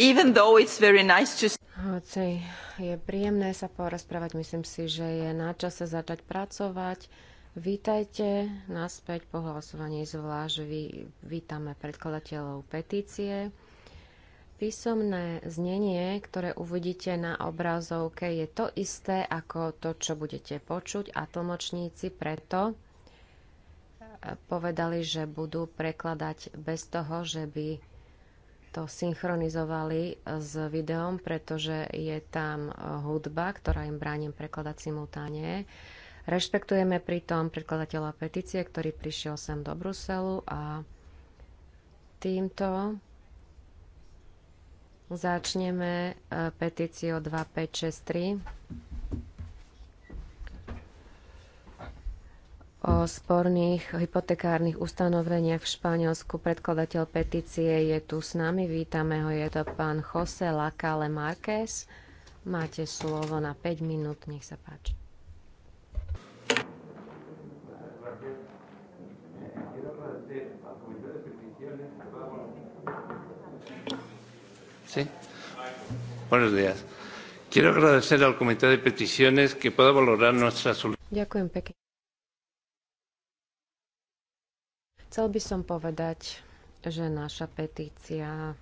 Even though it's very nice to... Hoci je príjemné sa porozprávať, myslím si, že je na čase začať pracovať. Vítajte naspäť po hlasovaní zvlášť. Vy, vítame predkladateľov petície. Písomné znenie, ktoré uvidíte na obrazovke, je to isté ako to, čo budete počuť a tlmočníci preto eh, povedali, že budú prekladať bez toho, že by to synchronizovali e, s videom, pretože je tam e, hudba, ktorá im bráni prekladať simultáne. Rešpektujeme pritom prekladateľa petície, ktorý prišiel sem do Bruselu a týmto začneme e, petíciu 2563. o sporných hypotekárnych ustanoveniach v Španielsku. Predkladateľ petície je tu s nami. Vítame ho. Je to pán Jose Lacale Márquez. Máte slovo na 5 minút. Nech sa páči. Sí. Buenos días. Quiero agradecer al Comité de Peticiones que pueda valorar nuestra solicitud. Ďakujem pekne. Chcel by som povedať, že naša petícia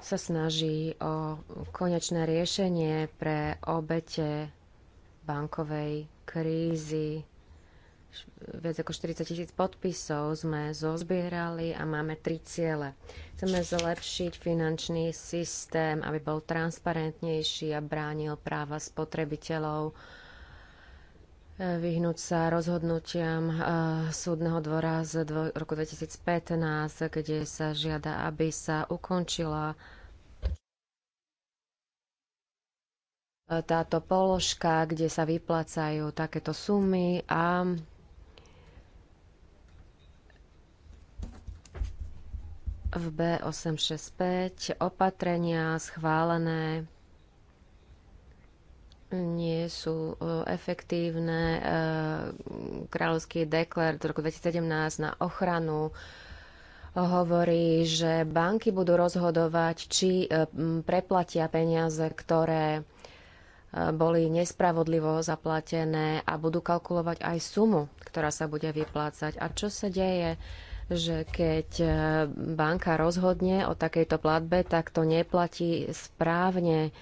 sa snaží o konečné riešenie pre obete bankovej krízy. Viac ako 40 tisíc podpisov sme zozbierali a máme tri ciele. Chceme zlepšiť finančný systém, aby bol transparentnejší a bránil práva spotrebiteľov vyhnúť sa rozhodnutiam eh, súdneho dvora z roku 2015, kde sa žiada, aby sa ukončila eh, táto položka, kde sa vyplácajú takéto sumy a v B865 opatrenia schválené nie sú e, efektívne. E, kráľovský deklar do roku 2017 na ochranu e, hovorí, že banky budú rozhodovať, či preplatia peniaze, ktoré boli nespravodlivo zaplatené a budú kalkulovať aj sumu, ktorá sa bude vyplácať. A čo sa deje, že keď banka rozhodne o takejto platbe, tak to neplatí správne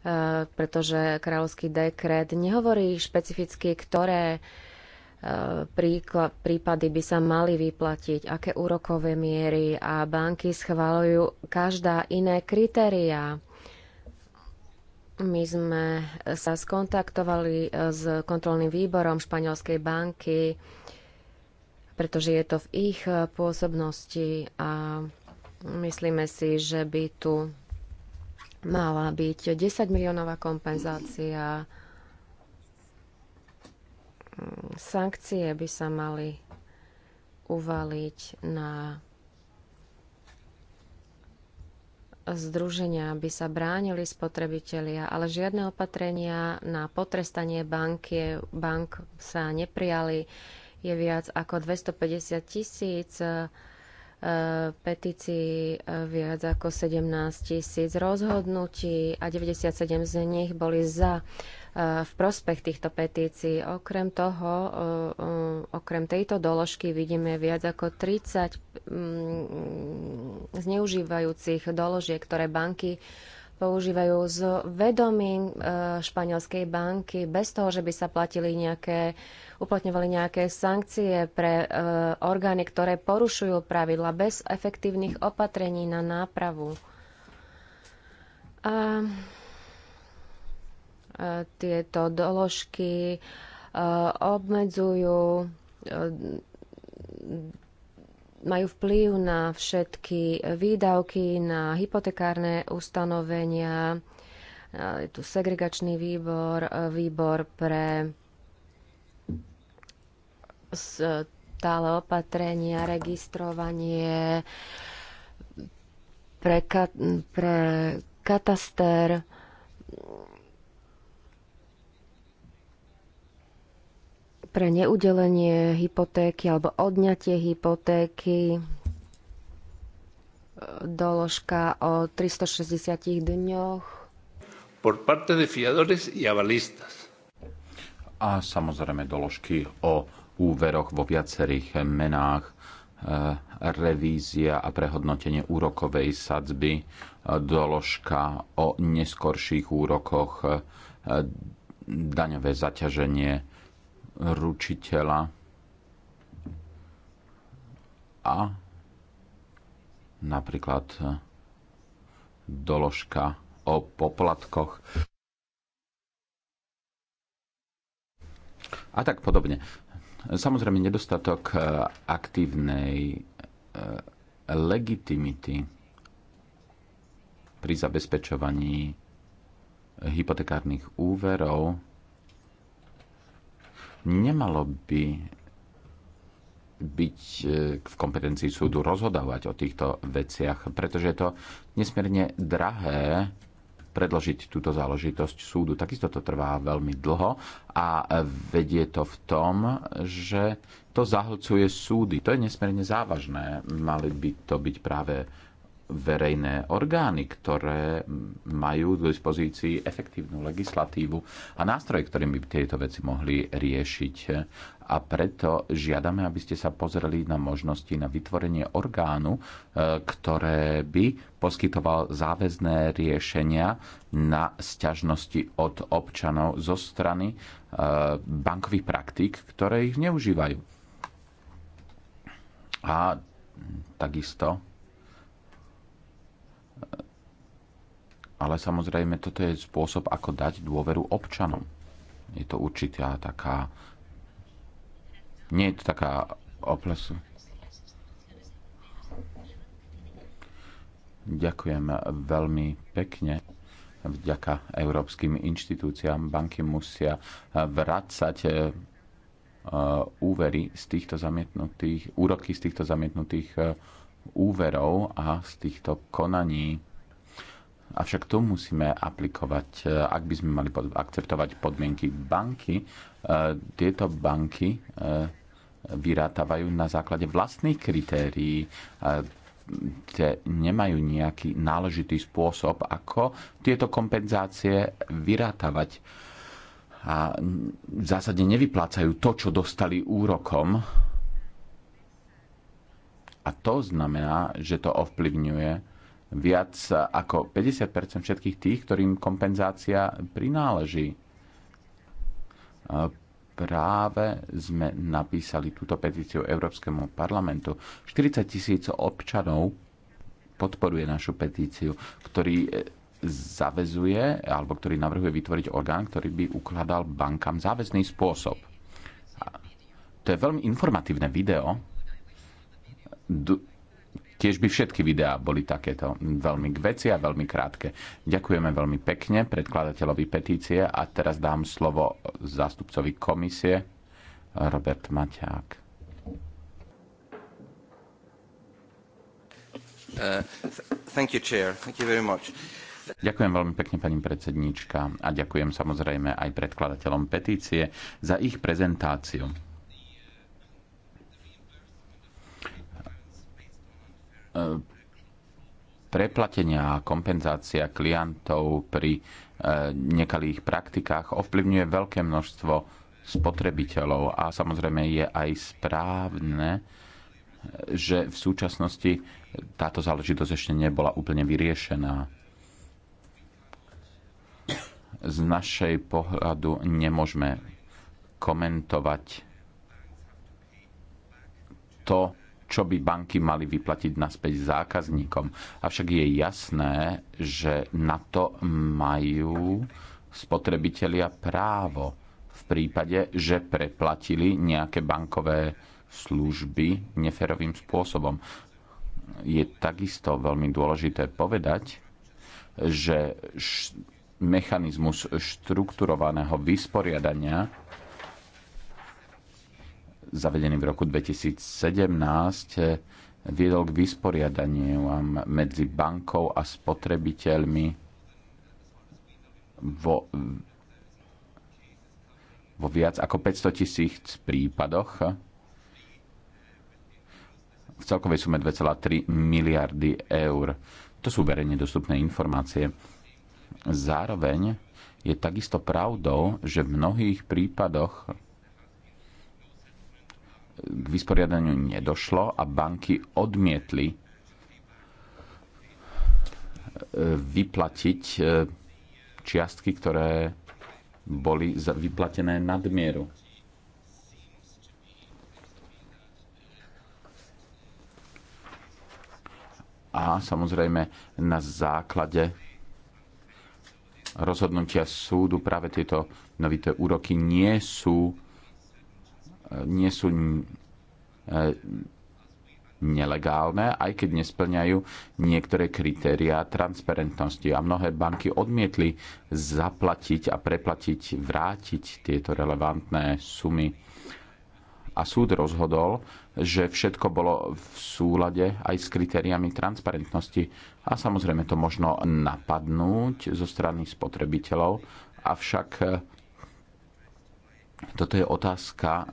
E, pretože kráľovský dekret nehovorí špecificky, ktoré e, prípady by sa mali vyplatiť, aké úrokové miery a banky schválujú každá iné kritériá. My sme sa skontaktovali e, s kontrolným výborom Španielskej banky, pretože je to v ich pôsobnosti a myslíme si, že by tu mala byť 10 miliónová kompenzácia. Sankcie by sa mali uvaliť na združenia, aby sa bránili spotrebitelia, ale žiadne opatrenia na potrestanie banky, bank sa neprijali. Je viac ako 250 tisíc 000 Eh, petícií eh, viac ako 17 tisíc rozhodnutí a 97 z nich boli za eh, v prospech týchto petícií. Okrem toho, okrem tejto doložky vidíme viac ako 30 mm, zneužívajúcich doložiek, ktoré banky používajú z vedomím Španielskej banky bez toho, že by sa platili nejaké uplatňovali nejaké sankcie pre e, orgány, ktoré porušujú pravidla bez efektívnych opatrení na nápravu. A e, tieto doložky e, obmedzujú, e, majú vplyv na všetky výdavky, na hypotekárne ustanovenia, je tu segregačný výbor, výbor pre E, stále opatrenia, registrovanie pre, ka- pre kataster. pre neudelenie hypotéky alebo odňatie hypotéky doložka o 360 dňoch. Por parte de fiadores y avalistas. A samozrejme doložky o úveroch vo viacerých menách, e, revízia a prehodnotenie úrokovej sadzby, e, doložka o neskorších úrokoch, e, daňové zaťaženie ručiteľa a napríklad doložka o poplatkoch a tak podobne. Samozrejme, nedostatok e, aktívnej e, legitimity pri zabezpečovaní hypotekárnych úverov nemalo by byť e, v kompetencii súdu rozhodovať o týchto veciach, pretože je to nesmierne drahé predložiť túto záležitosť súdu. Takisto to trvá veľmi dlho a vedie to v tom, že to zahlcuje súdy. To je nesmierne závažné. Mali by to byť práve verejné orgány, ktoré majú k dispozícii efektívnu legislatívu a nástroje, ktorými by tieto veci mohli riešiť. A preto žiadame, aby ste sa pozreli na možnosti na vytvorenie orgánu, e, ktoré by poskytoval záväzné riešenia na sťažnosti od občanov zo strany e, bankových praktík, ktoré ich neužívajú. A takisto ale samozrejme toto je spôsob, ako dať dôveru občanom. Je to určitá taká... Nie je to taká oples... Ďakujem veľmi pekne. Vďaka európskym inštitúciám banky musia vrácať e, úvery z týchto zamietnutých, úroky z týchto zamietnutých e, úverov a z týchto konaní Avšak to musíme aplikovať, e, ak by sme mali pod, akceptovať podmienky banky. E, tieto banky e, vyrátavajú na základe vlastných kritérií, te nemajú nejaký náležitý spôsob, ako tieto kompenzácie vyrátavať. A v zásade nevyplácajú to, čo dostali úrokom. A to znamená, že to ovplyvňuje viac ako 50 všetkých tých, ktorým kompenzácia prináleží. Práve sme napísali túto petíciu Európskemu parlamentu. 40 tisíc občanov podporuje našu petíciu, ktorý e, zavezuje, alebo ktorý navrhuje vytvoriť orgán, ktorý by ukladal bankám záväzný spôsob. To je veľmi informatívne video, Tiež by všetky videá boli takéto veľmi k veci a veľmi krátke. Ďakujeme veľmi pekne predkladateľovi petície a teraz dám slovo zástupcovi komisie Robert Maťák. Uh, thank you, Chair. Thank you very much. Ďakujem veľmi pekne, pani predsedníčka, a ďakujem samozrejme aj predkladateľom petície za ich prezentáciu. E, preplatenia a kompenzácia klientov pri e, nekalých praktikách ovplyvňuje veľké množstvo spotrebiteľov a samozrejme je aj správne, e, že v súčasnosti táto záležitosť ešte nebola úplne vyriešená z našej pohľadu nemôžeme komentovať to, čo by banky mali vyplatiť naspäť zákazníkom. Avšak je jasné, že na to majú spotrebitelia právo v prípade, že preplatili nejaké bankové služby neferovým spôsobom. Je takisto veľmi dôležité povedať, že mechanizmus štrukturovaného vysporiadania zavedený v roku 2017, eh, viedol k vysporiadaniu medzi bankou a spotrebiteľmi vo, vo viac ako 500 tisíc prípadoch v celkovej sume 2,3 miliardy eur. To sú verejne dostupné informácie. Zároveň je takisto pravdou, že v mnohých prípadoch k vysporiadaniu nedošlo a banky odmietli e, vyplatiť e, čiastky, ktoré boli vyplatené nadmieru. A samozrejme na základe rozhodnutia súdu práve tieto novité úroky nie sú nie sú e, nelegálne, aj keď nesplňajú niektoré kritériá transparentnosti. A mnohé banky odmietli zaplatiť a preplatiť, vrátiť tieto relevantné sumy. A súd rozhodol, že všetko bolo v súlade aj s kritériami transparentnosti. A samozrejme to možno napadnúť zo strany spotrebiteľov, avšak e, toto je otázka,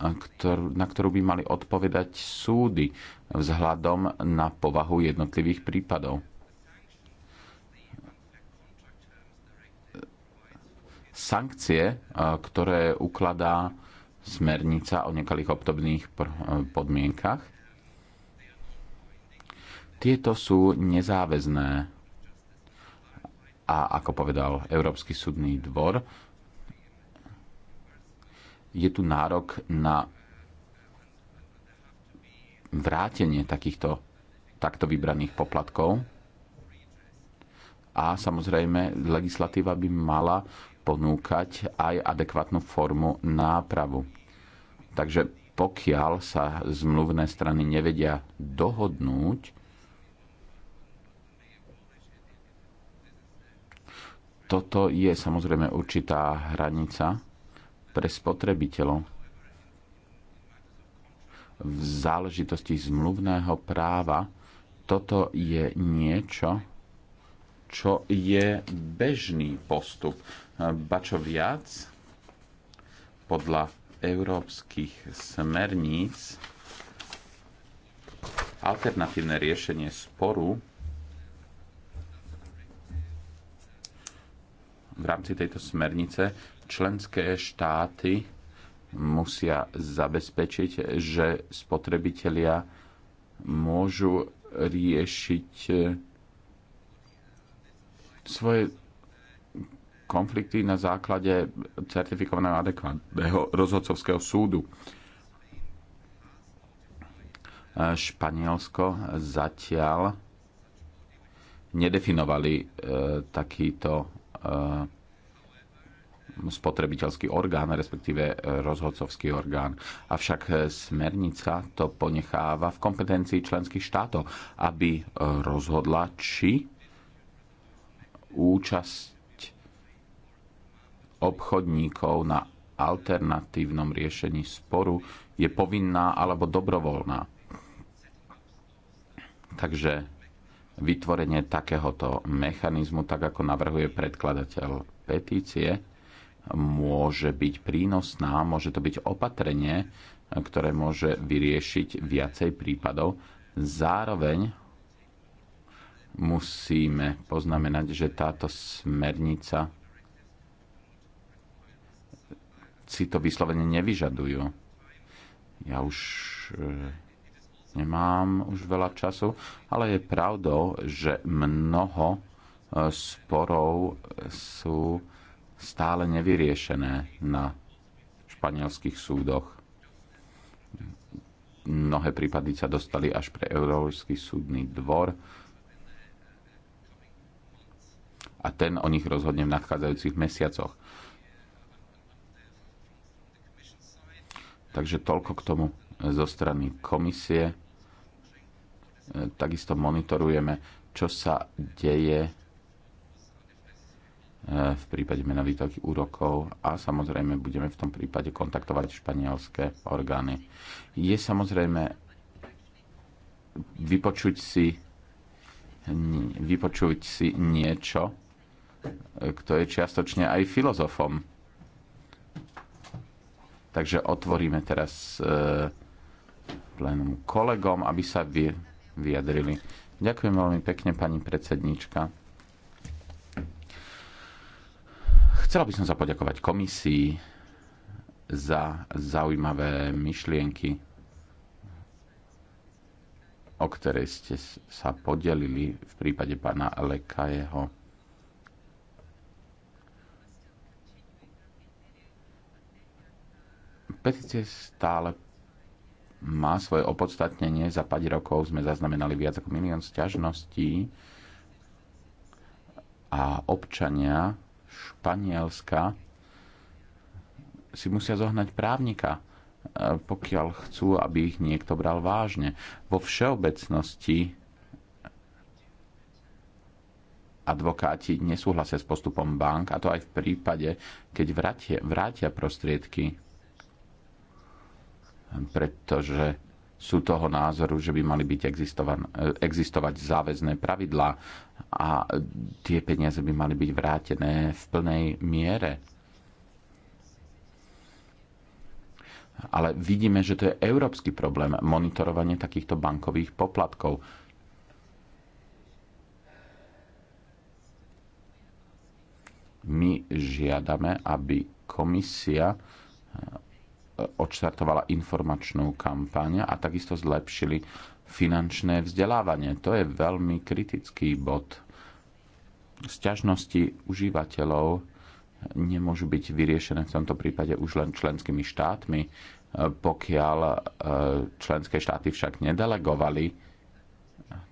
na ktorú by mali odpovedať súdy vzhľadom na povahu jednotlivých prípadov. Sankcie, eh, ktoré ukladá smernica o nekalých obdobných eh, podmienkach, tieto sú nezáväzné. A ako povedal Európsky súdny dvor, je tu nárok na vrátenie takýchto takto vybraných poplatkov. A samozrejme, legislatíva by mala ponúkať aj adekvátnu formu nápravu. Takže pokiaľ sa zmluvné strany nevedia dohodnúť, toto je samozrejme určitá hranica, pre spotrebiteľov v záležitosti zmluvného práva, toto je niečo, čo je bežný postup. Ba čo viac, podľa európskych smerníc alternatívne riešenie sporu v rámci tejto smernice členské štáty musia zabezpečiť, že spotrebitelia môžu riešiť eh, svoje konflikty na základe certifikovaného adekvátneho rozhodcovského súdu. Eh, Španielsko zatiaľ nedefinovali e, takýto e, spotrebiteľský orgán, respektíve e, rozhodcovský orgán. Avšak e, smernica to ponecháva v kompetencii členských štátov, aby e, rozhodla, či účasť obchodníkov na alternatívnom riešení sporu je povinná alebo dobrovoľná. Takže vytvorenie takéhoto mechanizmu, tak ako navrhuje predkladateľ petície, môže byť prínosná, môže to byť opatrenie, ktoré môže vyriešiť viacej prípadov. Zároveň musíme poznamenať, že táto smernica si to vyslovene nevyžadujú. Ja už e, nemám už veľa času, ale je pravdou, že mnoho e, sporov sú stále nevyriešené na španielských súdoch. Mnohé prípady sa dostali až pre Európsky súdny dvor a ten o nich rozhodne v nadchádzajúcich mesiacoch. Takže toľko k tomu zo strany komisie. Takisto monitorujeme, čo sa deje v prípade výtoky úrokov a samozrejme budeme v tom prípade kontaktovať španielské orgány. Je samozrejme vypočuť si, vypočuť si niečo, kto je čiastočne aj filozofom. Takže otvoríme teraz e, plénum kolegom, aby sa vyjadrili. Ďakujem veľmi pekne, pani predsednička. Chcel by som sa poďakovať komisii za zaujímavé myšlienky, o ktorej ste sa podelili v prípade pána Lekajeho. Petície stále má svoje opodstatnenie. Za 5 rokov sme zaznamenali viac ako milión sťažností a občania Španielska si musia zohnať právnika, e, pokiaľ chcú, aby ich niekto bral vážne. Vo všeobecnosti advokáti nesúhlasia s postupom bank, a to aj v prípade, keď vrátia, vrátia prostriedky, pretože sú toho názoru, že by mali byť e, existovať záväzné pravidlá a tie peniaze by mali byť vrátené v plnej miere. Ale vidíme, že to je európsky problém, monitorovanie takýchto bankových poplatkov. My žiadame, aby komisia odštartovala informačnú kampaň a takisto zlepšili finančné vzdelávanie. To je veľmi kritický bod. Sťažnosti užívateľov nemôžu byť vyriešené v tomto prípade už len členskými štátmi, pokiaľ e, členské štáty však nedelegovali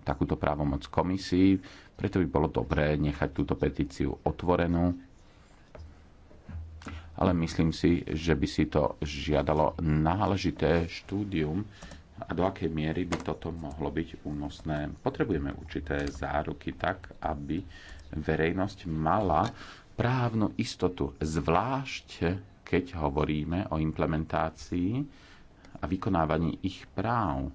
takúto právomoc komisii, preto by bolo dobré nechať túto petíciu otvorenú ale myslím si, že by si to žiadalo náležité štúdium a do akej miery by toto mohlo byť únosné. Potrebujeme určité záruky tak, aby verejnosť mala právnu istotu, zvlášť keď hovoríme o implementácii a vykonávaní ich práv.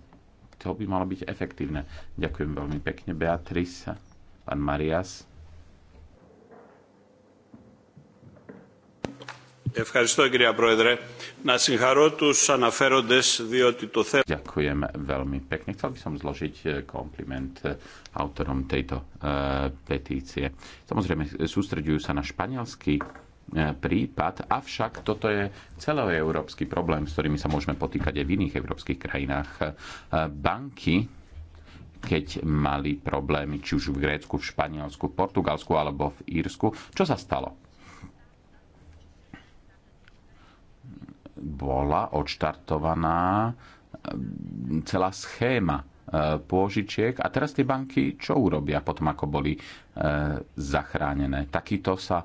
To by malo byť efektívne. Ďakujem veľmi pekne, Beatrice, pán Marias. Ďakujem veľmi pekne. Chcel by som zložiť eh, kompliment eh, autorom tejto eh, petície. Samozrejme, sústreďujú sa na španielský prípad, avšak toto je celoeurópsky problém, s ktorými sa môžeme potýkať aj v iných európskych krajinách. Banky keď mali problémy, či už v Grécku, v Španielsku, v Portugalsku alebo v Írsku. Čo sa stalo? bola odštartovaná ehm, celá schéma ehm, pôžičiek a teraz tie banky čo urobia potom, ako boli ehm, zachránené. Takýto sa,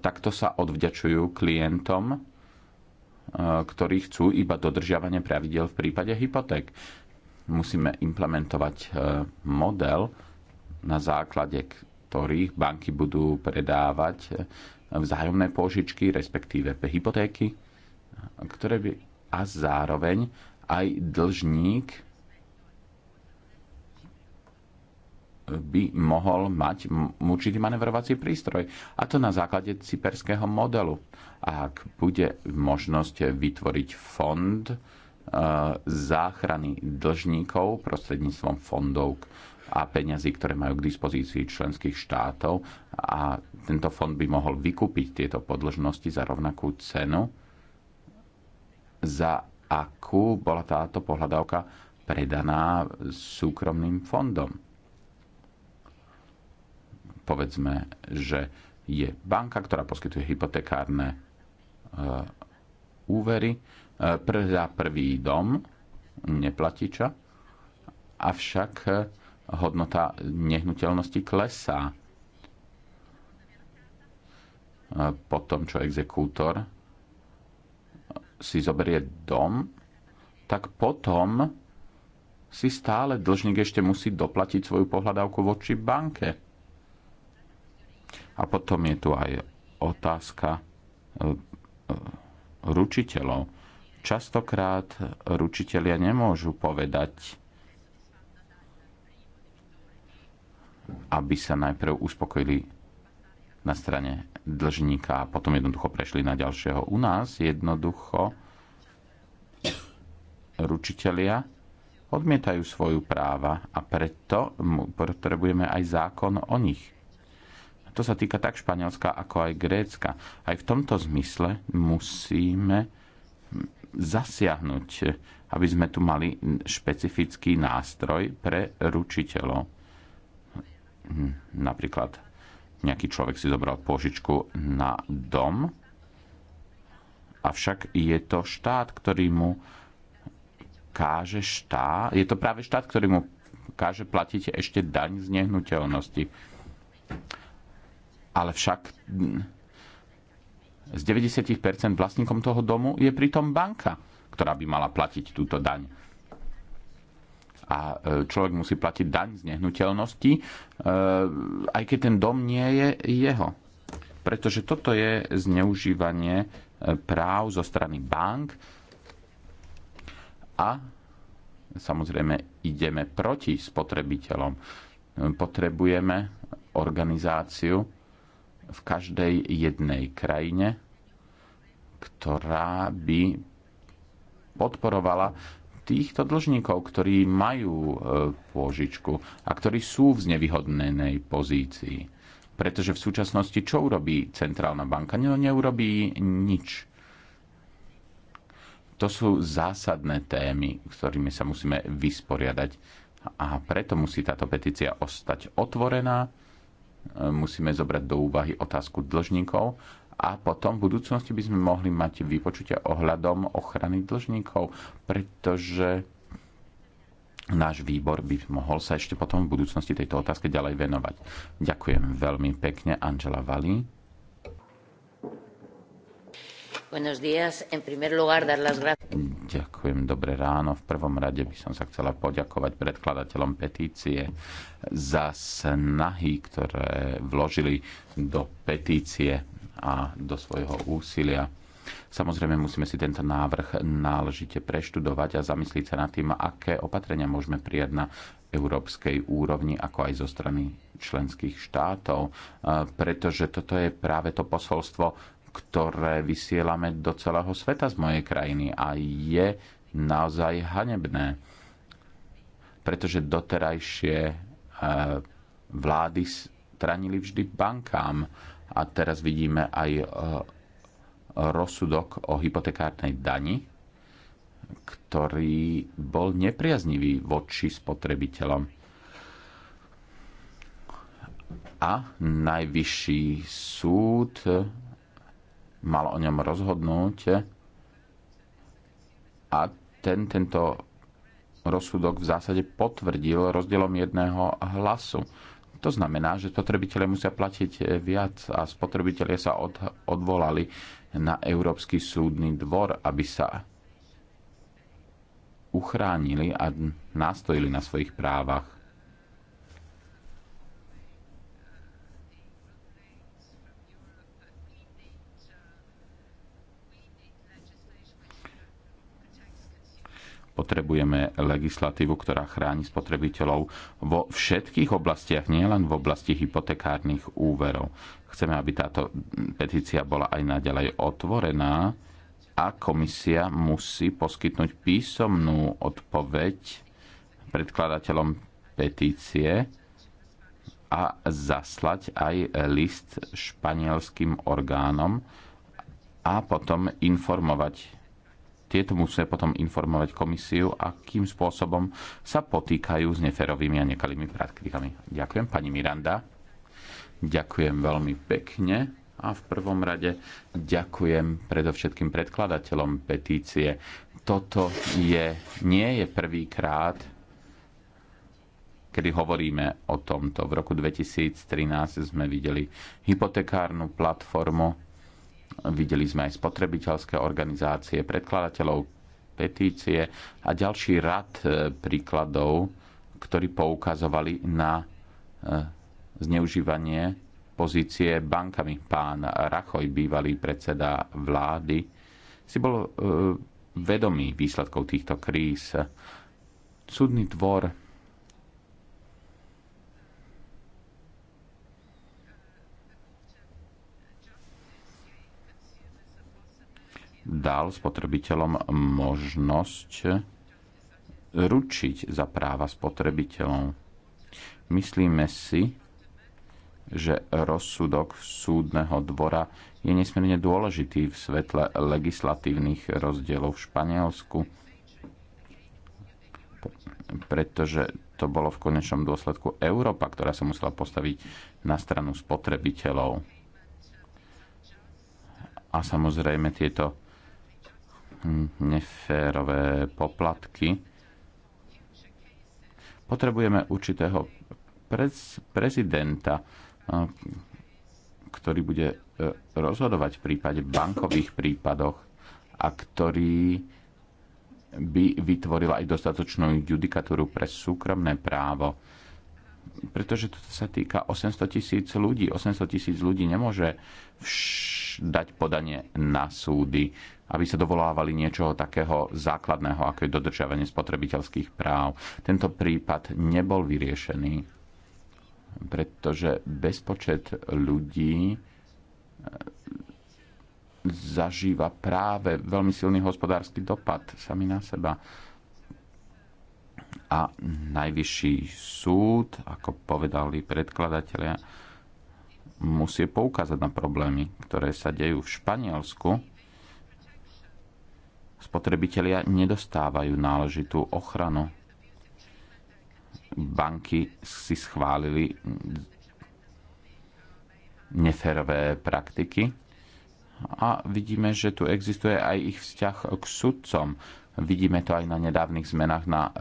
takto sa odvďačujú klientom, ktorí chcú iba dodržiavanie pravidel v prípade hypoték. Musíme implementovať model, na základe ktorých banky budú predávať vzájomné pôžičky, respektíve hypotéky ktoré by a zároveň aj dlžník by mohol mať určitý manevrovací prístroj. A to na základe cyperského modelu. Ak bude možnosť vytvoriť fond e, záchrany dlžníkov prostredníctvom fondov a peňazí, ktoré majú k dispozícii členských štátov a tento fond by mohol vykúpiť tieto podlžnosti za rovnakú cenu, za akú bola táto pohľadávka predaná súkromným fondom. Povedzme, že je banka, ktorá poskytuje hypotekárne e, úvery, e, predá prvý dom neplatiča, avšak e, hodnota nehnuteľnosti klesá e, po tom, čo exekútor si zoberie dom, tak potom si stále dlžník ešte musí doplatiť svoju pohľadávku voči banke. A potom je tu aj otázka e, e, ručiteľov. Častokrát ručiteľia nemôžu povedať, aby sa najprv uspokojili na strane dlžníka a potom jednoducho prešli na ďalšieho. U nás jednoducho ručitelia odmietajú svoju práva a preto potrebujeme aj zákon o nich. To sa týka tak Španielska, ako aj Grécka. Aj v tomto zmysle musíme zasiahnuť, aby sme tu mali špecifický nástroj pre ručiteľov. Hm, napríklad Nejaký človek si zobral požičku na dom, avšak je to štát, ktorý mu káže štát, je to práve štát, ktorý mu káže platiť ešte daň z nehnuteľnosti. Ale však z 90% vlastníkom toho domu je pritom banka, ktorá by mala platiť túto daň a e, človek musí platiť daň z nehnuteľnosti, e, aj keď ten dom nie je jeho. Pretože toto je zneužívanie e, práv zo strany bank a samozrejme ideme proti spotrebiteľom. Potrebujeme organizáciu v každej jednej krajine, ktorá by podporovala týchto dlžníkov, ktorí majú e, pôžičku a ktorí sú v znevýhodnenej pozícii. Pretože v súčasnosti čo urobí centrálna banka? No neurobí nič. To sú zásadné témy, ktorými sa musíme vysporiadať. A preto musí táto petícia ostať otvorená. E, musíme zobrať do úvahy otázku dlžníkov a potom v budúcnosti by sme mohli mať vypočutia ohľadom ochrany dlžníkov, pretože náš výbor by mohol sa ešte potom v budúcnosti tejto otázke ďalej venovať. Ďakujem veľmi pekne, Angela Vali. Ďakujem, dobré ráno. V prvom rade by som sa chcela poďakovať predkladateľom petície za snahy, ktoré vložili do petície a do svojho úsilia. Samozrejme, musíme si tento návrh náležite preštudovať a zamyslieť sa nad tým, aké opatrenia môžeme prijať na európskej úrovni, ako aj zo strany členských štátov, pretože toto je práve to posolstvo, ktoré vysielame do celého sveta z mojej krajiny a je naozaj hanebné, pretože doterajšie vlády stranili vždy bankám a teraz vidíme aj e, rozsudok o hypotekárnej dani, ktorý bol nepriaznivý voči spotrebiteľom a najvyšší súd mal o ňom rozhodnúť a ten, tento rozsudok v zásade potvrdil rozdielom jedného hlasu. To znamená, že spotrebitelia musia platiť eh, viac a spotrebitelia sa od, odvolali na Európsky súdny dvor, aby sa uchránili a nastojili na svojich právach. potrebujeme legislatívu, ktorá chráni spotrebiteľov vo všetkých oblastiach, nielen v oblasti hypotekárnych úverov. Chceme, aby táto petícia bola aj naďalej otvorená a komisia musí poskytnúť písomnú odpoveď predkladateľom petície a zaslať aj list španielským orgánom a potom informovať tieto musíme potom informovať komisiu, akým spôsobom sa potýkajú s neferovými a nekalými praktikami. Ďakujem, pani Miranda. Ďakujem veľmi pekne a v prvom rade ďakujem predovšetkým predkladateľom petície. Toto je, nie je prvýkrát, kedy hovoríme o tomto. V roku 2013 sme videli hypotekárnu platformu, Videli sme aj spotrebiteľské organizácie, predkladateľov petície a ďalší rad e, príkladov, ktorí poukazovali na e, zneužívanie pozície bankami. Pán Rachoj, bývalý predseda vlády, si bol e, vedomý výsledkov týchto kríz. Súdny dvor dal spotrebiteľom možnosť ručiť za práva spotrebiteľov. Myslíme si, že rozsudok súdneho dvora je nesmierne dôležitý v svetle legislatívnych rozdielov v Španielsku, pretože to bolo v konečnom dôsledku Európa, ktorá sa musela postaviť na stranu spotrebiteľov. A samozrejme tieto neférové poplatky. Potrebujeme určitého prez, prezidenta, ktorý bude e, rozhodovať v prípade bankových prípadoch a ktorý by vytvoril aj dostatočnú judikatúru pre súkromné právo. Pretože to sa týka 800 tisíc ľudí. 800 tisíc ľudí nemôže dať podanie na súdy aby sa dovolávali niečoho takého základného, ako je dodržiavanie spotrebiteľských práv. Tento prípad nebol vyriešený, pretože bezpočet ľudí e, zažíva práve veľmi silný hospodársky dopad sami na seba. A najvyšší súd, ako povedali predkladatelia, musí poukázať na problémy, ktoré sa dejú v Španielsku, spotrebitelia nedostávajú náležitú ochranu. Banky si schválili neferové praktiky a vidíme, že tu existuje aj ich vzťah k sudcom. Vidíme to aj na nedávnych zmenách na e,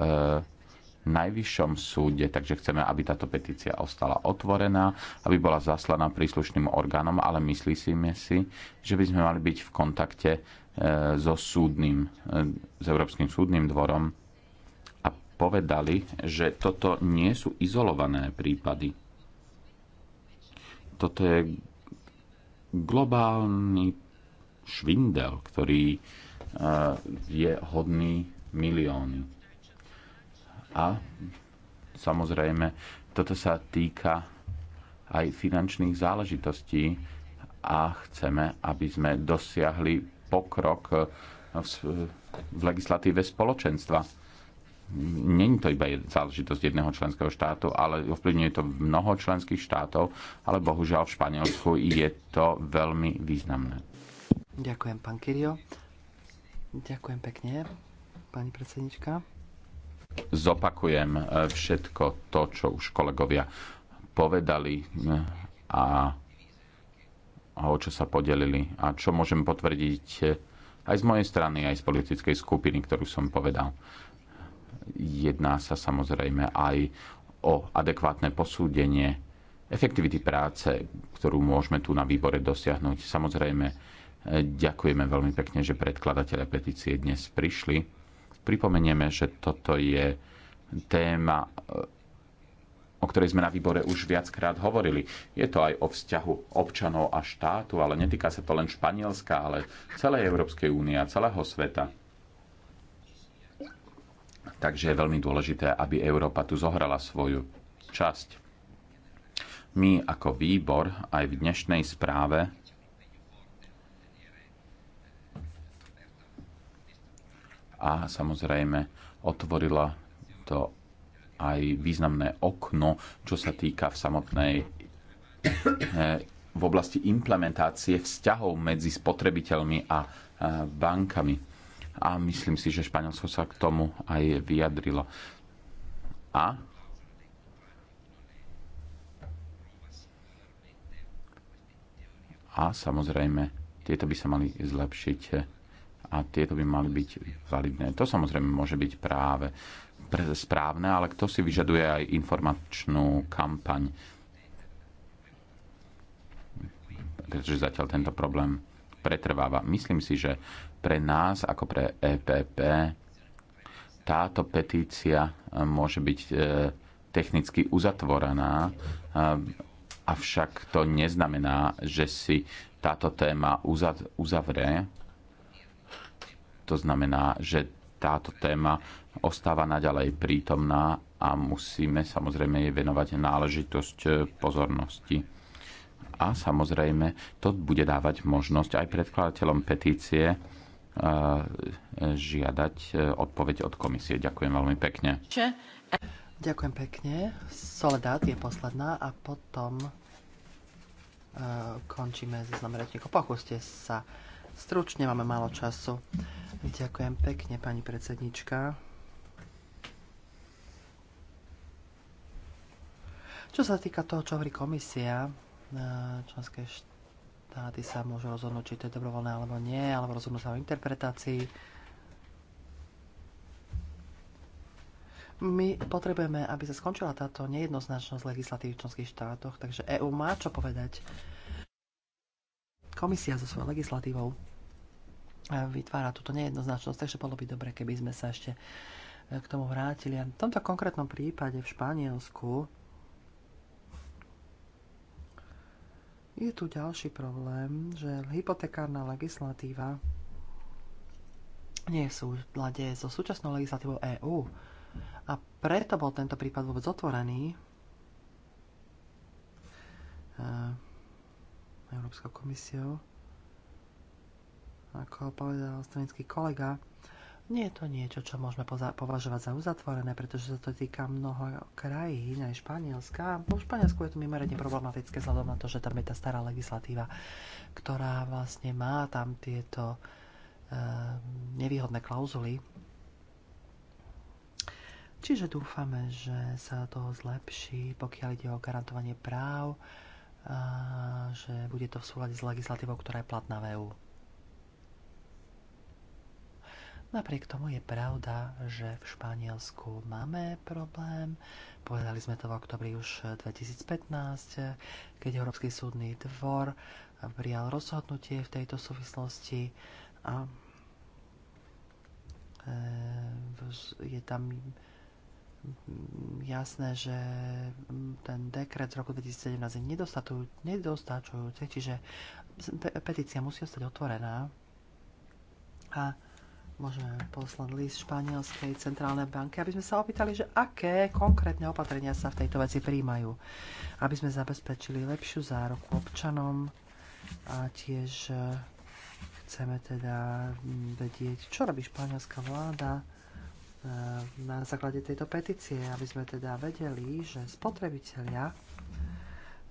najvyššom súde, takže chceme, aby táto petícia ostala otvorená, aby bola zaslaná príslušným orgánom, ale myslíme si, že by sme mali byť v kontakte E, so súdnym, e, s Európskym súdnym dvorom a povedali, že toto nie sú izolované prípady. Toto je globálny švindel, ktorý e, je hodný milióny. A samozrejme, toto sa týka aj finančných záležitostí a chceme, aby sme dosiahli pokrok eh, v legislatíve spoločenstva. Není to iba záležitosť jedného členského štátu, ale ovplyvňuje to mnoho členských štátov, ale bohužiaľ v Španielsku je to veľmi významné. Ďakujem, pán Kirio. Ďakujem pekne, pani predsednička. Zopakujem eh, všetko to, čo už kolegovia povedali eh, a a o čo sa podelili a čo môžem potvrdiť e, aj z mojej strany, aj z politickej skupiny, ktorú som povedal. Jedná sa samozrejme aj o adekvátne posúdenie efektivity práce, ktorú môžeme tu na výbore dosiahnuť. Samozrejme, e, ďakujeme veľmi pekne, že predkladatelia petície dnes prišli. Pripomenieme, že toto je téma e, o ktorej sme na výbore už viackrát hovorili. Je to aj o vzťahu občanov a štátu, ale netýka sa to len Španielska, ale celej Európskej únie a celého sveta. Takže je veľmi dôležité, aby Európa tu zohrala svoju časť. My ako výbor aj v dnešnej správe a samozrejme otvorila to aj významné okno, čo sa týka v samotnej eh, v oblasti implementácie vzťahov medzi spotrebiteľmi a eh, bankami. A myslím si, že Španielsko sa k tomu aj vyjadrilo. A a samozrejme tieto by sa mali zlepšiť eh, a tieto by mali byť validné. To samozrejme môže byť práve správne, ale kto si vyžaduje aj informačnú kampaň. Pretože zatiaľ tento problém pretrváva. Myslím si, že pre nás, ako pre EPP, táto petícia e, môže byť e, technicky uzatvorená, e, avšak to neznamená, že si táto téma uzavrie. To znamená, že táto téma ostáva naďalej prítomná a musíme samozrejme jej venovať náležitosť e, pozornosti. A samozrejme, to bude dávať možnosť aj predkladateľom petície e, žiadať e, odpoveď od komisie. Ďakujem veľmi pekne. Ďakujem pekne. Soledad je posledná a potom končíme zoznam rečníkov. Pokúste sa Stručne máme málo času. Ďakujem pekne, pani predsednička. Čo sa týka toho, čo hovorí komisia, e, členské štáty sa môžu rozhodnúť, či to je dobrovoľné alebo nie, alebo rozhodnú sa o interpretácii. My potrebujeme, aby sa skončila táto nejednoznačnosť legislatívy v členských štátoch, takže EÚ má čo povedať komisia so svojou legislatívou e, vytvára túto nejednoznačnosť, takže bolo by dobre, keby sme sa ešte e, k tomu vrátili. A v tomto konkrétnom prípade v Španielsku je tu ďalší problém, že hypotekárna legislatíva nie je v súhľade so súčasnou legislatívou EÚ. A preto bol tento prípad vôbec otvorený. E, Európskou komisiou. Ako povedal stranický kolega, nie je to niečo, čo môžeme považovať za uzatvorené, pretože sa to týka mnoho krajín, aj Španielska. Po Španielsku je to mimoriadne problematické, vzhľadom na to, že tam je tá stará legislatíva, ktorá vlastne má tam tieto e, nevýhodné klauzuly. Čiže dúfame, že sa to zlepší, pokiaľ ide o garantovanie práv. E, že bude to v súlade s legislatívou, ktorá je platná v EU. Napriek tomu je pravda, že v Španielsku máme problém. Povedali sme to v oktobri už 2015, keď Európsky súdny dvor prijal rozhodnutie v tejto súvislosti a e, je tam Mm, jasné, že mm, ten dekret z roku 2017 je nedostačujúci, čiže petícia musí ostať otvorená a môžeme poslať list Španielskej centrálnej banky, aby sme sa opýtali, že aké konkrétne opatrenia sa v tejto veci príjmajú, aby sme zabezpečili lepšiu zároku občanom a tiež eh, chceme teda mm, vedieť, čo robí španielská vláda, Eh, na základe tejto petície, aby sme teda vedeli, že spotrebitelia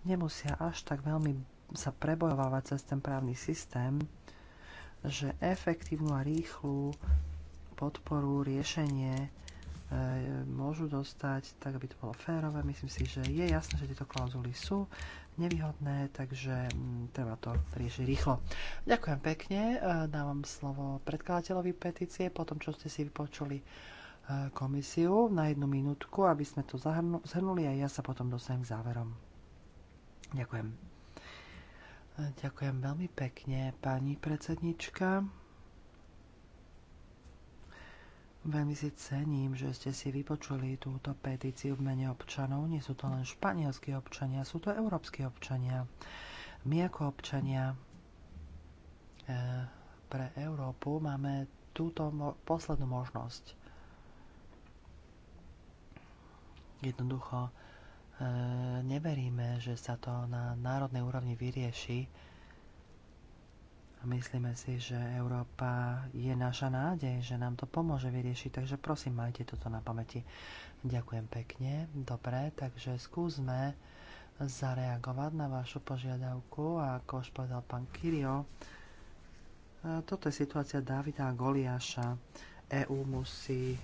nemusia až tak veľmi sa prebojovávať cez ten právny systém, že efektívnu a rýchlu podporu, riešenie eh, môžu dostať, tak aby to bolo férové. Myslím si, že je jasné, že tieto klauzuly sú nevýhodné, takže mm, treba to riešiť rýchlo. Ďakujem pekne, eh, dávam slovo predkladateľovi petície, potom čo ste si vypočuli E, komisiu na jednu minútku, aby sme to zhrnuli a ja sa potom dostanem k záverom. Ďakujem. E, ďakujem veľmi pekne, pani predsednička. Veľmi si cením, že ste si vypočuli túto petíciu v mene občanov. Nie sú to len španielskí občania, sú to európsky občania. My ako občania e, pre Európu máme túto poslednú možnosť Jednoducho e, neveríme, že sa to na národnej úrovni vyrieši. A myslíme si, že Európa je naša nádej, že nám to pomôže vyriešiť, takže prosím, majte toto na pamäti. Ďakujem pekne. Dobre, takže skúsme zareagovať na vašu požiadavku a ako už povedal pán Kirio, e, toto je situácia Davida a Goliáša. EÚ musí e,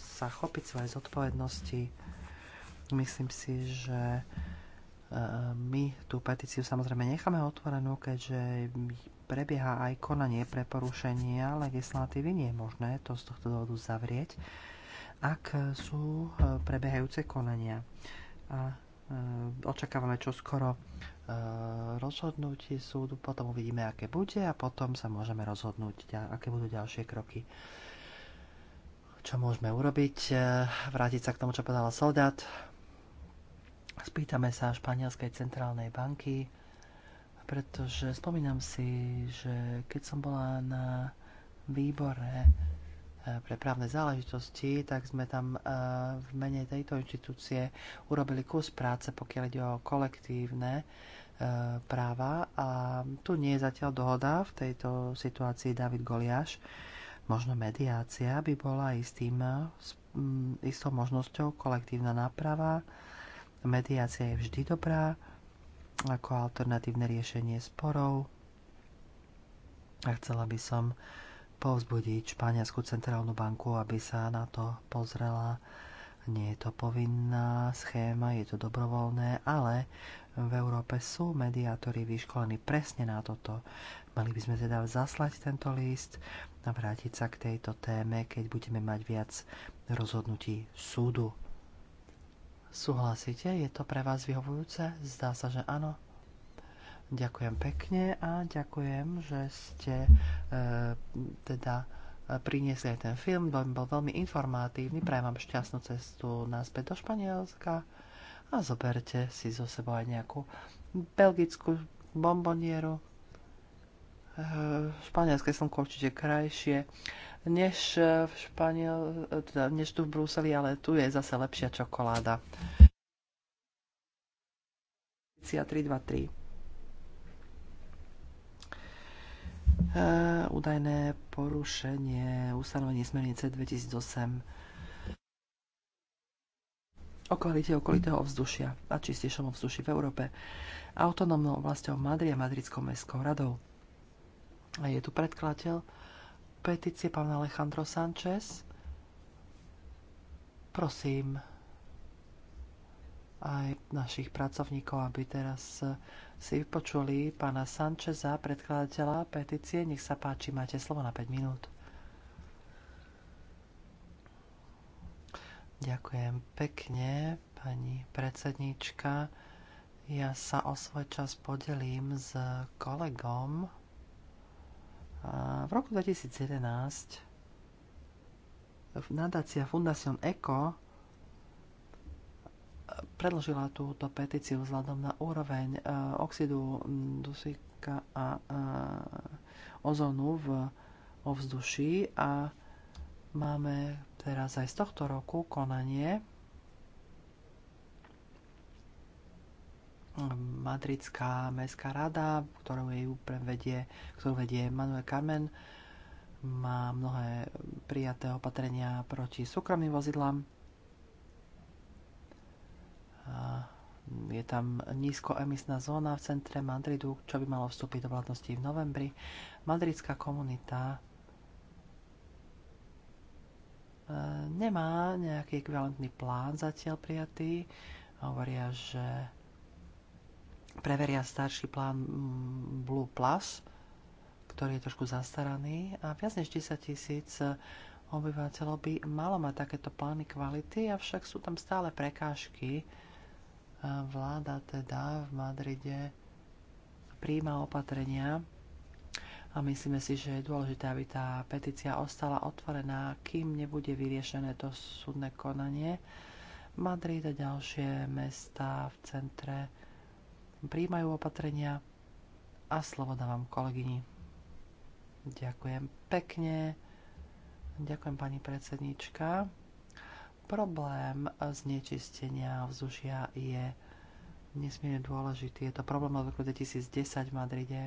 sa chopiť svoje zodpovednosti Myslím si, že e, my tú petíciu samozrejme necháme otvorenú, keďže prebieha aj konanie pre porušenia legislatívy. Nie je možné to z tohto dôvodu zavrieť, ak sú e, prebiehajúce konania. A e, očakávame skoro rozhodnutie súdu, potom uvidíme, aké bude a potom sa môžeme rozhodnúť, aké budú ďalšie kroky čo môžeme urobiť. Vrátiť sa k tomu, čo povedala soldát, Spýtame sa Španielskej centrálnej banky, pretože spomínam si, že keď som bola na výbore eh, pre právne záležitosti, tak sme tam eh, v mene tejto inštitúcie urobili kus práce, pokiaľ ide o kolektívne eh, práva. A tu nie je zatiaľ dohoda v tejto situácii David Goliáš. Možno mediácia by bola istým, mm, istou možnosťou kolektívna náprava Mediácia je vždy dobrá ako alternatívne riešenie sporov. A chcela by som povzbudiť Španielskú centrálnu banku, aby sa na to pozrela. Nie je to povinná schéma, je to dobrovoľné, ale v Európe sú mediátori vyškolení presne na toto. Mali by sme teda zaslať tento list a vrátiť sa k tejto téme, keď budeme mať viac rozhodnutí súdu Súhlasíte? Je to pre vás vyhovujúce? Zdá sa, že áno. Ďakujem pekne a ďakujem, že ste e, teda e, priniesli aj ten film. Bol veľmi informatívny. Prajem vám šťastnú cestu náspäť do Španielska a zoberte si zo sebou aj nejakú belgickú bombonieru. Eh, španielské slnko určite krajšie než, eh, v Španiel, eh, teda než tu v Bruseli, ale tu je zase lepšia čokoláda. 3. Uh, údajné porušenie ustanovení smernice 2008 o kvalite okolitého ovzdušia a čistejšom ovzduši v Európe autonómnou oblasťou Madrid a Madridskou mestskou radou. A Je tu predkladateľ petície, pán Alejandro Sanchez. Prosím aj našich pracovníkov, aby teraz eh, si vypočuli pána Sancheza, predkladateľa petície. Nech sa páči, máte slovo na 5 minút. Ďakujem pekne, pani predsednička. Ja sa o svoj čas podelím s kolegom, a v roku 2011 nadácia Fundación ECO predložila túto petíciu vzhľadom na úroveň e, oxidu dusíka a e, ozónu v ovzduší a máme teraz aj z tohto roku konanie Madridská mestská rada, ktorú, jej vedie, ktorú vedie Manuel Carmen, má mnohé prijaté opatrenia proti súkromným vozidlám. A je tam nízkoemisná zóna v centre Madridu, čo by malo vstúpiť do platnosti v novembri. Madridská komunita e, nemá nejaký ekvivalentný plán zatiaľ prijatý. Hovoria, že preveria starší plán Blue Plus, ktorý je trošku zastaraný a viac než 10 tisíc obyvateľov by malo mať takéto plány kvality, avšak sú tam stále prekážky. E, vláda teda v Madride príjma opatrenia a myslíme si, že je dôležité, aby tá petícia ostala otvorená, kým nebude vyriešené to súdne konanie. Madrid a ďalšie mesta v centre príjmajú opatrenia a slovo dávam kolegyni. Ďakujem pekne. Ďakujem pani predsednička. Problém znečistenia vzdušia je nesmierne dôležitý. Je to problém od roku 2010 v Madride.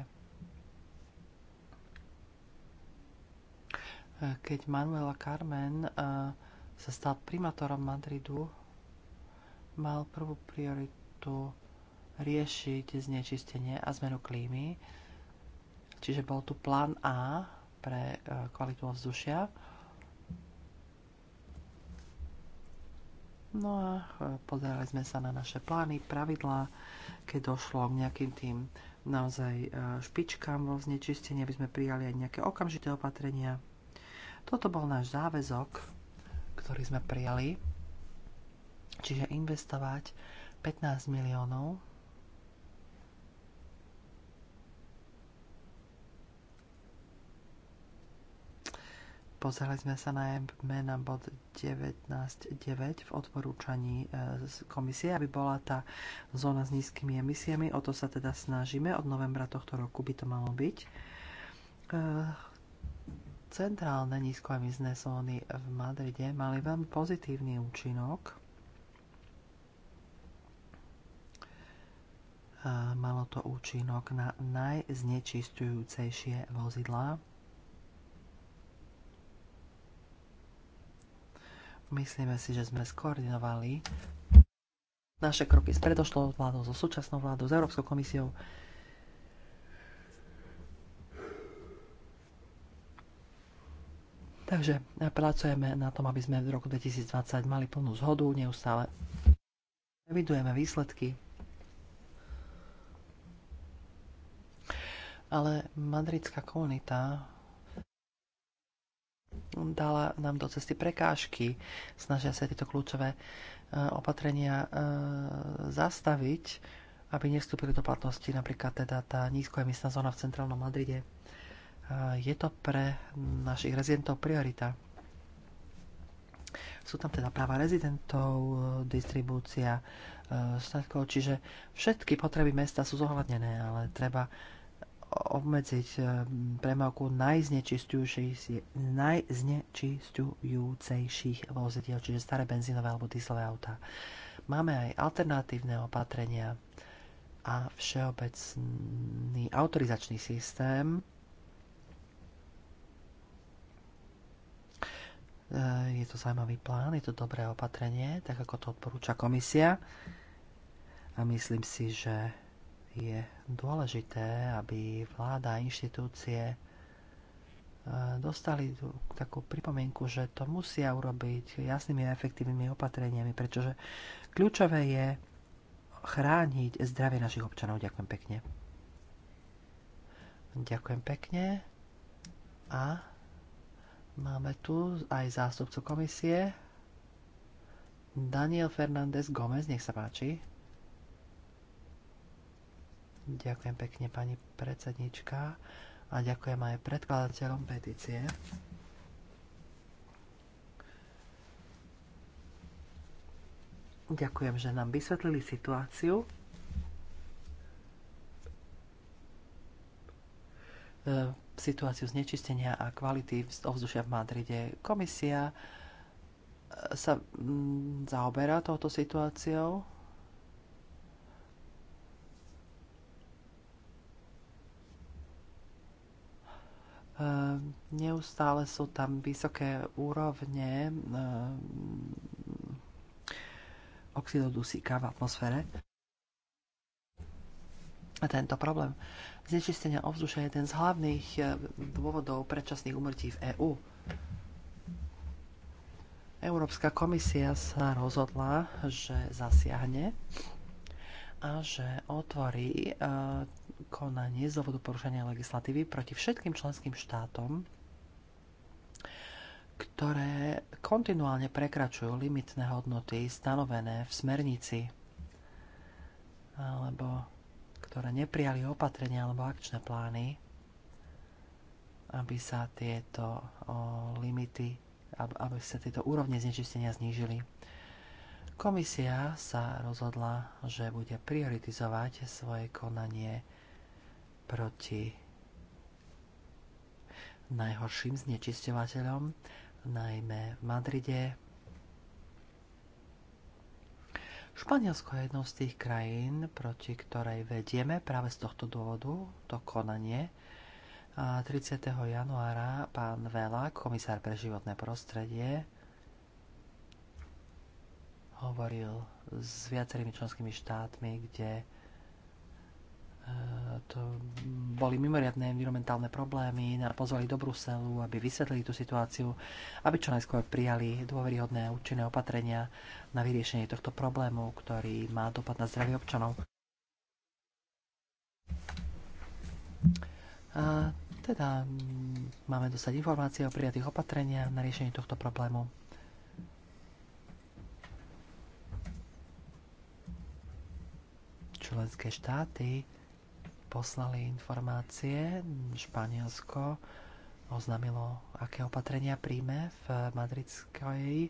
Keď Manuela Carmen eh, sa stal primátorom Madridu, mal prvú prioritu riešiť znečistenie a zmenu klímy. Čiže bol tu plán A pre e, kvalitu ovzdušia. No a e, pozerali sme sa na naše plány, pravidlá, keď došlo k nejakým tým naozaj e, špičkám vo znečistení, aby sme prijali aj nejaké okamžité opatrenia. Toto bol náš záväzok, ktorý sme prijali, čiže investovať 15 miliónov Pozerali sme sa na e na bod 19.9 v odporúčaní e, komisie, aby bola tá zóna s nízkymi emisiami. O to sa teda snažíme. Od novembra tohto roku by to malo byť. E, centrálne nízkoemisné zóny v Madride mali veľmi pozitívny účinok. Malo to účinok na najznečistujúcejšie vozidlá Myslíme si, že sme skoordinovali naše kroky s predošlou vládou, so súčasnou vládou, s Európskou komisiou. Takže pracujeme na tom, aby sme v roku 2020 mali plnú zhodu, neustále evidujeme výsledky. Ale madridská komunita Mm, dala nám do cesty prekážky. Snažia sa tieto kľúčové e, opatrenia e, zastaviť, aby nevstúpili do platnosti napríklad teda tá nízkoemisná zóna v centrálnom Madride. E, je to pre našich rezidentov priorita. Sú tam teda práva rezidentov, distribúcia štátkov, čiže všetky potreby mesta sú zohľadnené, ale treba obmedziť eh, premávku najznečistujúcejších vozidiel, čiže staré benzínové alebo dieselové autá. Máme aj alternatívne opatrenia a všeobecný autorizačný systém, eh, je to zaujímavý plán, je to dobré opatrenie, tak ako to odporúča komisia. A myslím si, že je dôležité, aby vláda a inštitúcie e, dostali takú pripomienku, že to musia urobiť jasnými a efektívnymi opatreniami, pretože kľúčové je chrániť zdravie našich občanov. Ďakujem pekne. Ďakujem pekne. A máme tu aj zástupcu komisie. Daniel Fernández Gómez, nech sa páči. Ďakujem pekne pani predsednička a ďakujem aj predkladateľom petície. Ďakujem, že nám vysvetlili situáciu. E, situáciu znečistenia a kvality ovzdušia v Madride. Komisia e, sa zaoberá touto situáciou Ehm, neustále sú tam vysoké úrovne ehm, oxidu dusíka v atmosfére. A tento problém znečistenia ovzdušia je jeden z hlavných ehm, dôvodov predčasných umrtí v EÚ. Európska komisia sa rozhodla, že zasiahne a že otvorí konanie z dôvodu porušenia legislatívy proti všetkým členským štátom, ktoré kontinuálne prekračujú limitné hodnoty stanovené v smernici alebo ktoré neprijali opatrenia alebo akčné plány, aby sa tieto limity, aby sa tieto úrovne znečistenia znížili. Komisia sa rozhodla, že bude prioritizovať svoje konanie proti najhorším znečisťovateľom, najmä v Madride. Španielsko je jednou z tých krajín, proti ktorej vedieme práve z tohto dôvodu to konanie. A 30. januára pán Vela, komisár pre životné prostredie, hovoril s viacerými členskými štátmi, kde Eh, to boli mimoriadne environmentálne problémy, no pozvali do Bruselu, aby vysvetlili tú situáciu, aby čo najskôr prijali dôveryhodné účinné opatrenia na vyriešenie tohto problému, ktorý má dopad na zdravie občanov. A teda mm, máme dostať informácie o prijatých opatreniach na riešenie tohto problému. Členské štáty poslali informácie. Španielsko oznámilo, aké opatrenia príjme v madridskej e,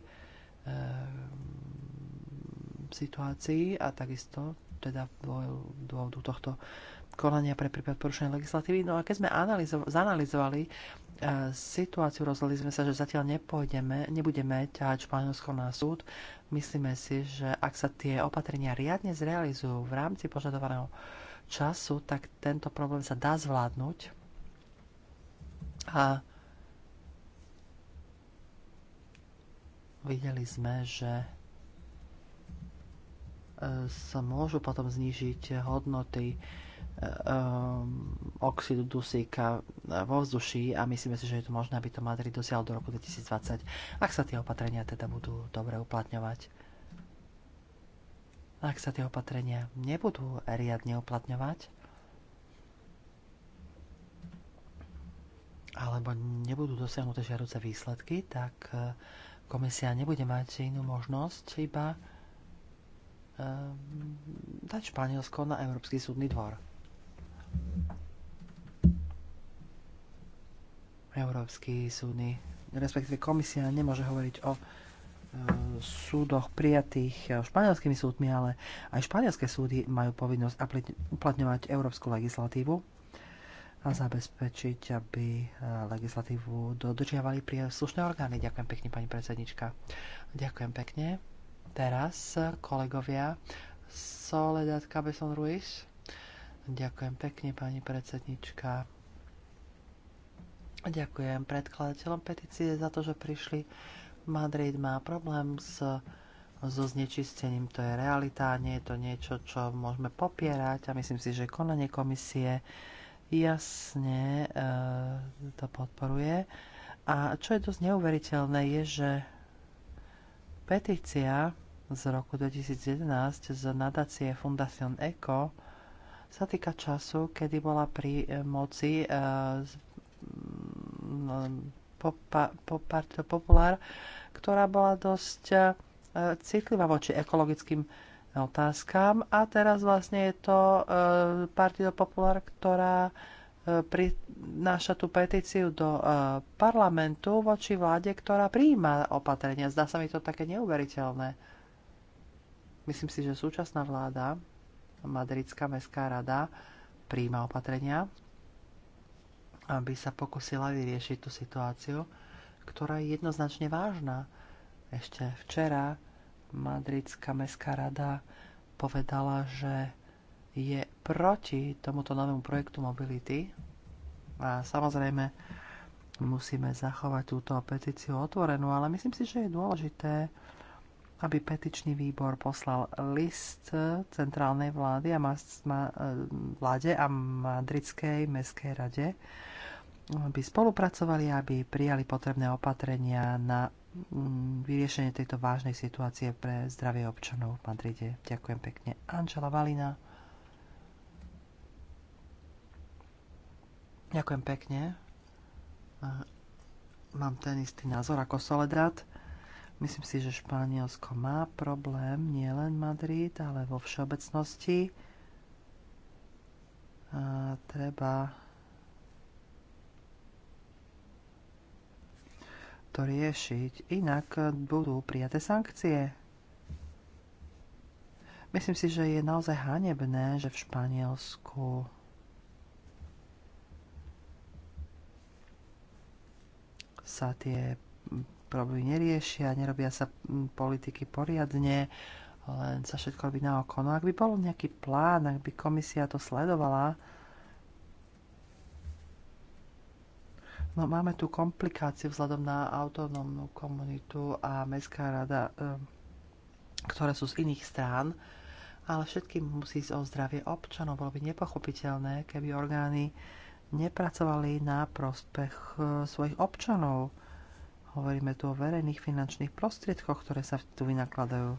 situácii a takisto teda dôvodu tohto konania pre prípad porušenia legislatívy. No a keď sme analyzo- zanalizovali e, situáciu, rozhodli sme sa, že zatiaľ nepôjdeme, nebudeme ťahať Španielsko na súd. Myslíme si, že ak sa tie opatrenia riadne zrealizujú v rámci požadovaného času, tak tento problém sa dá zvládnuť. A videli sme, že e, sa môžu potom znížiť hodnoty e, e, oxidu dusíka vo vzduši a myslíme si, že je to možné, aby to Madrid dosiahol do roku 2020, ak sa tie opatrenia teda budú dobre uplatňovať. Ak sa tie opatrenia nebudú riadne uplatňovať, alebo nebudú dosiahnuté žiaduce výsledky, tak e, komisia nebude mať inú možnosť, iba um, dať Španielsko na Európsky súdny dvor. Európsky súdny, respektíve komisia nemôže hovoriť o súdoch prijatých eh, španielskými súdmi, ale aj španielské súdy majú povinnosť uplatňovať európsku legislatívu a zabezpečiť, aby eh, legislatívu dodržiavali slušné orgány. Ďakujem pekne, pani predsednička. Ďakujem pekne. Teraz, eh, kolegovia, Soledad Cabezon Ruiz. Ďakujem pekne, pani predsednička. Ďakujem predkladateľom petície za to, že prišli Madrid má problém s, so znečistením, to je realita, nie je to niečo, čo môžeme popierať a myslím si, že konanie komisie jasne e, to podporuje. A čo je dosť neuveriteľné, je, že petícia z roku 2011 z nadácie Fundación ECO sa týka času, kedy bola pri eh, moci e, z, Popa, Partido Popular, ktorá bola dosť e, citlivá voči ekologickým otázkam a teraz vlastne je to e, Partido Popular, ktorá e, prináša tú petíciu do parlamentu voči vláde, ktorá prijíma opatrenia. Zdá sa mi to také neuveriteľné. Myslím si, že súčasná vláda, Madridská mestská rada, prijíma opatrenia aby sa pokusila vyriešiť tú situáciu, ktorá je jednoznačne vážna. Ešte včera Madridská mestská rada povedala, že je proti tomuto novému projektu mobility a samozrejme musíme zachovať túto petíciu otvorenú, ale myslím si, že je dôležité, aby petičný výbor poslal list centrálnej vlády a vláde a Madridskej mestskej rade, by spolupracovali, aby prijali potrebné opatrenia na mm, vyriešenie tejto vážnej situácie pre zdravie občanov v Madride. Ďakujem pekne. Angela Valina. Ďakujem pekne. Mám ten istý názor ako Soledad. Myslím si, že Španielsko má problém, nielen Madrid, ale vo všeobecnosti. A treba to riešiť, inak budú prijaté sankcie. Myslím si, že je naozaj hanebné, že v Španielsku sa tie problémy neriešia, nerobia sa politiky poriadne, len sa všetko robí na oko. No ak by bol nejaký plán, ak by komisia to sledovala, No máme tu komplikácie vzhľadom na autonómnu komunitu a mestská rada, ehm, ktoré sú z iných strán, ale všetkým musí ísť o zdravie občanov. Bolo by nepochopiteľné, keby orgány nepracovali na prospech e, svojich občanov. Hovoríme tu o verejných finančných prostriedkoch, ktoré sa tu vynakladajú.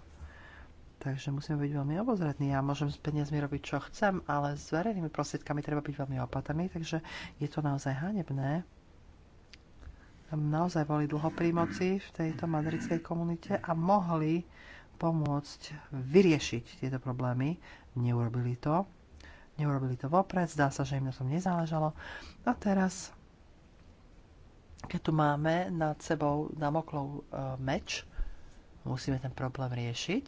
Takže musíme byť veľmi obozretní. Ja môžem s peniazmi robiť, čo chcem, ale s verejnými prostriedkami treba byť veľmi opatrný, takže je to naozaj hanebné naozaj boli dlho pri moci v tejto madridskej komunite a mohli pomôcť vyriešiť tieto problémy. Neurobili to. Neurobili to vopred, zdá sa, že im na tom nezáležalo. A teraz, keď tu máme nad sebou namoklou e, meč, musíme ten problém riešiť,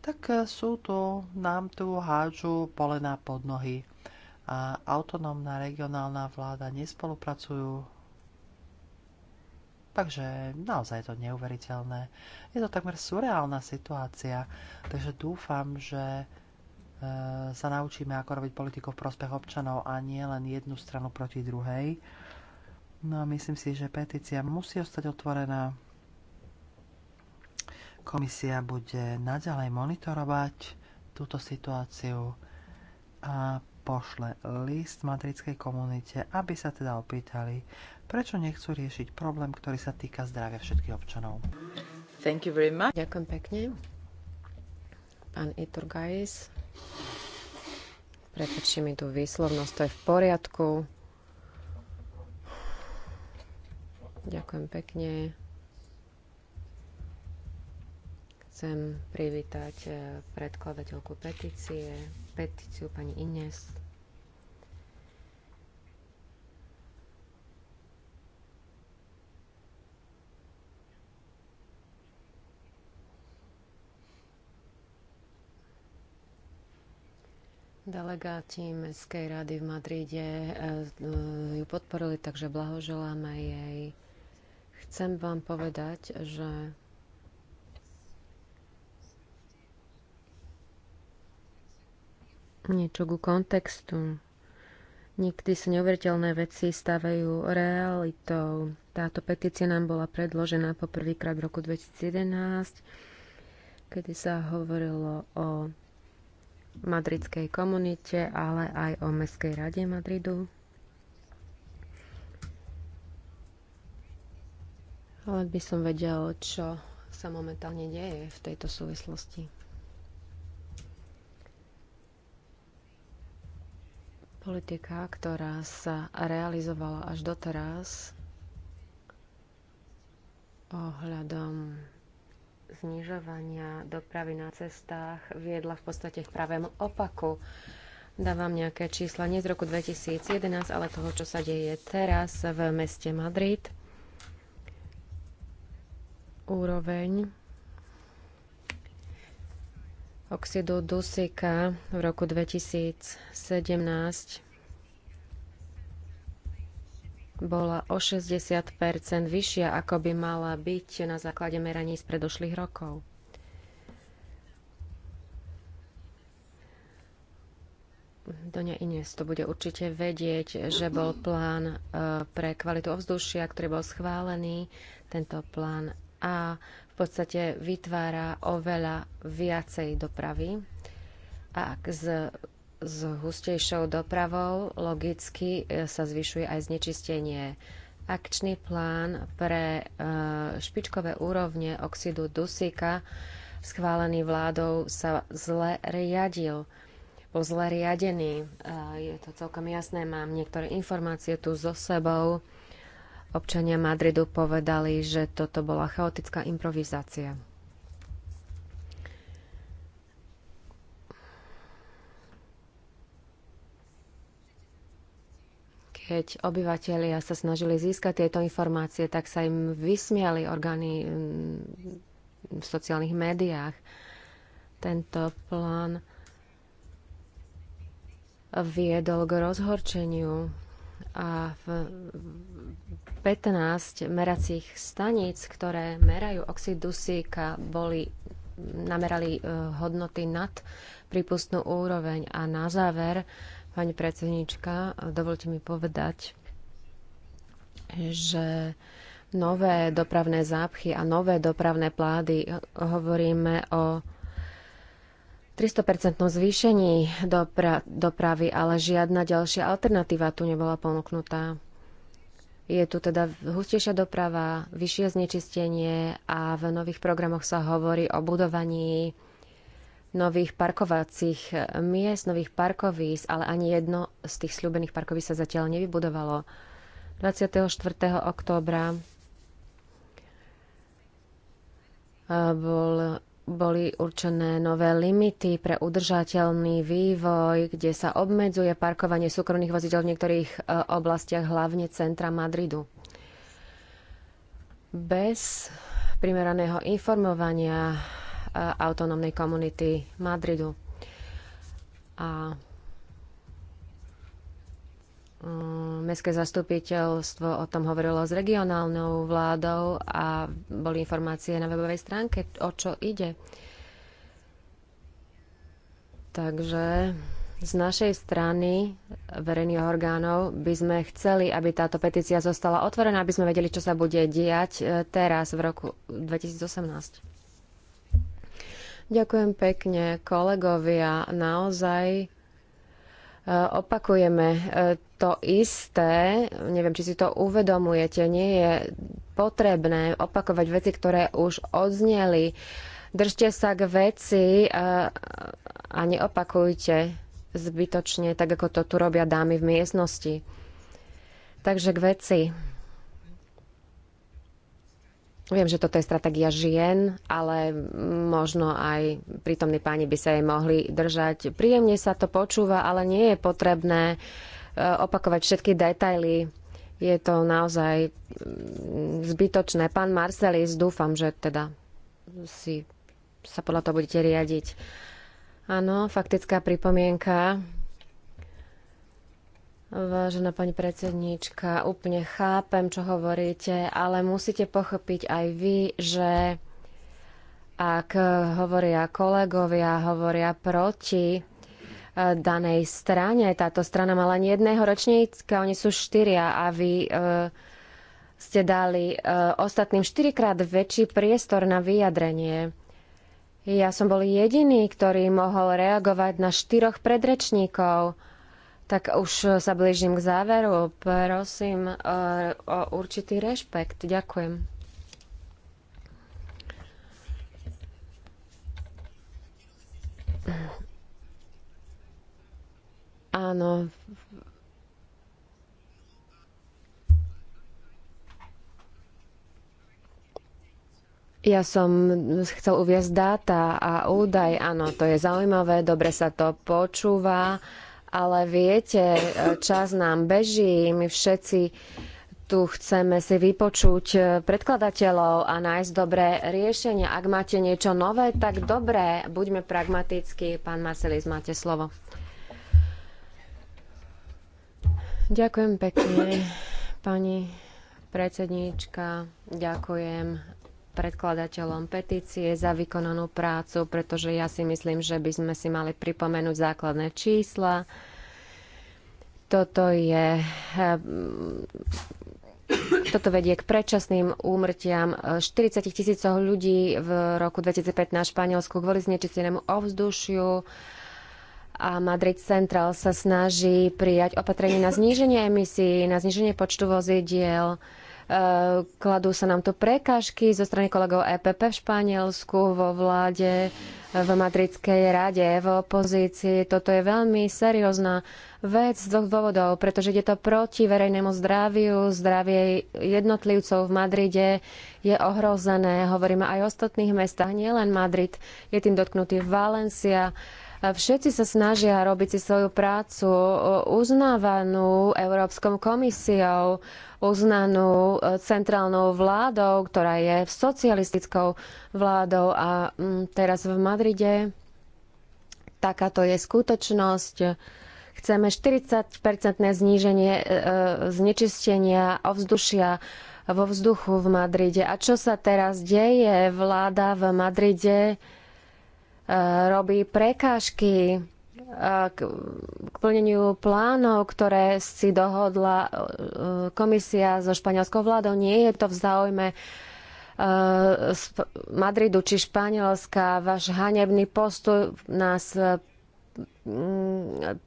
tak e, sú tu, nám tu hádžu polená pod nohy a autonómna regionálna vláda nespolupracujú Takže naozaj je to neuveriteľné. Je to takmer surreálna situácia. Takže dúfam, že e, sa naučíme, ako robiť politiku v prospech občanov a nie len jednu stranu proti druhej. No a myslím si, že petícia musí ostať otvorená. Komisia bude naďalej monitorovať túto situáciu a pošle list madridskej komunite, aby sa teda opýtali, prečo nechcú riešiť problém, ktorý sa týka zdravia všetkých občanov. Thank you very much. Ďakujem pekne. Pán Iturgais, prepačte mi tú výslovnosť, to je v poriadku. Ďakujem pekne. Chcem privítať eh, predkladateľku petície, petíciu pani Ines. Delegáti Mestskej rady v Madride eh, ju podporili, takže blahoželáme jej. Chcem vám povedať, že niečo ku kontextu. Nikdy sa neuveriteľné veci stavajú realitou. Táto petícia nám bola predložená poprvýkrát v roku 2011, kedy sa hovorilo o madridskej komunite, ale aj o Mestskej rade Madridu. Ale by som vedel, čo sa momentálne deje v tejto súvislosti. Politika, ktorá sa realizovala až doteraz ohľadom znižovania dopravy na cestách viedla v podstate k pravému opaku. Dávam nejaké čísla nie z roku 2011, ale toho, čo sa deje teraz v meste Madrid. Úroveň oxidu dusika v roku 2017 bola o 60 vyššia, ako by mala byť na základe meraní z predošlých rokov. Doňa Ines to bude určite vedieť, že bol plán e, pre kvalitu ovzdušia, ktorý bol schválený. Tento plán A v podstate vytvára oveľa viacej dopravy a ak z s hustejšou dopravou logicky e, sa zvyšuje aj znečistenie. Akčný plán pre e, špičkové úrovne oxidu dusíka schválený vládou sa zle riadil. Bol zle riadený. E, je to celkom jasné, mám niektoré informácie tu so sebou. Občania Madridu povedali, že toto bola chaotická improvizácia. keď obyvateľia sa snažili získať tieto informácie, tak sa im vysmiali orgány mm, v sociálnych médiách. Tento plán viedol k rozhorčeniu a v 15 meracích staníc, ktoré merajú oxid dusíka, boli, namerali eh, hodnoty nad prípustnú úroveň a na záver Pani predsednička, dovolte mi povedať, že nové dopravné zápchy a nové dopravné plády eh, hovoríme o 300% zvýšení dopra- dopravy, ale žiadna ďalšia alternatíva tu nebola ponúknutá. Je tu teda hustejšia doprava, vyššie znečistenie a v nových programoch sa hovorí o budovaní nových parkovacích eh, miest, nových parkovísk, ale ani jedno z tých slúbených parkoví sa zatiaľ nevybudovalo. 24. októbra eh, bol, boli určené nové limity pre udržateľný vývoj, kde sa obmedzuje parkovanie súkromných vozidel v niektorých eh, oblastiach, hlavne centra Madridu. Bez primeraného informovania Eh, autonómnej komunity Madridu. A mm, Mestské zastupiteľstvo o tom hovorilo s regionálnou vládou a boli informácie na webovej stránke, o čo ide. Takže z našej strany verejných orgánov by sme chceli, aby táto petícia zostala otvorená, aby sme vedeli, čo sa bude diať eh, teraz v roku 2018. Ďakujem pekne, kolegovia. Naozaj e, opakujeme e, to isté. Neviem, či si to uvedomujete. Nie je potrebné opakovať veci, ktoré už odzneli. Držte sa k veci e, a neopakujte zbytočne, tak ako to tu robia dámy v miestnosti. Takže k veci. Viem, že toto je stratégia žien, ale možno aj prítomní páni by sa jej mohli držať. Príjemne sa to počúva, ale nie je potrebné e, opakovať všetky detaily. Je to naozaj mm, zbytočné. Pán Marcelis, dúfam, že teda si sa podľa toho budete riadiť. Áno, faktická pripomienka. Vážená pani predsedníčka, úplne chápem, čo hovoríte, ale musíte pochopiť aj vy, že ak hovoria kolegovia, hovoria proti eh, danej strane, táto strana mala len jedného ročníka, oni sú štyria a vy eh, ste dali eh, ostatným štyrikrát väčší priestor na vyjadrenie. Ja som bol jediný, ktorý mohol reagovať na štyroch predrečníkov tak už eh, sa blížim k záveru. Prosím eh, o určitý rešpekt. Ďakujem. Áno. Ja som chcel uviezť dáta a údaj. Áno, to je zaujímavé, dobre sa to počúva ale viete, e, čas nám beží, my všetci tu chceme si vypočuť e, predkladateľov a nájsť dobré riešenia. Ak máte niečo nové, tak dobré, buďme pragmatickí. Pán Marcelis, máte slovo. Ďakujem pekne, pani predsedníčka. Ďakujem predkladateľom petície za vykonanú prácu, pretože ja si myslím, že by sme si mali pripomenúť základné čísla. Toto je ehm, toto vedie k predčasným úmrtiam 40 tisícov ľudí v roku 2015 v Španielsku kvôli znečistenému ovzdušiu a Madrid Central sa snaží prijať opatrenie na zníženie emisí, na zníženie počtu vozidiel Eh, kladú sa nám tu prekážky zo strany kolegov EPP v Španielsku, vo vláde, v Madridskej rade, v opozícii. Toto je veľmi seriózna vec z dvoch dôvodov, pretože je to proti verejnému zdraviu, zdravie jednotlivcov v Madride je ohrozené. Hovoríme aj o ostatných mestách, nielen Madrid, je tým dotknutý Valencia. Všetci sa snažia robiť si svoju prácu uznávanú Európskou komisiou uznanú e, centrálnou vládou, ktorá je socialistickou vládou a mm, teraz v Madride takáto je skutočnosť. Chceme 40-percentné zníženie e, e, znečistenia ovzdušia vo vzduchu v Madride. A čo sa teraz deje? Vláda v Madride robí prekážky k, k plneniu plánov, ktoré si dohodla e, komisia so španielskou vládou. Nie je to v záujme z e, Madridu či Španielska. Váš hanebný postup nás e,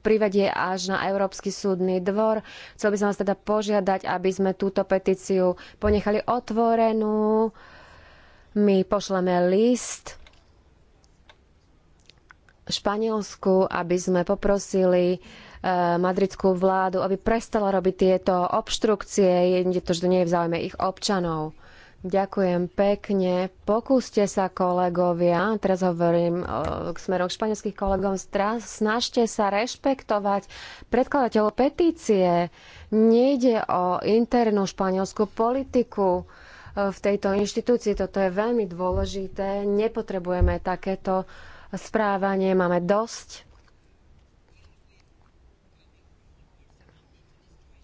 privedie až na Európsky súdny dvor. Chcel by som vás teda požiadať, aby sme túto petíciu ponechali otvorenú. My pošleme list Španielsku, aby sme poprosili eh, madridskú vládu, aby prestala robiť tieto obštrukcie, to, že to nie je v záujme ich občanov. Ďakujem pekne. Pokúste sa, kolegovia, teraz hovorím eh, k smerom španielských kolegom, snažte sa rešpektovať predkladateľov petície. Nejde o internú španielskú politiku eh, v tejto inštitúcii. Toto je veľmi dôležité. Nepotrebujeme takéto uh, správanie. Máme dosť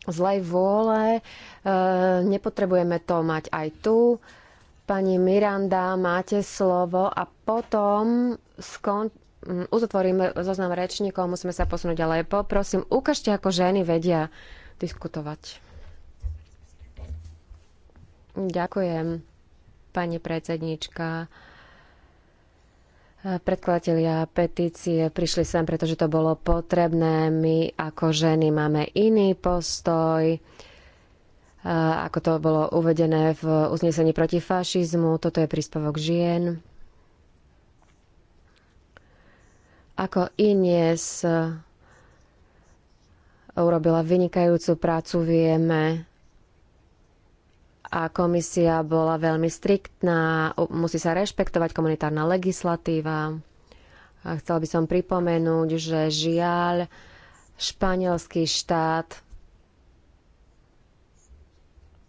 zlej vôle. E, nepotrebujeme to mať aj tu. Pani Miranda, máte slovo a potom skon- uzatvoríme zoznam rečníkov, musíme sa posunúť ďalej. Poprosím, ukážte, ako ženy vedia diskutovať. Ďakujem, pani predsednička. Predkladatelia petície prišli sem, pretože to bolo potrebné. My ako ženy máme iný postoj, ako to bolo uvedené v uznesení proti fašizmu. Toto je príspevok žien. Ako Inies e, urobila vynikajúcu prácu, vieme, a komisia bola veľmi striktná, musí sa rešpektovať komunitárna legislatíva. A chcela by som pripomenúť, že žiaľ, španielský štát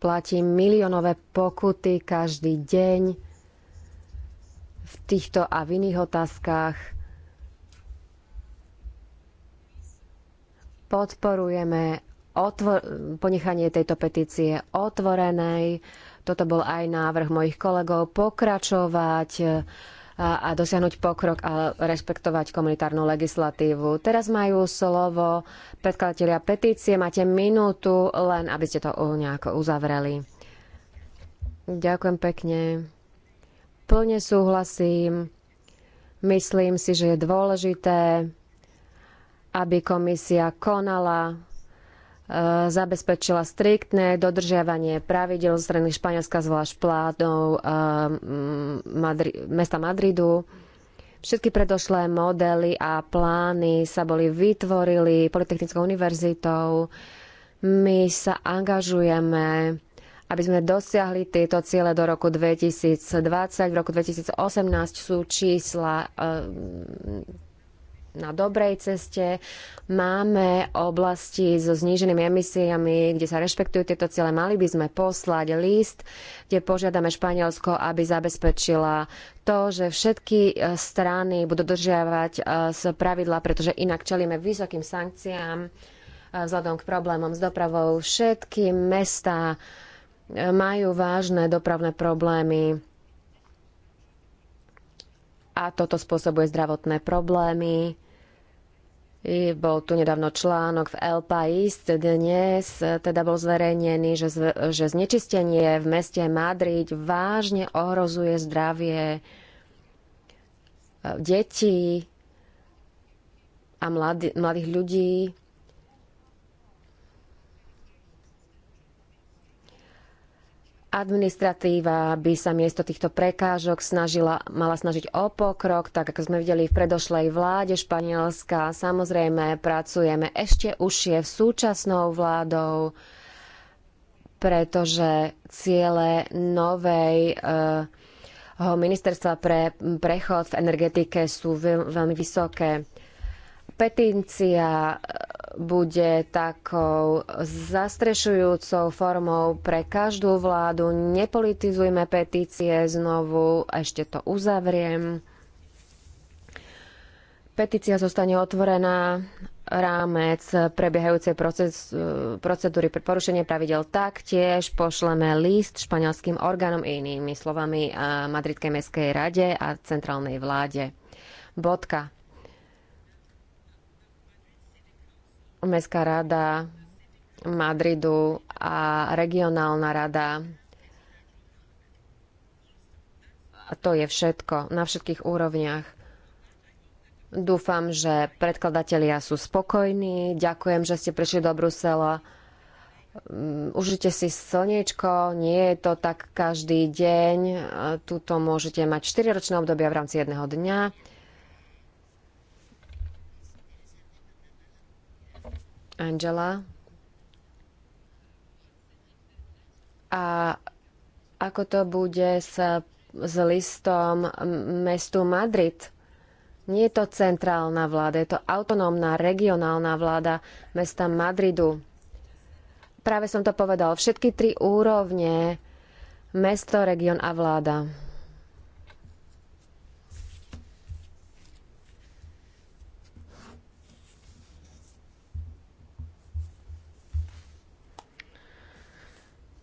platí miliónové pokuty každý deň v týchto a v iných otázkach. Podporujeme otvor- ponechanie tejto petície otvorenej. Toto bol aj návrh mojich kolegov pokračovať e, a, a dosiahnuť pokrok a rešpektovať komunitárnu legislatívu. Teraz majú slovo predkladatelia petície. Máte minútu, len aby ste to nejako uzavreli. Ďakujem pekne. Plne súhlasím. Myslím si, že je dôležité, aby komisia konala E, zabezpečila striktné dodržiavanie pravidel zo strany Španielska, zvlášť plánov e, Madri- mesta Madridu. Všetky predošlé modely a plány sa boli vytvorili Politechnickou univerzitou. My sa angažujeme, aby sme dosiahli tieto ciele do roku 2020. V roku 2018 sú čísla e, na dobrej ceste. Máme oblasti so zníženými emisiami, kde sa rešpektujú tieto ciele. Mali by sme poslať list, kde požiadame Španielsko, aby zabezpečila to, že všetky e, strany budú dodržiavať e, pravidla, pretože inak čelíme vysokým sankciám e, vzhľadom k problémom s dopravou. Všetky mesta majú vážne dopravné problémy a toto spôsobuje zdravotné problémy. I bol tu nedávno článok v El Pais, dnes teda bol zverejnený, že, že znečistenie v meste Madrid vážne ohrozuje zdravie e, detí a mladých ľudí. Administratíva by sa miesto týchto prekážok snažila, mala snažiť o pokrok, tak ako sme videli v predošlej vláde Španielska. Samozrejme, pracujeme ešte užšie v súčasnou vládou, pretože ciele novej eh, ministerstva pre prechod v energetike sú veľmi vysoké. Petícia bude takou zastrešujúcou formou pre každú vládu. Nepolitizujme petície znovu, ešte to uzavriem. Petícia zostane otvorená, rámec prebiehajúcej e, procedúry pre porušenie pravidel taktiež pošleme list španielským orgánom inými slovami Madridskej mestskej rade a centrálnej vláde. Bodka. Mestská rada Madridu a regionálna rada. A to je všetko na všetkých úrovniach. Dúfam, že predkladatelia sú spokojní. Ďakujem, že ste prišli do Brusela. Mm, užite si slniečko, nie je to tak každý deň. E, Tuto môžete mať 4-ročné obdobia v rámci jedného dňa. Angela. A ako to bude s, s listom mestu Madrid? Nie je to centrálna vláda, je to autonómna regionálna vláda mesta Madridu. Práve som to povedal, všetky tri úrovne, mesto, región a vláda.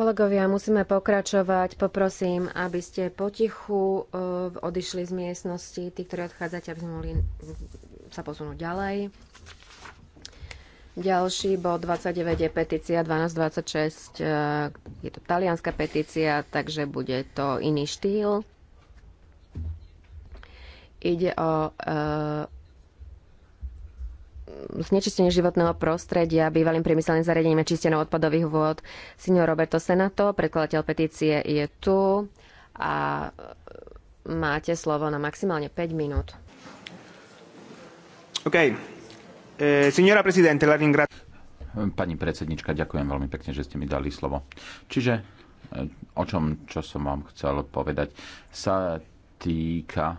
Kolegovia, musíme pokračovať. Poprosím, aby ste potichu e, odišli z miestnosti. Tí, ktorí odchádzate, aby sme mohli sa posunúť ďalej. Ďalší bod 29 je petícia 1226. E, je to talianská petícia, takže bude to iný štýl. Ide o e, znečistenie životného prostredia bývalým priemyselným zariadením čistenou odpadových vôd. Signor Roberto Senato, predkladateľ petície, je tu a máte slovo na maximálne 5 minút. OK. E, signora Presidente, la ringra... Pani predsednička, ďakujem veľmi pekne, že ste mi dali slovo. Čiže eh, o čom, čo som vám chcel povedať, sa týka e,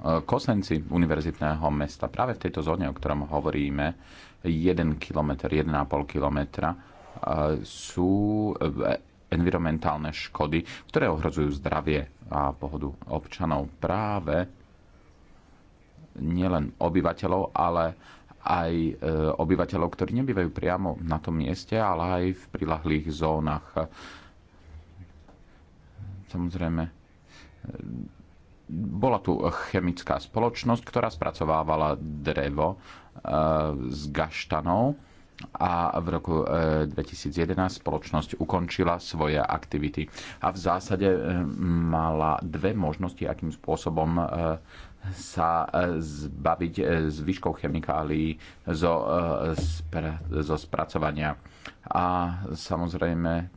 Kosenci univerzitného mesta, práve v tejto zóne, o ktorom hovoríme, 1 km, 1,5 km sú e, environmentálne škody, ktoré ohrozujú zdravie a pohodu občanov práve nielen obyvateľov, ale aj e, obyvateľov, ktorí nebývajú priamo na tom mieste, ale aj v prilahlých zónach. Samozrejme, bola tu chemická spoločnosť, ktorá spracovávala drevo e, s gaštanov a v roku 2011 e, spoločnosť ukončila svoje aktivity. A v zásade e, mala dve možnosti, akým spôsobom sa zbaviť zvyškov chemikálií zo, zo spracovania. A samozrejme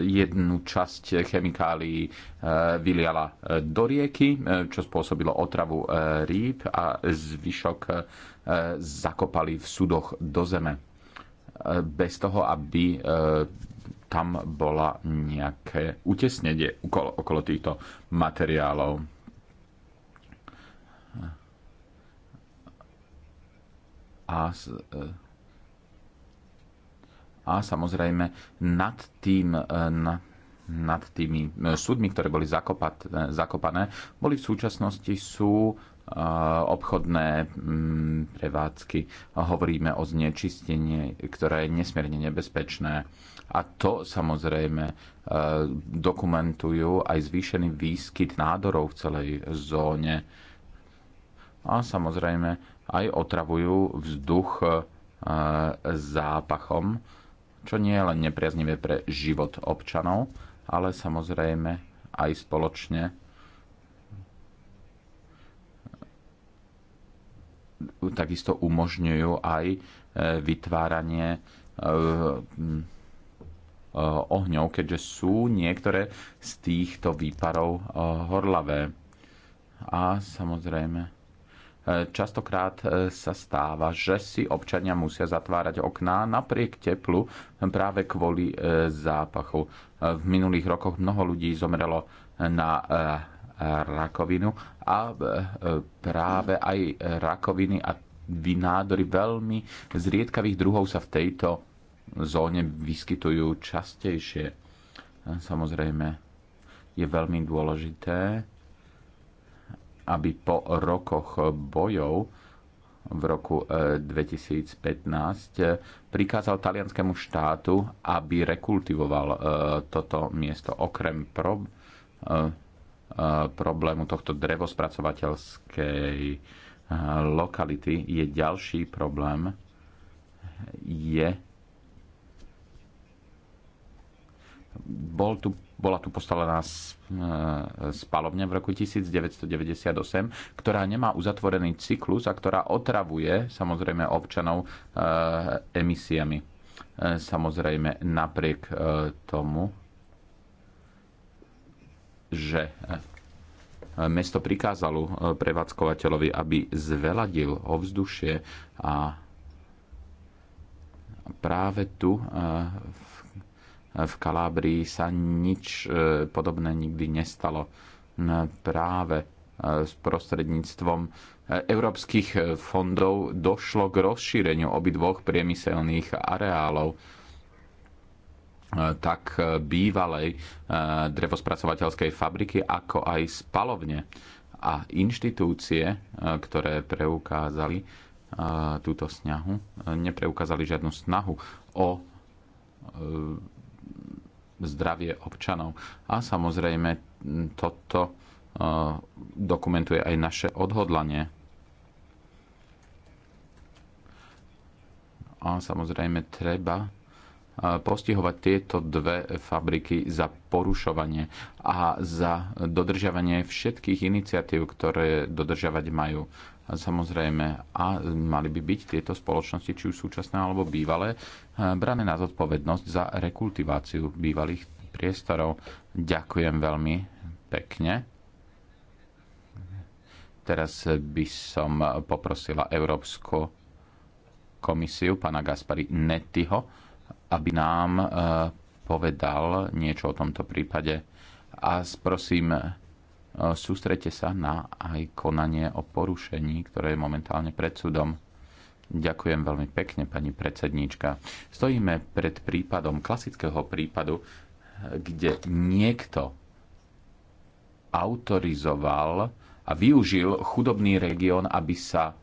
jednu časť chemikálií e, vyliala e, do rieky, e, čo spôsobilo otravu rýb a zvyšok zakopali v sudoch do zeme. Bez toho, aby tam bola nejaké utesnenie okolo, okolo týchto materiálov. A a samozrejme nad tým eh, na, nad tými eh, súdmi, ktoré boli zakopat, eh, zakopané, boli v súčasnosti sú obchodné mm, prevádzky. Hovoríme o znečistení, ktoré je nesmierne nebezpečné. A to samozrejme dokumentujú aj zvýšený výskyt nádorov v celej zóne. A samozrejme aj otravujú vzduch zápachom čo nie je len nepriaznivé pre život občanov, ale samozrejme aj spoločne takisto umožňujú aj e, vytváranie e, e, ohňov, keďže sú niektoré z týchto výparov horlavé. A samozrejme E, častokrát e, sa stáva, že si občania musia zatvárať okná napriek teplu práve kvôli e, zápachu. V minulých rokoch mnoho ľudí zomrelo na rakovinu a práve aj rakoviny a vynádory veľmi zriedkavých druhov sa v tejto zóne vyskytujú častejšie. Samozrejme, je veľmi dôležité, aby po rokoch bojov v roku 2015 e, e, prikázal talianskému štátu, aby rekultivoval e, toto miesto. Okrem pro, problému tohto drevospracovateľskej lokality je ďalší problém, je bol tu bola tu postavená spalovňa e, v roku 1998, ktorá nemá uzatvorený cyklus a ktorá otravuje samozrejme občanov e, emisiami. E, samozrejme napriek tomu, že mesto prikázalo prevádzkovateľovi, aby zveladil ovzdušie a práve tu v v Kalábrii sa nič e, podobné nikdy nestalo. E, práve e, s prostredníctvom európskych fondov došlo k rozšíreniu obidvoch priemyselných areálov tak bývalej drevospracovateľskej fabriky, ako aj spalovne. A inštitúcie, ktoré preukázali túto snahu, nepreukázali žiadnu snahu o zdravie občanov. A samozrejme toto e, dokumentuje aj naše odhodlanie. A samozrejme treba e, postihovať tieto dve fabriky za porušovanie a za dodržiavanie všetkých iniciatív, ktoré dodržiavať majú samozrejme, a mali by byť tieto spoločnosti, či už súčasné alebo bývalé, eh, brané na zodpovednosť za rekultiváciu bývalých priestorov. Ďakujem veľmi pekne. Teraz by som poprosila Európsku komisiu, pána Gaspari Nettiho, aby nám eh, povedal niečo o tomto prípade. A prosím, sústrete sa na aj konanie o porušení, ktoré je momentálne pred súdom. Ďakujem veľmi pekne, pani predsedníčka. Stojíme pred prípadom klasického prípadu, kde niekto autorizoval a využil chudobný región, aby sa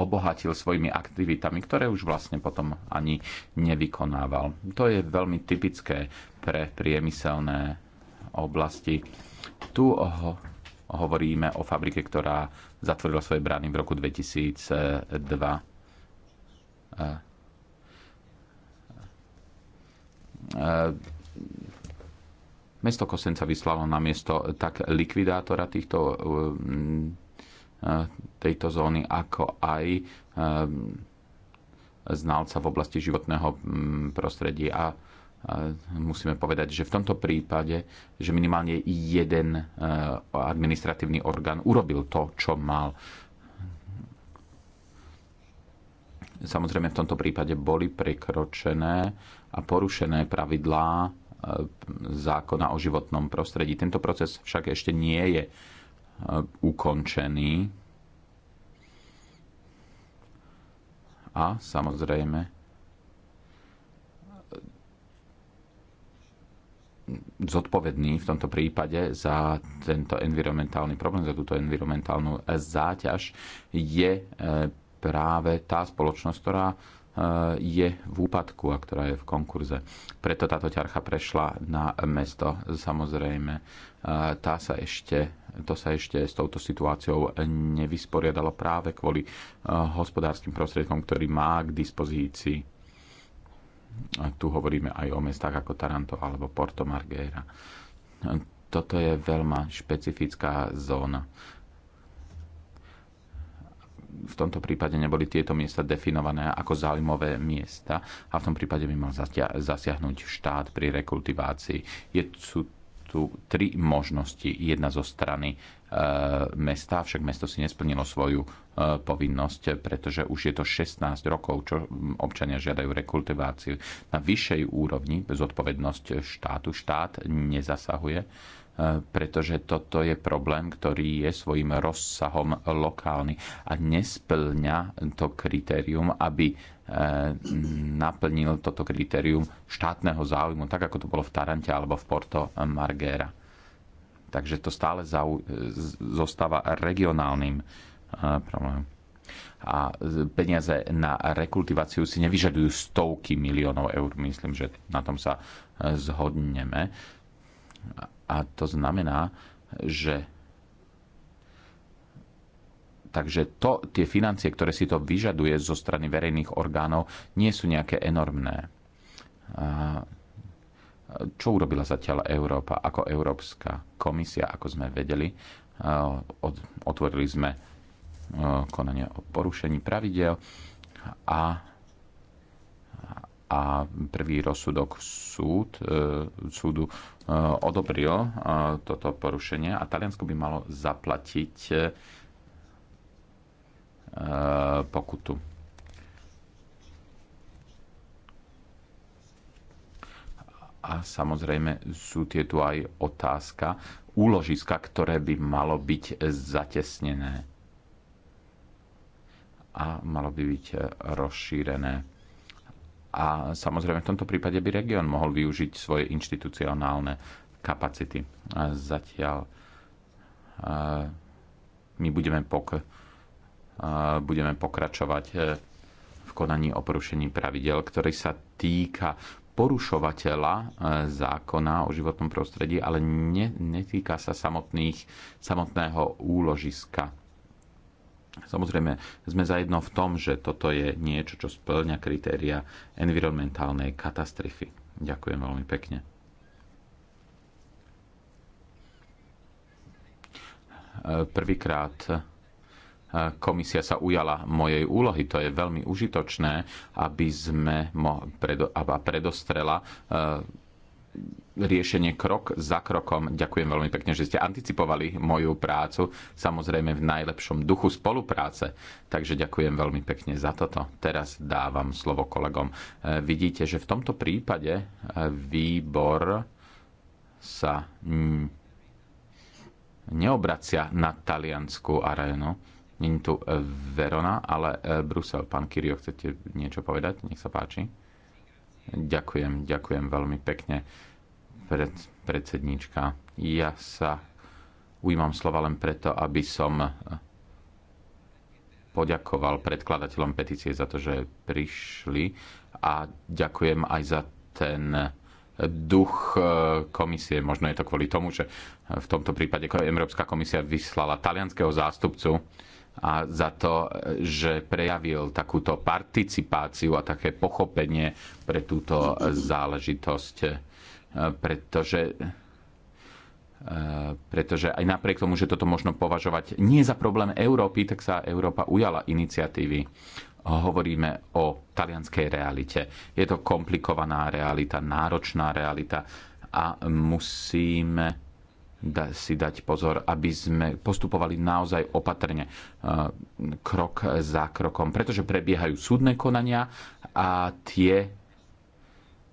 obohatil svojimi aktivitami, ktoré už vlastne potom ani nevykonával. To je veľmi typické pre priemyselné oblasti. Tu hovoríme o fabrike, ktorá zatvorila svoje brány v roku 2002. E, e, mesto Kosenca vyslalo na miesto tak likvidátora týchto, e, tejto zóny, ako aj znalca v oblasti životného mm, prostredia a musíme povedať, že v tomto prípade, že minimálne jeden e, administratívny orgán urobil to, čo mal. Samozrejme, v tomto prípade boli prekročené a porušené pravidlá e, zákona o životnom prostredí. Tento proces však ešte nie je e, ukončený. A samozrejme, zodpovedný v tomto prípade za tento environmentálny problém, za túto environmentálnu záťaž, je e, práve tá spoločnosť, ktorá e, je v úpadku a ktorá je v konkurze. Preto táto ťarcha prešla na mesto. Samozrejme, e, tá sa ešte, to sa ešte s touto situáciou nevysporiadalo práve kvôli hospodárskym prostriedkom, ktorý má k dispozícii tu hovoríme aj o mestách ako Taranto alebo Porto Marghera. Toto je veľmi špecifická zóna. V tomto prípade neboli tieto miesta definované ako záujmové miesta a v tom prípade by mal zasiahnuť štát pri rekultivácii. Je, sú tu tri možnosti. Jedna zo strany e, mesta, však mesto si nesplnilo svoju e, povinnosť, pretože už je to 16 rokov, čo občania žiadajú rekultiváciu. Na vyššej úrovni zodpovednosť štátu štát nezasahuje, e, pretože toto je problém, ktorý je svojim rozsahom lokálny a nesplňa to kritérium, aby Eh, naplnil toto kritérium štátneho záujmu, tak ako to bolo v Tarante alebo v Porto Margera. Takže to stále zau, zostáva regionálnym eh, problémom. A peniaze na rekultiváciu si nevyžadujú stovky miliónov eur. Myslím, že na tom sa eh, zhodneme. A to znamená, že Takže to, tie financie, ktoré si to vyžaduje zo strany verejných orgánov, nie sú nejaké enormné. Čo urobila zatiaľ Európa ako Európska komisia, ako sme vedeli? Otvorili sme e, konanie o porušení pravidel a, a prvý rozsudok súd, e, súdu e, odobril toto porušenie a Taliansko by malo zaplatiť Eh, pokutu. A samozrejme sú tie tu aj otázka úložiska, ktoré by malo byť zatesnené a malo by byť rozšírené. A samozrejme v tomto prípade by región mohol využiť svoje inštitucionálne kapacity. A zatiaľ eh, my budeme pok- budeme pokračovať e, v konaní o porušení pravidel, ktorý sa týka porušovateľa e, zákona o životnom prostredí, ale ne, netýka sa samotných, samotného úložiska. Samozrejme, sme zajedno v tom, že toto je niečo, čo splňa kritéria environmentálnej katastrofy. Ďakujem veľmi pekne. E, prvýkrát komisia sa ujala mojej úlohy. To je veľmi užitočné, aby sme mo, predo, aby predostrela e, riešenie krok za krokom. Ďakujem veľmi pekne, že ste anticipovali moju prácu, samozrejme v najlepšom duchu spolupráce. Takže ďakujem veľmi pekne za toto. Teraz dávam slovo kolegom. E, vidíte, že v tomto prípade e, výbor sa neobracia na taliansku arénu, Není tu e, Verona, ale e, Brusel. Pán Kirio, chcete niečo povedať? Nech sa páči. Ďakujem, ďakujem veľmi pekne. Pred, predsedníčka, ja sa ujímam slova len preto, aby som e, poďakoval predkladateľom petície za to, že prišli a ďakujem aj za ten duch komisie. Možno je to kvôli tomu, že v tomto prípade Európska komisia vyslala talianského zástupcu, a za to, že prejavil takúto participáciu a také pochopenie pre túto záležitosť. E, pretože e, pretože aj napriek tomu, že toto možno považovať nie za problém Európy, tak sa Európa ujala iniciatívy. Hovoríme o talianskej realite. Je to komplikovaná realita, náročná realita a musíme si dať pozor, aby sme postupovali naozaj opatrne e, krok za krokom, pretože prebiehajú súdne konania a tie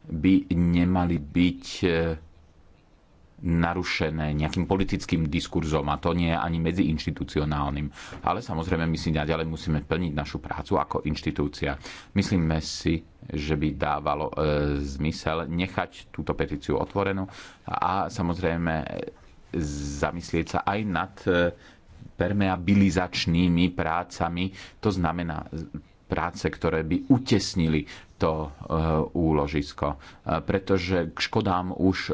by nemali byť e, narušené nejakým politickým diskurzom a to nie je ani medziinštitucionálnym. Ale samozrejme my si naďalej musíme plniť našu prácu ako inštitúcia. Myslíme si, že by dávalo e, zmysel nechať túto petíciu otvorenú a samozrejme zamyslieť sa aj nad e, permeabilizačnými prácami, to znamená práce, ktoré by utesnili to e, úložisko. E, pretože k škodám už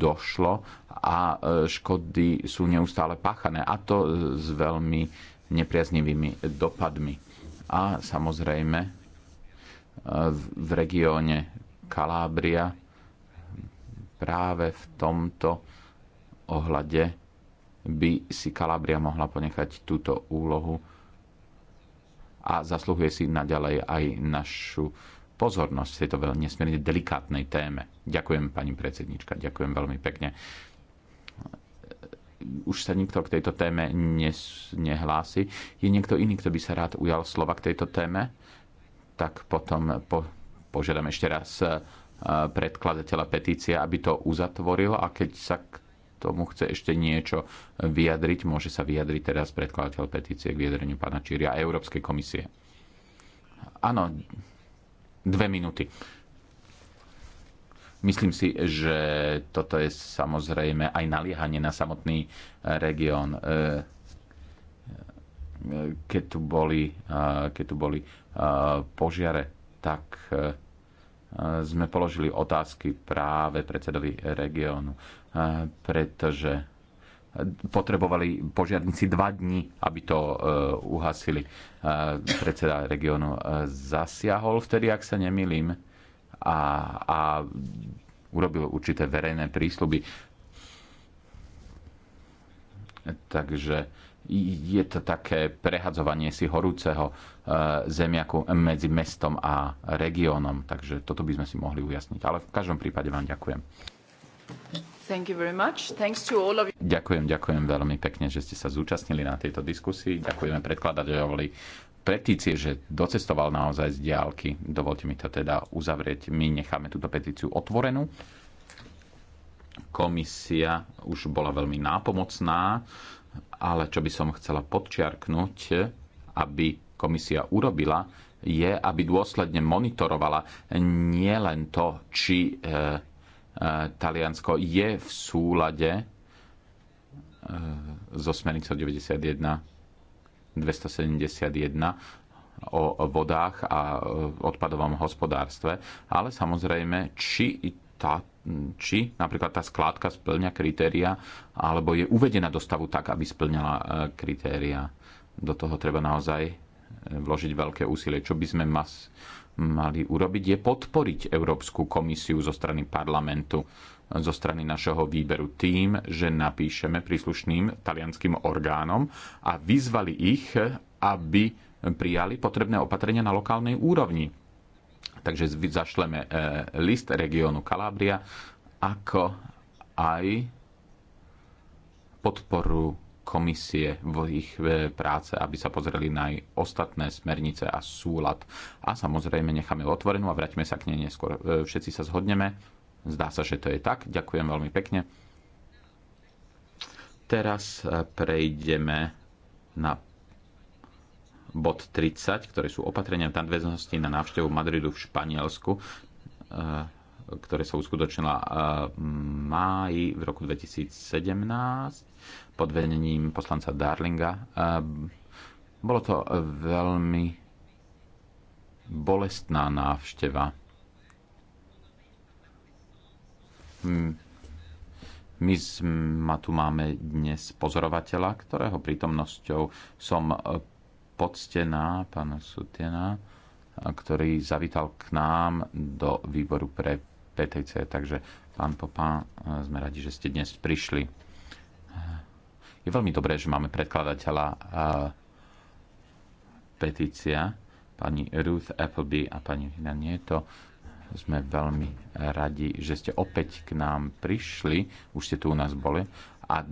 došlo a škody sú neustále páchané a to s veľmi nepriaznivými dopadmi. A samozrejme v regióne Kalábria práve v tomto ohľade by si Kalabria mohla ponechať túto úlohu a zasluhuje si naďalej aj našu pozornosť v tejto veľmi nesmierne delikátnej téme. Ďakujem, pani predsednička, ďakujem veľmi pekne. Už sa nikto k tejto téme nehlási. Je niekto iný, kto by sa rád ujal slova k tejto téme? Tak potom po- požiadam ešte raz eh, predkladateľa petície, aby to uzatvoril a keď sa k tomu chce ešte niečo vyjadriť, môže sa vyjadriť teraz predkladateľ petície k vyjadreniu pána Číria a Európskej komisie. Áno, dve minúty. Myslím si, že toto je samozrejme aj naliehanie na samotný e, región. E, e, keď tu boli, keď tu boli požiare, tak sme položili otázky práve predsedovi regiónu pretože potrebovali požiarníci dva dní, aby to e, uhasili. Predseda regiónu e, zasiahol vtedy, ak sa nemýlim, a, a urobil určité verejné prísľuby. Takže je to také prehadzovanie si horúceho e, zemiaku medzi mestom a regiónom. Takže toto by sme si mohli ujasniť. Ale v každom prípade vám ďakujem. Of... Ďakujem, ďakujem veľmi pekne, že ste sa zúčastnili na tejto diskusii. Ďakujeme predkladateľovi petície, že docestoval naozaj z diálky. Dovolte mi to teda uzavrieť. My necháme túto petíciu otvorenú. Komisia už bola veľmi nápomocná, ale čo by som chcela podčiarknúť, aby komisia urobila, je, aby dôsledne monitorovala nielen to, či e, E, Taliansko je v súlade e, so smernicou 91 271 o vodách a e, odpadovom hospodárstve, ale samozrejme, či, tá, či napríklad tá skládka splňa kritéria, alebo je uvedená do stavu tak, aby splňala kritéria. Do toho treba naozaj vložiť veľké úsilie. Čo by sme mas, mali urobiť, je podporiť Európsku komisiu zo strany parlamentu, zo strany našeho výberu tým, že napíšeme príslušným talianským orgánom a vyzvali ich, aby prijali potrebné opatrenia na lokálnej úrovni. Takže zašleme e, list regiónu Kalábria, ako aj podporu komisie v ich e, práce, aby sa pozreli na aj ostatné smernice a súlad. A samozrejme necháme otvorenú a vraťme sa k nej neskôr. E, všetci sa zhodneme. Zdá sa, že to je tak. Ďakujem veľmi pekne. Teraz e, prejdeme na bod 30, ktoré sú opatrenia v nadväznosti na návštevu Madridu v Španielsku ktoré sa uskutočnila v eh, máji v roku 2017 pod vedením poslanca Darlinga. Eh, bolo to veľmi bolestná návšteva. Hm. My ma tu máme dnes pozorovateľa, ktorého prítomnosťou som eh, poctená, pána Sutena, ktorý zavítal k nám do výboru pre PTC. Takže pán Popa, e, sme radi, že ste dnes prišli. E, je veľmi dobré, že máme predkladateľa e, petícia, pani Ruth Appleby a pani Vina Nieto. Sme veľmi radi, že ste opäť k nám prišli. Už ste tu u nás boli. A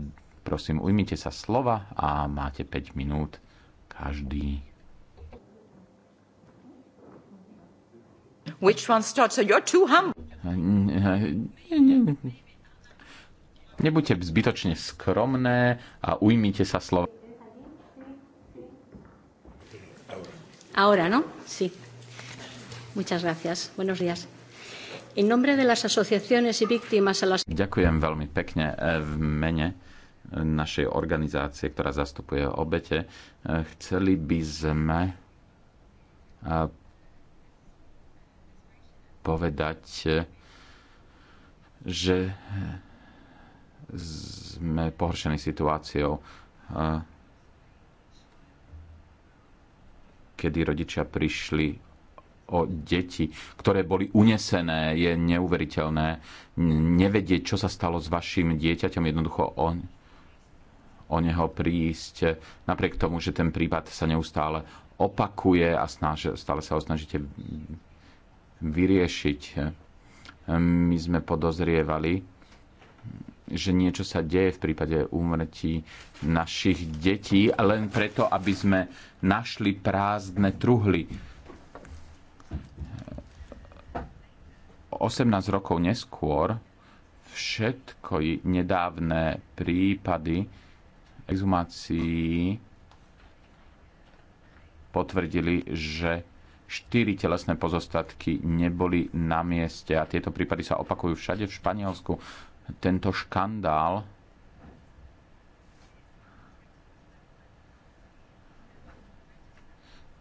prosím, ujmite sa slova a máte 5 minút každý. Which one starts? So you're too humble. Nebuďte zbytočne skromné a ujmite sa slova. Ahora, ¿no? Sí. Muchas gracias. Buenos días. En nombre de las asociaciones y víctimas a las... Ďakujem veľmi pekne eh, v mene našej organizácie, ktorá zastupuje obete. Eh, chceli by sme eh, povedať, e, že sme pohoršení situáciou, e, kedy rodičia prišli o deti, ktoré boli unesené, je neuveriteľné. Nevedieť, čo sa stalo s vašim dieťaťom, jednoducho o, o neho prísť, napriek tomu, že ten prípad sa neustále opakuje a snaž, stále sa ho snažíte vyriešiť. My sme podozrievali, že niečo sa deje v prípade úmrtí našich detí, len preto, aby sme našli prázdne truhly. 18 rokov neskôr všetko nedávne prípady exhumácií potvrdili, že Štyri telesné pozostatky neboli na mieste a tieto prípady sa opakujú všade v Španielsku. Tento škandál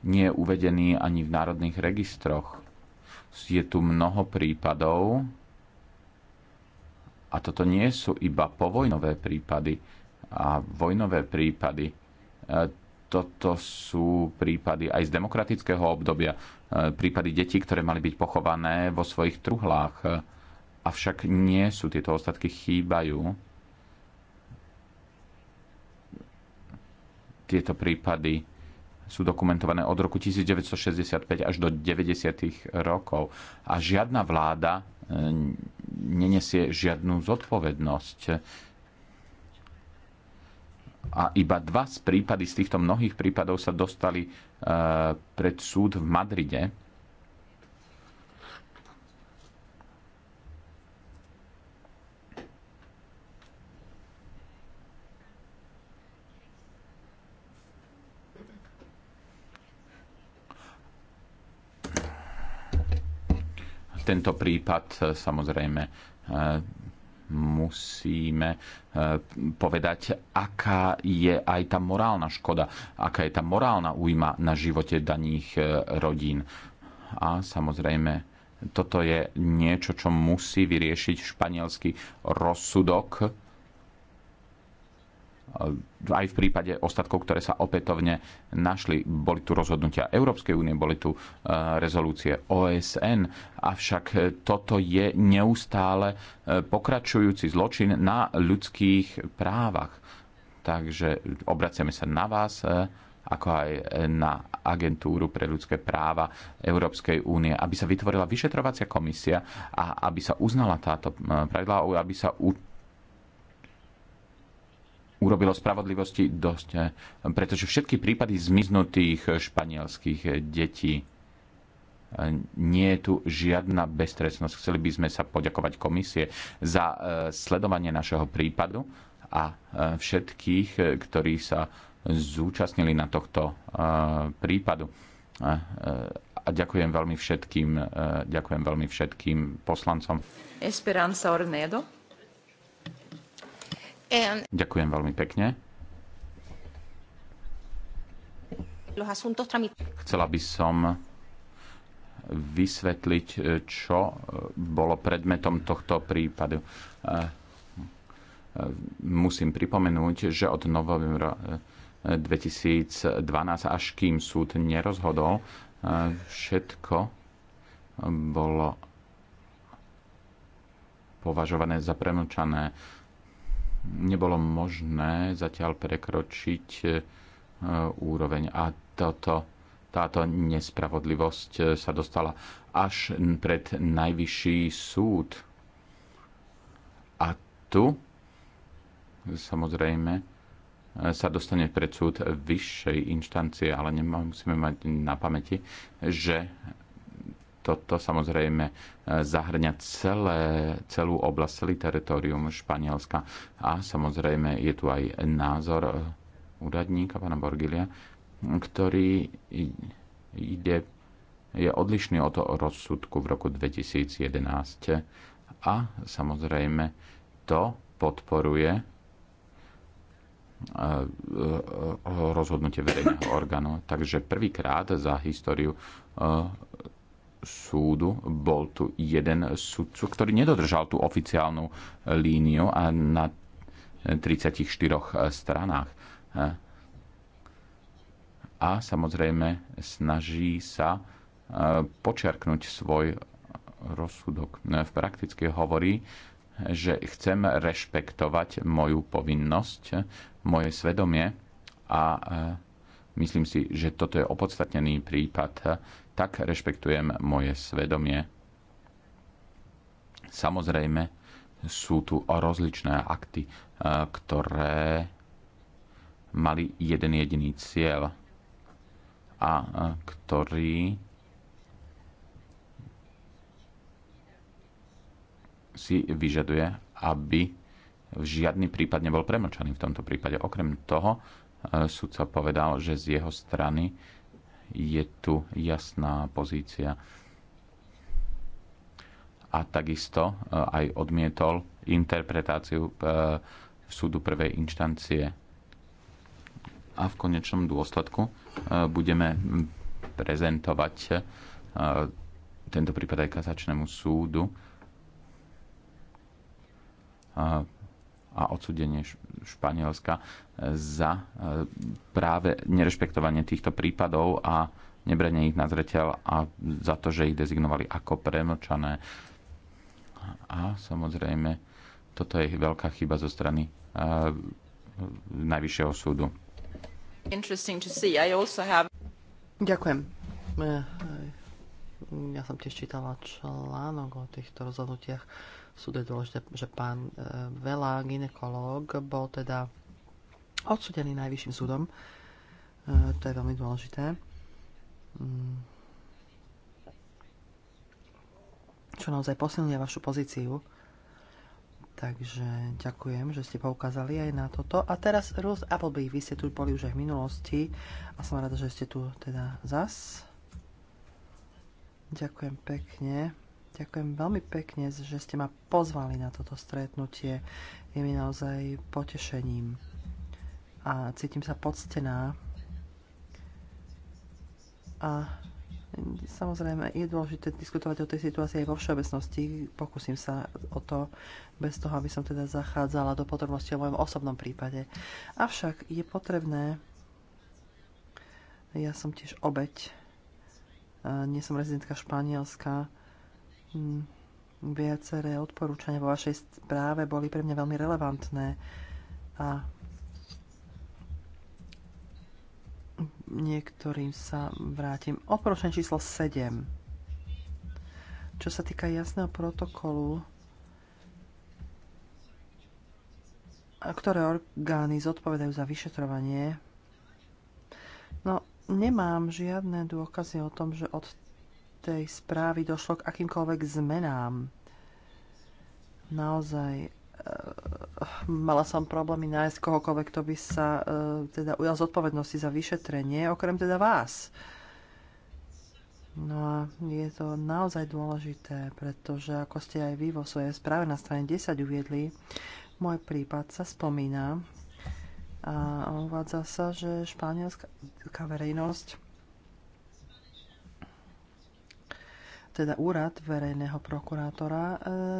nie je uvedený ani v národných registroch. Je tu mnoho prípadov a toto nie sú iba povojnové prípady a vojnové prípady e, toto sú prípady aj z demokratického obdobia, e, prípady detí, ktoré mali byť pochované vo svojich truhlách. E, avšak nie sú tieto ostatky, chýbajú. Tieto prípady sú dokumentované od roku 1965 až do 90. rokov a žiadna vláda e, nenesie žiadnu zodpovednosť a iba dva z prípady z týchto mnohých prípadov sa dostali e, pred súd v Madride. Tento prípad e, samozrejme e, musíme eh, povedať, aká je aj tá morálna škoda, aká je tá morálna újma na živote daných eh, rodín. A samozrejme, toto je niečo, čo musí vyriešiť španielský rozsudok, aj v prípade ostatkov, ktoré sa opätovne našli. Boli tu rozhodnutia Európskej únie, boli tu e, rezolúcie OSN, avšak e, toto je neustále e, pokračujúci zločin na ľudských právach. Takže obraciame sa na vás, ako aj na agentúru pre ľudské práva Európskej únie, aby sa vytvorila vyšetrovacia komisia a aby sa uznala táto pravidla, aby sa urobilo spravodlivosti dosť, eh, pretože všetky prípady zmiznutých španielských eh, detí eh, nie je tu žiadna beztresnosť. Chceli by sme sa poďakovať komisie za sledovanie našeho prípadu a všetkých, ktorí sa zúčastnili na tohto prípadu. A ďakujem veľmi všetkým, ďakujem veľmi všetkým poslancom. Esperanza Ornedo. Ďakujem veľmi pekne. Chcela by som vysvetliť, eh, čo eh, bolo predmetom tohto prípadu. Eh, musím pripomenúť, že od novembra 2012, až kým súd nerozhodol, všetko bolo považované za premlčané nebolo možné zatiaľ prekročiť e, úroveň. A toto, táto nespravodlivosť e, sa dostala až pred najvyšší súd. A tu samozrejme e, sa dostane pred súd vyššej inštancie, ale nemusíme mať na pamäti, že toto samozrejme e, zahrňa celé, celú oblasť, celý teritorium Španielska. A samozrejme je tu aj názor e, úradníka, pána Borgilia, ktorý ide, je odlišný od toho rozsudku v roku 2011 a samozrejme to podporuje e, rozhodnutie verejného orgánu. Takže prvýkrát za históriu súdu bol tu jeden sudcu, ktorý nedodržal tú oficiálnu líniu a na 34 stranách. A samozrejme snaží sa e, počerknúť svoj rozsudok. V Prakticky hovorí, že chcem rešpektovať moju povinnosť, moje svedomie a e, Myslím si, že toto je opodstatnený prípad. Tak rešpektujem moje svedomie. Samozrejme, sú tu rozličné akty, eh, ktoré mali jeden jediný cieľ a eh, ktorý si vyžaduje, aby v žiadny prípad nebol premlčaný v tomto prípade. Okrem toho, sudca povedal, že z jeho strany je tu jasná pozícia. A takisto e, aj odmietol interpretáciu e, súdu prvej inštancie. A v konečnom dôsledku e, budeme prezentovať tento prípad aj kazačnému súdu a odsudenie Španielska e, za e, práve nerešpektovanie týchto prípadov a nebranie ich na zreteľ a za to, že ich dezignovali ako premlčané. A samozrejme, toto je veľká chyba zo strany uh, Najvyššieho súdu. Have... Ďakujem. Ja som tiež čítala článok o týchto rozhodnutiach sú to dôležité, že pán e, Vela, ginekolog, bol teda odsudený najvyšším súdom. E, to je veľmi dôležité. Mm. Čo naozaj posilňuje vašu pozíciu. Takže ďakujem, že ste poukázali aj na toto. A teraz Ruth Appleby, vy ste tu boli už aj v minulosti a som rada, že ste tu teda zas. Ďakujem pekne. Ďakujem veľmi pekne, že ste ma pozvali na toto stretnutie. Je mi naozaj potešením a cítim sa poctená. A samozrejme je dôležité diskutovať o tej situácii aj vo všeobecnosti. Pokúsim sa o to bez toho, aby som teda zachádzala do podrobnosti o mojom osobnom prípade. Avšak je potrebné, ja som tiež obeď, nie som rezidentka Španielska, Mm, viaceré odporúčania vo vašej správe boli pre mňa veľmi relevantné a niektorým sa vrátim. Oporúčanie číslo 7. Čo sa týka jasného protokolu, ktoré orgány zodpovedajú za vyšetrovanie, no nemám žiadne dôkazy o tom, že od tej správy došlo k akýmkoľvek zmenám. Naozaj eh, mala som problémy nájsť kohokoľvek, kto by sa e, teda ujal zodpovednosti za vyšetrenie, okrem teda vás. No a je to naozaj dôležité, pretože ako ste aj vy vo svojej správe na strane 10 uviedli, môj prípad sa spomína a uvádza sa, že španielská verejnosť teda úrad verejného prokurátora, e,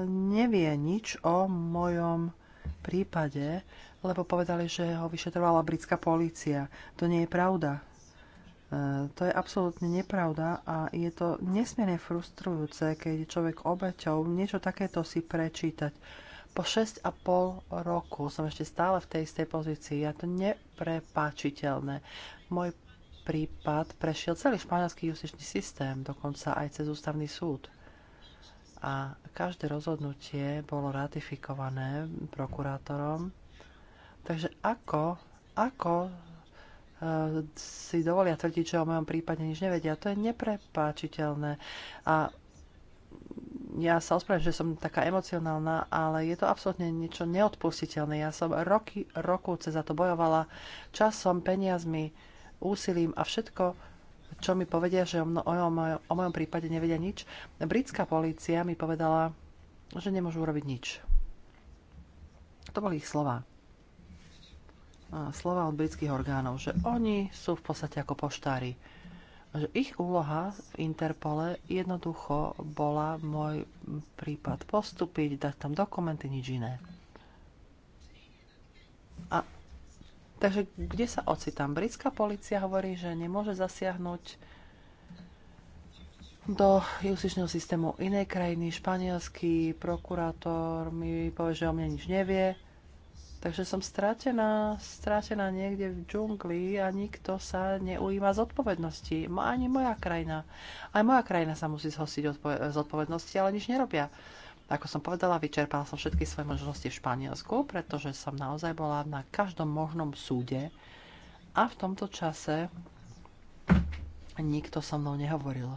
nevie nič o mojom prípade, lebo povedali, že ho vyšetrovala britská polícia. To nie je pravda. E, to je absolútne nepravda a je to nesmierne frustrujúce, keď je človek obeťou niečo takéto si prečítať. Po 6,5 roku som ešte stále v tej istej pozícii a to neprepačiteľné. Môj prípad prešiel celý španielský justičný systém, dokonca aj cez ústavný súd. A každé rozhodnutie bolo ratifikované prokurátorom. Takže ako, ako e, si dovolia tvrdiť, že o mojom prípade nič nevedia. To je neprepáčiteľné. A ja sa ospravedlňujem, že som taká emocionálna, ale je to absolútne niečo neodpustiteľné. Ja som roky, roku cez za to bojovala časom, peniazmi, úsilím a všetko, čo mi povedia, že o, mno, o, mojom, o mojom prípade nevedia nič. Britská polícia mi povedala, že nemôžu urobiť nič. To boli ich slova. slova od britských orgánov, že oni sú v podstate ako poštári že ich úloha v Interpole jednoducho bola môj prípad postúpiť, dať tam dokumenty, nič iné. A Takže kde sa ocitám? Britská policia hovorí, že nemôže zasiahnuť do justičného systému inej krajiny. Španielský prokurátor mi povie, že o mne nič nevie. Takže som stratená, stratená niekde v džungli a nikto sa neujíma zodpovednosti. Ani moja krajina. Aj moja krajina sa musí zhostiť zodpovednosti, ale nič nerobia. Ako som povedala, vyčerpala som všetky svoje možnosti v Španielsku, pretože som naozaj bola na každom možnom súde a v tomto čase nikto so mnou nehovoril.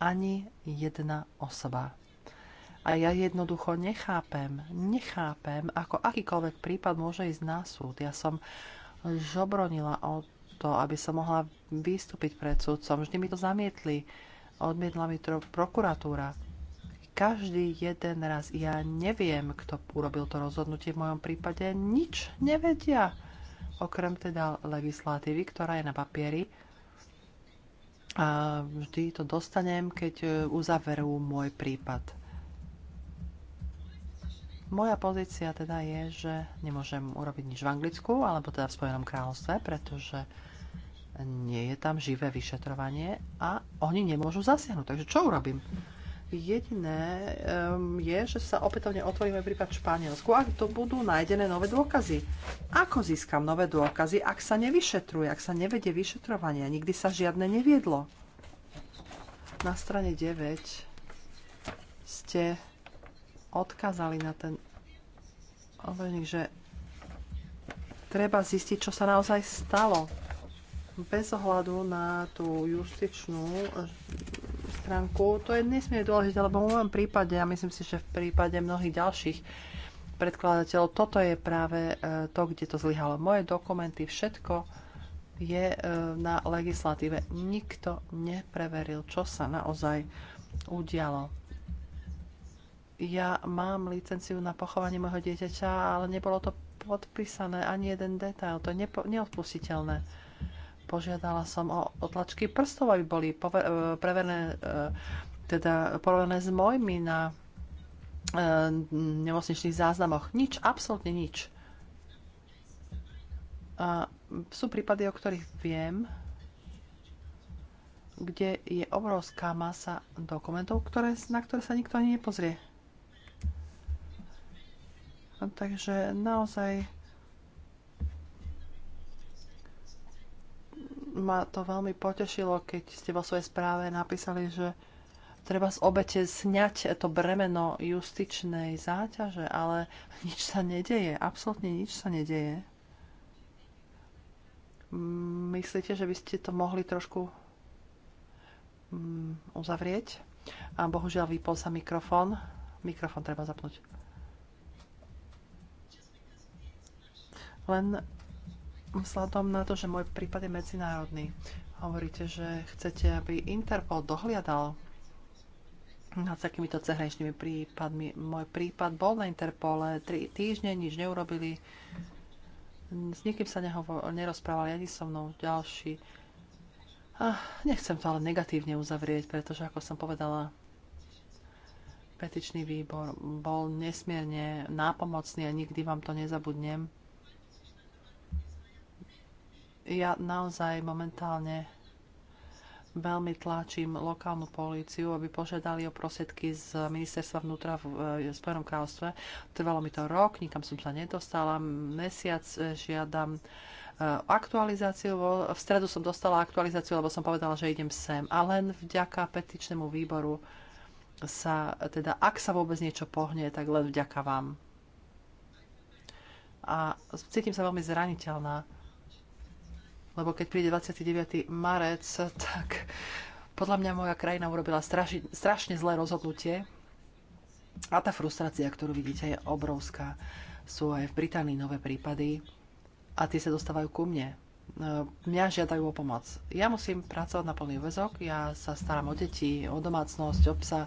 Ani jedna osoba. A ja jednoducho nechápem, nechápem, ako akýkoľvek prípad môže ísť na súd. Ja som žobronila o to, aby som mohla vystúpiť pred súdcom. Vždy mi to zamietli. Odmietla mi to prokuratúra každý jeden raz. Ja neviem, kto urobil to rozhodnutie v mojom prípade. Nič nevedia. Okrem teda legislatívy, ktorá je na papieri. A vždy to dostanem, keď e, uzaverú môj prípad. Moja pozícia teda je, že nemôžem urobiť nič v Anglicku, alebo teda v Spojenom kráľovstve, pretože nie je tam živé vyšetrovanie a oni nemôžu zasiahnuť. Takže čo urobím? Jediné um, je, že sa opätovne otvoríme prípad Španielsku, ak to budú nájdené nové dôkazy. Ako získam nové dôkazy, ak sa nevyšetruje, ak sa nevedie vyšetrovanie? Nikdy sa žiadne neviedlo. Na strane 9 ste odkázali na ten overník, že treba zistiť, čo sa naozaj stalo. Bez ohľadu na tú justičnú stránku. To je nesmierne dôležité, lebo v môjom prípade, a myslím si, že v prípade mnohých ďalších predkladateľov, toto je práve e, to, kde to zlyhalo. Moje dokumenty, všetko je e, na legislatíve. Nikto nepreveril, čo sa naozaj udialo ja mám licenciu na pochovanie môjho dieťaťa, ale nebolo to podpísané ani jeden detail. To je nepo- neodpustiteľné. Požiadala som o otlačky prstov, aby boli e, preverené, e, teda porovnané s mojimi na e, nemocničných záznamoch. Nič, absolútne nič. A sú prípady, o ktorých viem, kde je obrovská masa dokumentov, ktoré, na ktoré sa nikto ani nepozrie. No, takže naozaj ma to veľmi potešilo, keď ste vo svojej správe napísali, že treba z obete sňať to bremeno justičnej záťaže, ale nič sa nedeje, absolútne nič sa nedeje. Myslíte, že by ste to mohli trošku mm, uzavrieť? A bohužiaľ vypol sa mikrofón. Mikrofón treba zapnúť. Len vzhľadom na to, že môj prípad je medzinárodný. Hovoríte, že chcete, aby Interpol dohliadal nad takýmito cehraničnými prípadmi. Môj prípad bol na Interpole, tri týždne nič neurobili, s nikým sa nehovor, nerozprávali ani so mnou ďalší. A nechcem to ale negatívne uzavrieť, pretože, ako som povedala, petičný výbor bol nesmierne nápomocný a nikdy vám to nezabudnem ja naozaj momentálne veľmi tlačím lokálnu políciu, aby požiadali o prosedky z ministerstva vnútra e, v Spojenom kráľovstve. Trvalo mi to rok, nikam som sa nedostala. Mesiac e, žiadam e, aktualizáciu. V stredu som dostala aktualizáciu, lebo som povedala, že idem sem. A len vďaka petičnému výboru sa, teda ak sa vôbec niečo pohne, tak len vďaka vám. A cítim sa veľmi zraniteľná lebo keď príde 29. marec, tak podľa mňa moja krajina urobila straši, strašne zlé rozhodnutie a tá frustrácia, ktorú vidíte, je obrovská. Sú aj v Británii nové prípady a tie sa dostávajú ku mne. E, mňa žiadajú o pomoc. Ja musím pracovať na plný väzok, ja sa starám o deti, o domácnosť, o psa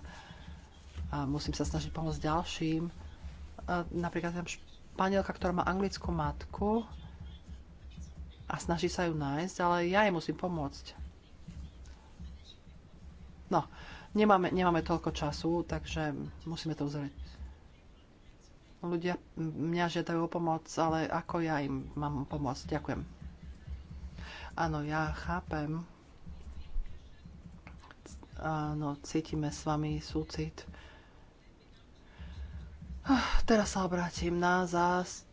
a musím sa snažiť pomôcť ďalším. E, napríklad tam španielka, ktorá má anglickú matku, a snaží sa ju nájsť, ale ja jej musím pomôcť. No, nemáme, nemáme toľko času, takže musíme to uzrieť. Ľudia mňa žiadajú o pomoc, ale ako ja im mám pomôcť? Ďakujem. Áno, ja chápem. Áno, cítime s vami súcit. Ah, teraz sa obrátim na zást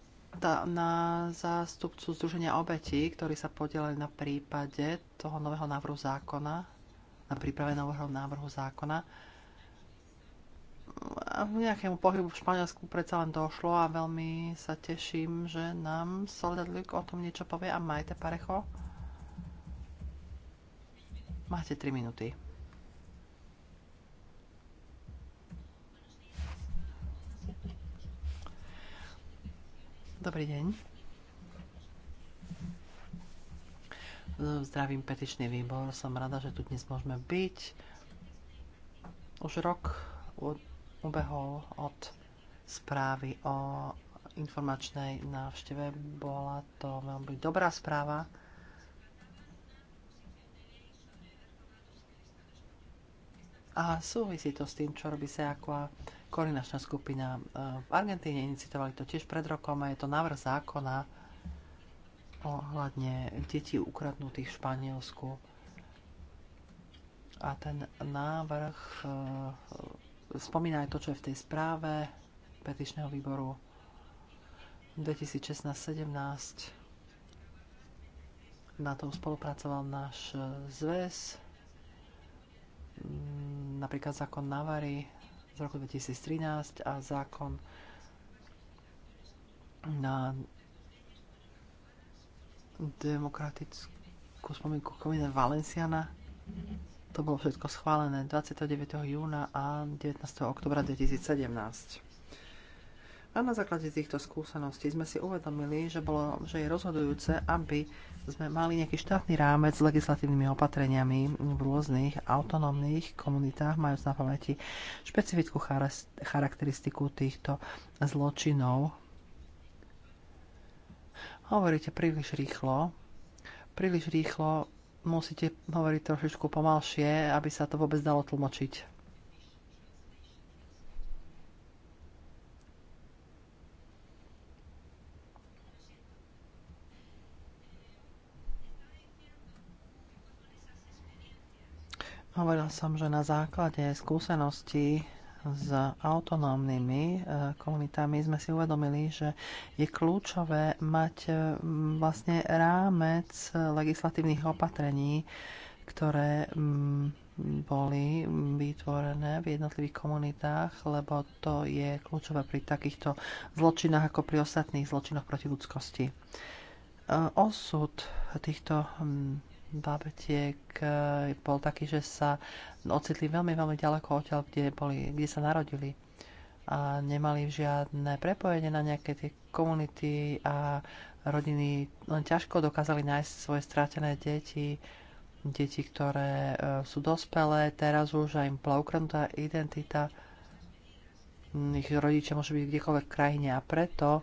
na zástupcu Združenia obetí, ktorí sa podielali na prípade toho nového návrhu zákona, na príprave nového návrhu zákona. A nejakému pohybu v Španielsku predsa len došlo a veľmi sa teším, že nám Soledad o tom niečo povie a majte parecho. Máte 3 minúty. Dobrý deň. Zdravím petičný výbor. Som rada, že tu dnes môžeme byť. Už rok ubehol od správy o informačnej návšteve. Bola to veľmi dobrá správa A súvisí to s tým, čo robí sa a koordinačná skupina. E, v Argentíne iniciovali to tiež pred rokom a je to návrh zákona ohľadne detí ukradnutých v Španielsku. A ten návrh e, spomína aj to, čo je v tej správe petičného výboru 2016-17 na tom spolupracoval náš e, zväz napríklad zákon Navary z roku 2013 a zákon na demokratickú spomienku Komine Valenciana. To bolo všetko schválené 29. júna a 19. oktobra 2017. A na základe týchto skúseností sme si uvedomili, že, bolo, že je rozhodujúce, aby sme mali nejaký štátny rámec s legislatívnymi opatreniami v rôznych autonómnych komunitách, majú na pamäti špecifickú charakteristiku týchto zločinov. Hovoríte príliš rýchlo. Príliš rýchlo musíte hovoriť trošičku pomalšie, aby sa to vôbec dalo tlmočiť. Hovorila som, že na základe skúseností s autonómnymi e, komunitami sme si uvedomili, že je kľúčové mať e, vlastne rámec legislatívnych opatrení, ktoré mm, boli vytvorené v jednotlivých komunitách, lebo to je kľúčové pri takýchto zločinách ako pri ostatných zločinoch proti ľudskosti. E, osud týchto mm, babetiek eh, bol taký, že sa ocitli veľmi, veľmi ďaleko odtiaľ, kde, boli, kde sa narodili a nemali žiadne prepojenie na nejaké tie komunity a rodiny len ťažko dokázali nájsť svoje stratené deti, deti, ktoré eh, sú dospelé, teraz už aj im bola ukradnutá identita, ich rodičia môžu byť v krajine a preto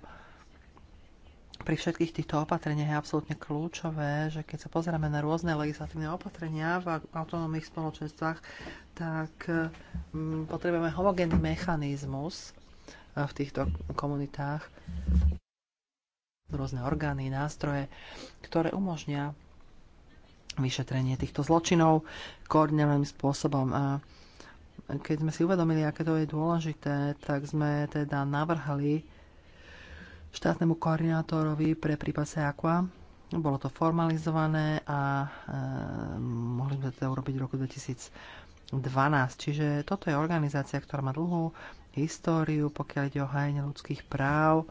pri všetkých týchto opatreniach je absolútne kľúčové, že keď sa pozeráme na rôzne legislatívne opatrenia v autonómnych spoločenstvách, tak mm, potrebujeme homogénny mechanizmus e, v týchto komunitách, rôzne orgány, nástroje, ktoré umožnia vyšetrenie týchto zločinov koordinovaným spôsobom. A keď sme si uvedomili, aké to je dôležité, tak sme teda navrhli štátnemu koordinátorovi pre prípad Seaqua. Bolo to formalizované a e, mohli sme to urobiť v roku 2012. Čiže toto je organizácia, ktorá má dlhú históriu, pokiaľ ide o hajenie ľudských práv. E,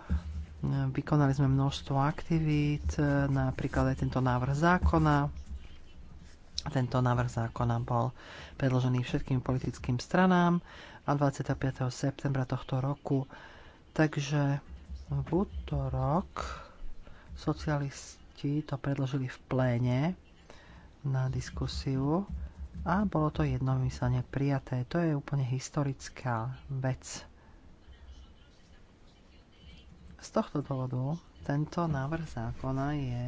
vykonali sme množstvo aktivít, e, napríklad aj tento návrh zákona. Tento návrh zákona bol predložený všetkým politickým stranám a 25. septembra tohto roku. Takže v útorok socialisti to predložili v pléne na diskusiu a bolo to jednomyselne prijaté. To je úplne historická vec. Z tohto dôvodu tento návrh zákona je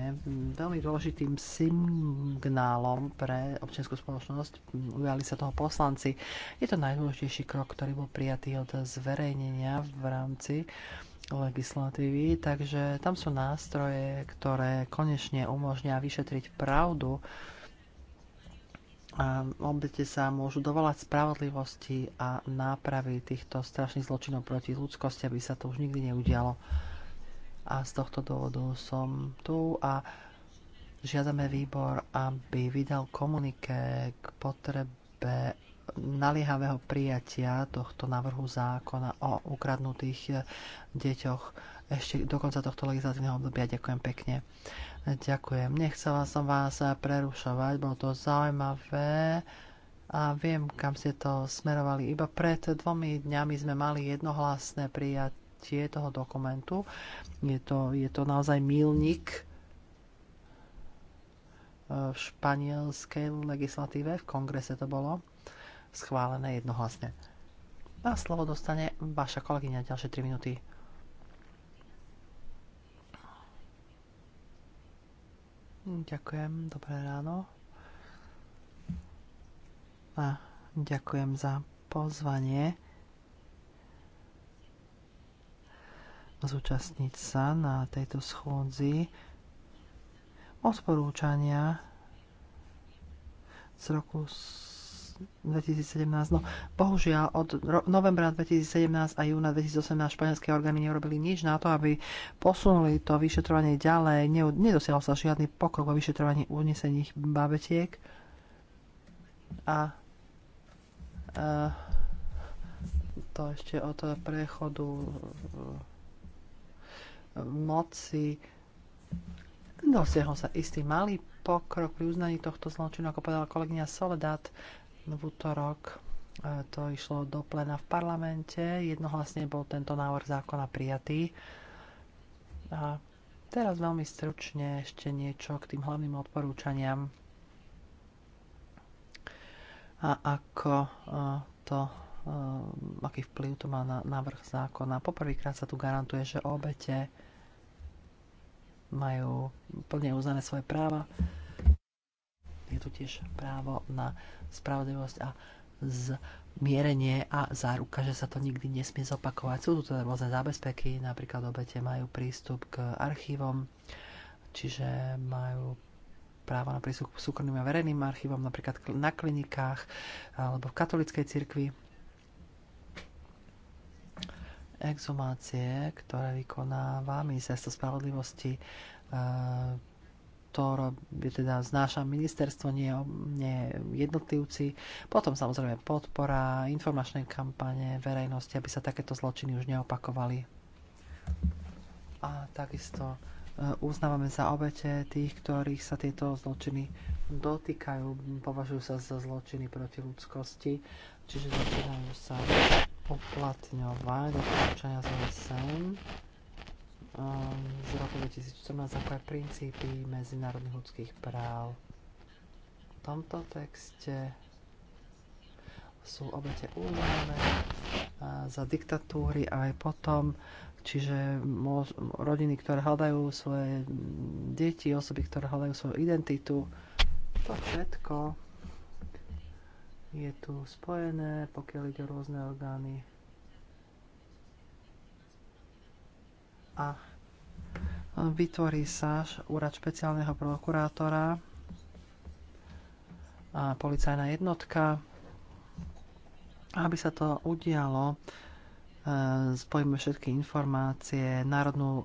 veľmi dôležitým signálom pre občianskú spoločnosť. Ujali sa toho poslanci. Je to najdôležitejší krok, ktorý bol prijatý od zverejnenia v rámci legislatívy, takže tam sú nástroje, ktoré konečne umožnia vyšetriť pravdu a obete sa môžu dovolať spravodlivosti a nápravy týchto strašných zločinov proti ľudskosti, aby sa to už nikdy neudialo. A z tohto dôvodu som tu a žiadame výbor, aby vydal komuniké k potrebe naliehavého prijatia tohto návrhu zákona o ukradnutých eh, deťoch ešte do konca tohto legislatívneho obdobia. Ďakujem pekne. Ďakujem. Nechcela som vás eh, prerušovať, bolo to zaujímavé a viem, kam ste to smerovali. Iba pred dvomi dňami sme mali jednohlasné prijatie toho dokumentu. Je to, je to naozaj milník eh, v španielskej legislatíve, v kongrese to bolo. Schválené jednohlasne. A slovo dostane vaša kolegyňa ďalšie 3 minúty. Ďakujem, dobré ráno. A ďakujem za pozvanie zúčastniť sa na tejto schôdzi odporúčania z roku 2017. No, bohužiaľ, od novembra 2017 a júna 2018 španielské orgány neurobili nič na to, aby posunuli to vyšetrovanie ďalej. Nedosiahol sa žiadny pokrok vo vyšetrovaní unesených babetiek. A, a e, to ešte od prechodu e, moci dosiahol sa istý malý pokrok pri uznaní tohto zločinu, ako povedala kolegyňa Soledad, v útorok e, to išlo do plena v parlamente. Jednohlasne bol tento návrh zákona prijatý. A teraz veľmi stručne ešte niečo k tým hlavným odporúčaniam a ako e, to e, aký vplyv to má na návrh zákona. Poprvýkrát sa tu garantuje, že obete majú plne uznané svoje práva je tu tiež právo na spravodlivosť a zmierenie a záruka, že sa to nikdy nesmie zopakovať. Sú tu teda rôzne zábezpeky, napríklad obete majú prístup k archívom, čiže majú právo na prístup k súkromným a verejným archívom, napríklad na klinikách alebo v katolickej cirkvi. Exhumácie, ktoré vykonáva Ministerstvo spravodlivosti, eh, to robí, teda znáša ministerstvo, nie, nie jednotlivci. Potom samozrejme podpora, informačnej kampane verejnosti, aby sa takéto zločiny už neopakovali. A takisto e, uznávame za obete tých, ktorých sa tieto zločiny dotýkajú, považujú sa za zločiny proti ľudskosti, čiže začínajú sa uplatňovať odporúčania z OSN z roku 2014, ako aj princípy medzinárodných ľudských práv. V tomto texte sú obete uznané za diktatúry aj potom, čiže rodiny, ktoré hľadajú svoje deti, osoby, ktoré hľadajú svoju identitu, to všetko je tu spojené, pokiaľ ide o rôzne orgány a vytvorí sa úrad špeciálneho prokurátora a policajná jednotka. Aby sa to udialo, spojíme e, všetky informácie, národnú um,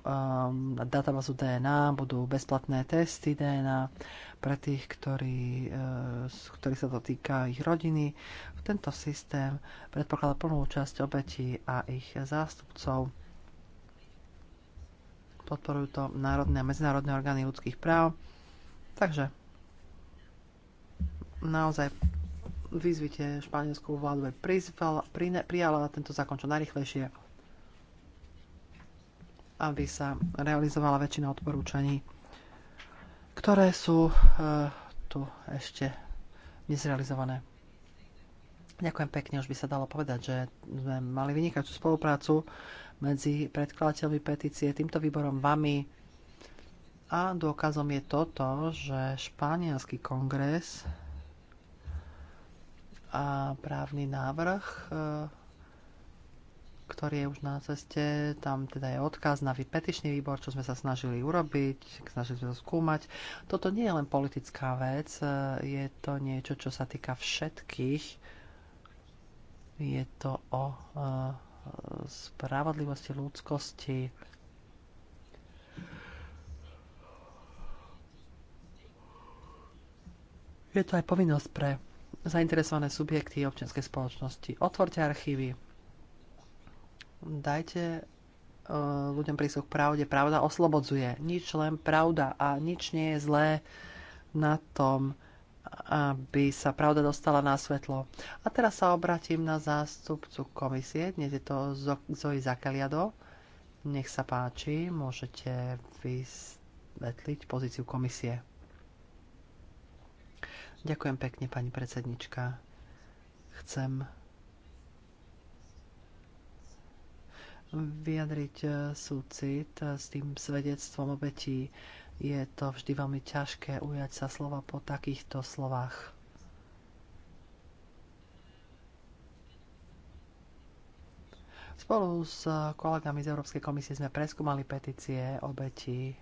databázu DNA, budú bezplatné testy DNA pre tých, ktorí, uh, ktorí sa to týka ich rodiny. Tento systém predpokladá plnú účasť obetí a ich zástupcov podporujú to národné a medzinárodné orgány ľudských práv. Takže naozaj vyzvite španielskú vládu, aby prijala tento zákon čo najrychlejšie, aby sa realizovala väčšina odporúčaní, ktoré sú e, tu ešte nezrealizované. Ďakujem pekne, už by sa dalo povedať, že sme mali vynikajúcu spoluprácu medzi predkladateľmi petície, týmto výborom vami. A dôkazom je toto, že španielský kongres a právny návrh, e, ktorý je už na ceste, tam teda je odkaz na petičný výbor, čo sme sa snažili urobiť, snažili sme to skúmať. Toto nie je len politická vec, e, je to niečo, čo sa týka všetkých. Je to o e, spravodlivosti, ľudskosti. Je to aj povinnosť pre zainteresované subjekty občianskej spoločnosti. Otvorte archívy, dajte e, ľuďom prísť k pravde. Pravda oslobodzuje. Nič len pravda a nič nie je zlé na tom, aby sa pravda dostala na svetlo. A teraz sa obratím na zástupcu komisie, dnes je to Zoe Zakaliado. Nech sa páči, môžete vysvetliť pozíciu komisie. Ďakujem pekne, pani predsednička. Chcem vyjadriť eh, súcit eh, s tým svedectvom obetí je to vždy veľmi ťažké ujať sa slova po takýchto slovách. Spolu s kolegami z Európskej komisie sme preskúmali petície obeti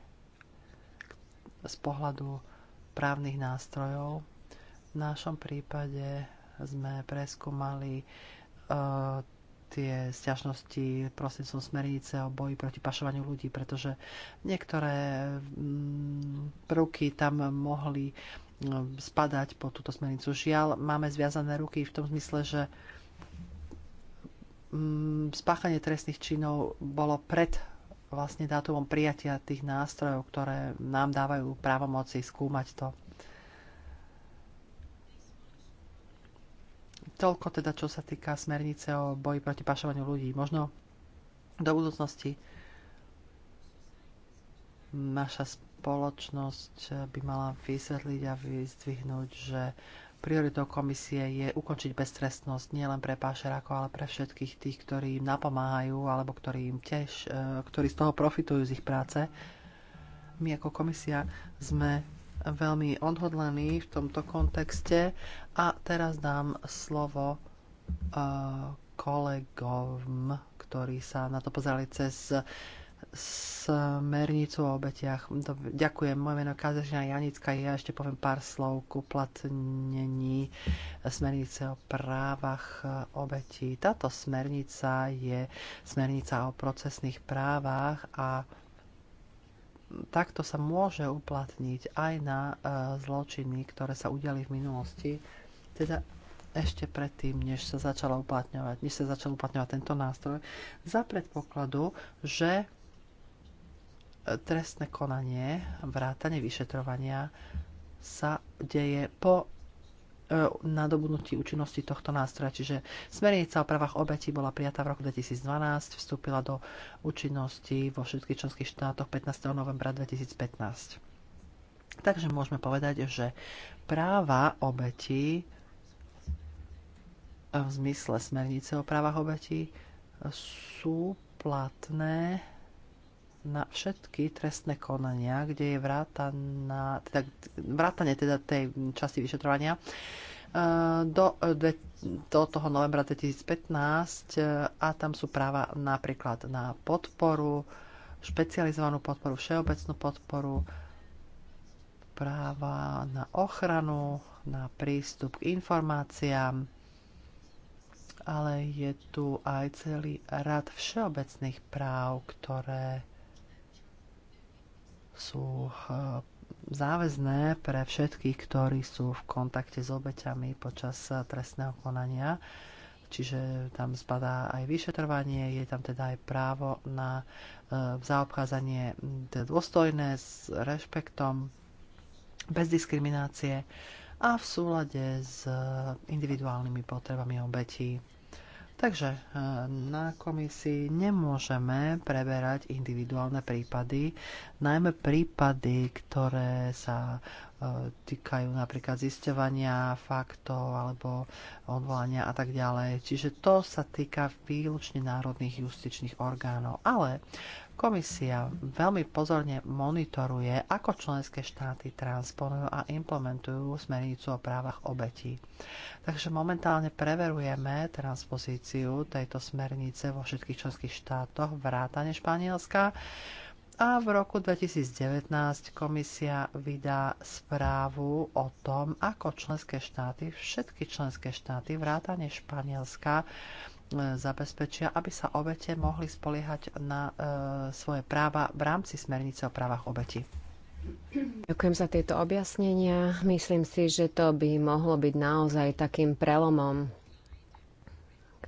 z pohľadu právnych nástrojov. V našom prípade sme preskúmali uh, tie sťažnosti prosím som smernice o boji proti pašovaniu ľudí, pretože niektoré mm, prvky tam mohli mm, spadať po túto smernicu. Žiaľ, máme zviazané ruky v tom zmysle, že mm, spáchanie trestných činov bolo pred vlastne dátumom prijatia tých nástrojov, ktoré nám dávajú právomoci skúmať to. Toľko teda, čo sa týka smernice o boji proti pašovaniu ľudí. Možno do budúcnosti naša spoločnosť by mala vysvetliť a vyzdvihnúť, že prioritou komisie je ukončiť beztrestnosť nielen pre pášerákov, ale pre všetkých tých, ktorí im napomáhajú alebo ktorí, im tiež, e, ktorí z toho profitujú z ich práce. My ako komisia sme veľmi odhodlaný v tomto kontexte. A teraz dám slovo eh, kolegom, ktorí sa na to pozerali cez smernicu o obetiach. Ďakujem, moje meno Kazežina Janická, ja ešte poviem pár slov k uplatnení smernice o právach obetí. Táto smernica je smernica o procesných právach a takto sa môže uplatniť aj na e, zločiny, ktoré sa udiali v minulosti, teda ešte predtým, než sa začala uplatňovať, než sa začal uplatňovať tento nástroj, za predpokladu, že e, trestné konanie, vrátanie vyšetrovania sa deje po E, nadobudnutí účinnosti tohto nástroja. Čiže smernica o právach obetí bola prijatá v roku 2012, vstúpila do účinnosti vo všetkých členských štátoch 15. novembra 2015. Takže môžeme povedať, že práva obetí e, v zmysle smernice o právach obetí sú platné na všetky trestné konania, kde je vrátana, teda, vrátane teda tej časti vyšetrovania eh, do, do toho novembra 2015 eh, a tam sú práva napríklad na podporu, špecializovanú podporu, všeobecnú podporu, práva na ochranu, na prístup k informáciám, ale je tu aj celý rad všeobecných práv, ktoré sú eh, záväzné pre všetkých, ktorí sú v kontakte s obeťami počas eh, trestného konania. Čiže tam spadá aj vyšetrovanie, je tam teda aj právo na eh, zaobchádzanie mm, teda dôstojné s rešpektom, bez diskriminácie a v súlade s individuálnymi potrebami obetí. Takže e, na komisii nemôžeme preberať individuálne prípady, najmä prípady, ktoré sa e, týkajú napríklad zisťovania faktov alebo odvolania a tak ďalej. Čiže to sa týka výlučne národných justičných orgánov. Ale Komisia veľmi pozorne monitoruje, ako členské štáty transponujú a implementujú smernicu o právach obetí. Takže momentálne preverujeme transpozíciu tejto smernice vo všetkých členských štátoch vrátane Španielska a v roku 2019 komisia vydá správu o tom, ako členské štáty, všetky členské štáty, vrátane Španielska, E, zabezpečia, aby sa obete mohli spoliehať na e, svoje práva v rámci smernice o právach obeti. Ďakujem za tieto objasnenia. Myslím si, že to by mohlo byť naozaj takým prelomom,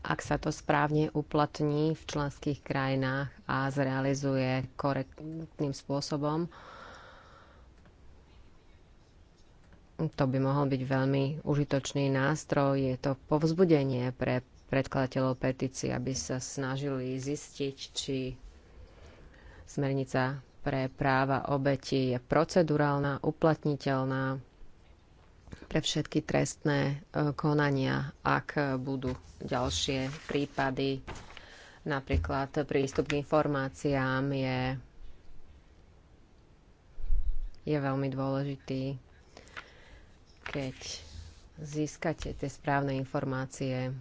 ak sa to správne uplatní v členských krajinách a zrealizuje korektným spôsobom. To by mohol byť veľmi užitočný nástroj. Je to povzbudenie pre predkladateľov petície, aby sa snažili zistiť, či smernica pre práva obeti je procedurálna, uplatniteľná pre všetky trestné e, konania, ak budú ďalšie prípady. Napríklad prístup k informáciám je, je veľmi dôležitý, keď získate tie správne informácie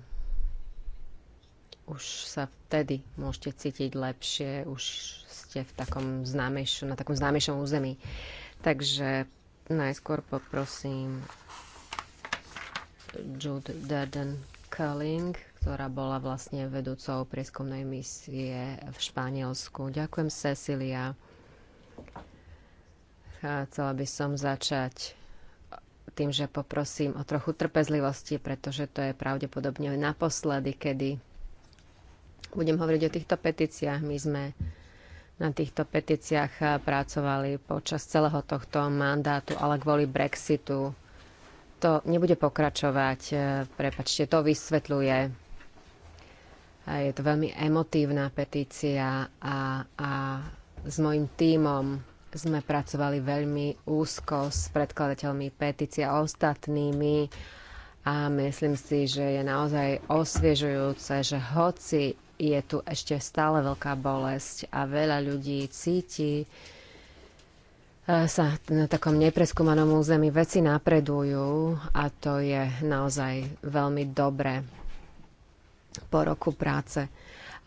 už sa vtedy môžete cítiť lepšie, už ste v takom známejšom, na takom známejšom území. Takže najskôr poprosím Jude Darden Culling, ktorá bola vlastne vedúcou prieskumnej misie v Španielsku. Ďakujem, Cecilia. Chcela by som začať tým, že poprosím o trochu trpezlivosti, pretože to je pravdepodobne naposledy, kedy budem hovoriť o týchto petíciách. My sme na týchto petíciách eh, pracovali počas celého tohto mandátu, ale kvôli Brexitu to nebude pokračovať. Eh, prepačte, to vysvetľuje. Je to veľmi emotívna petícia a, a s mojim tímom sme pracovali veľmi úzko s predkladateľmi petície a ostatnými a myslím si, že je naozaj osviežujúce, že hoci je tu ešte stále veľká bolesť a veľa ľudí cíti e, sa na takom nepreskúmanom území veci napredujú a to je naozaj veľmi dobré po roku práce.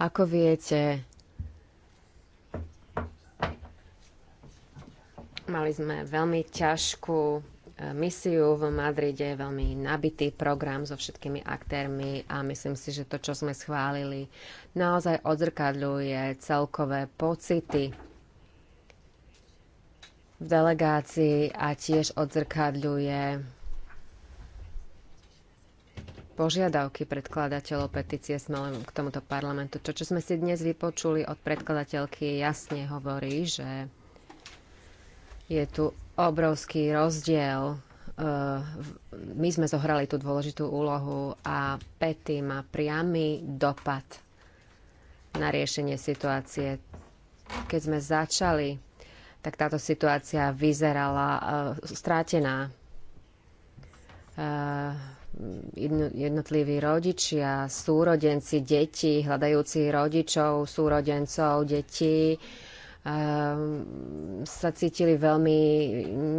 Ako viete, mali sme veľmi ťažkú E, misiu v Madride, veľmi nabitý program so všetkými aktérmi a myslím si, že to, čo sme schválili, naozaj odzrkadľuje celkové pocity v delegácii a tiež odzrkadľuje požiadavky predkladateľov petície smerom k tomuto parlamentu. To, čo sme si dnes vypočuli od predkladateľky, jasne hovorí, že je tu obrovský rozdiel. E, my sme zohrali tú dôležitú úlohu a Pety má priamy dopad na riešenie situácie. Keď sme začali, tak táto situácia vyzerala e, strátená. E, jednotliví rodičia, súrodenci deti, hľadajúci rodičov, súrodencov detí, Ehm, sa cítili veľmi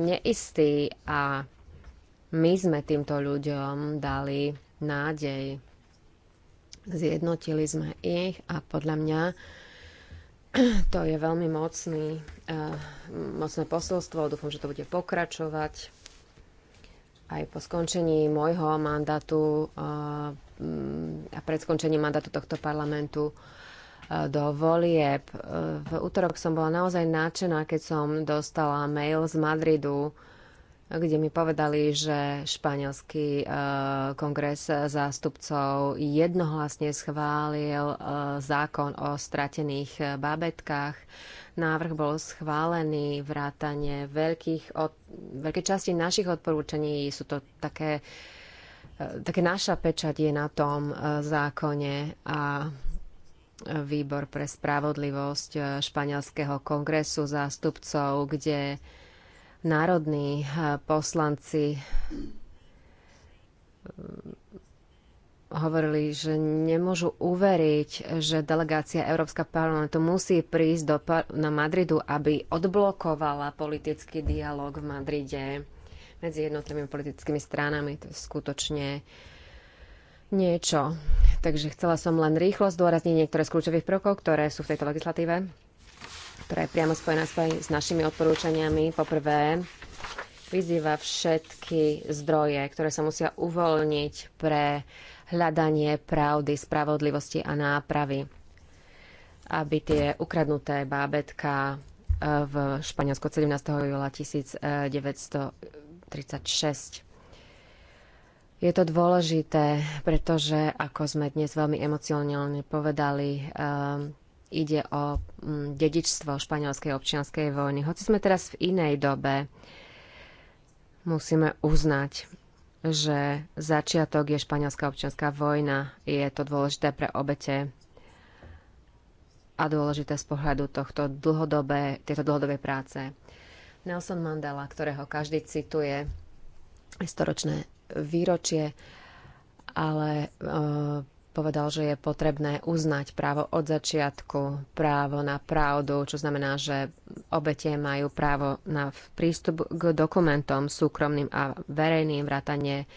neistí a my sme týmto ľuďom dali nádej. Zjednotili sme ich a podľa mňa to je veľmi mocný, uh, mocné posolstvo. Dúfam, že to bude pokračovať aj po skončení môjho mandátu uh, a pred skončením mandátu tohto parlamentu do volieb. V útorok som bola naozaj nadšená, keď som dostala mail z Madridu, kde mi povedali, že španielský e, kongres zástupcov jednohlasne schválil e, zákon o stratených e, bábetkách. Návrh bol schválený vrátane veľkých od, veľkej časti našich odporúčaní. Sú to také, také naša pečať je na tom zákone a výbor pre spravodlivosť eh, španielského kongresu zástupcov, kde národní eh, poslanci eh, hovorili, že nemôžu uveriť, že delegácia Európska parlamentu musí prísť do, na Madridu, aby odblokovala politický dialog v Madride medzi jednotlivými politickými stranami. To je skutočne uh, niečo. Takže chcela som len rýchlo zdôrazniť niektoré z kľúčových prvkov, ktoré sú v tejto legislatíve, ktorá je priamo spojená s našimi odporúčaniami. Poprvé, vyzýva všetky zdroje, ktoré sa musia uvoľniť pre hľadanie pravdy, spravodlivosti a nápravy, aby tie ukradnuté bábetka eh, v Španielsku 17. júla 1936 je to dôležité, pretože, ako sme dnes veľmi emocionálne povedali, um, ide o um, dedičstvo španielskej občianskej vojny. Hoci sme teraz v inej dobe, musíme uznať, že začiatok je španielská občianská vojna. Je to dôležité pre obete a dôležité z pohľadu tohto dlhodobé, tejto dlhodobej práce. Nelson Mandela, ktorého každý cituje, je storočné výročie, ale e, povedal, že je potrebné uznať právo od začiatku, právo na pravdu, čo znamená, že obete majú právo na prístup k dokumentom súkromným a verejným, vrátane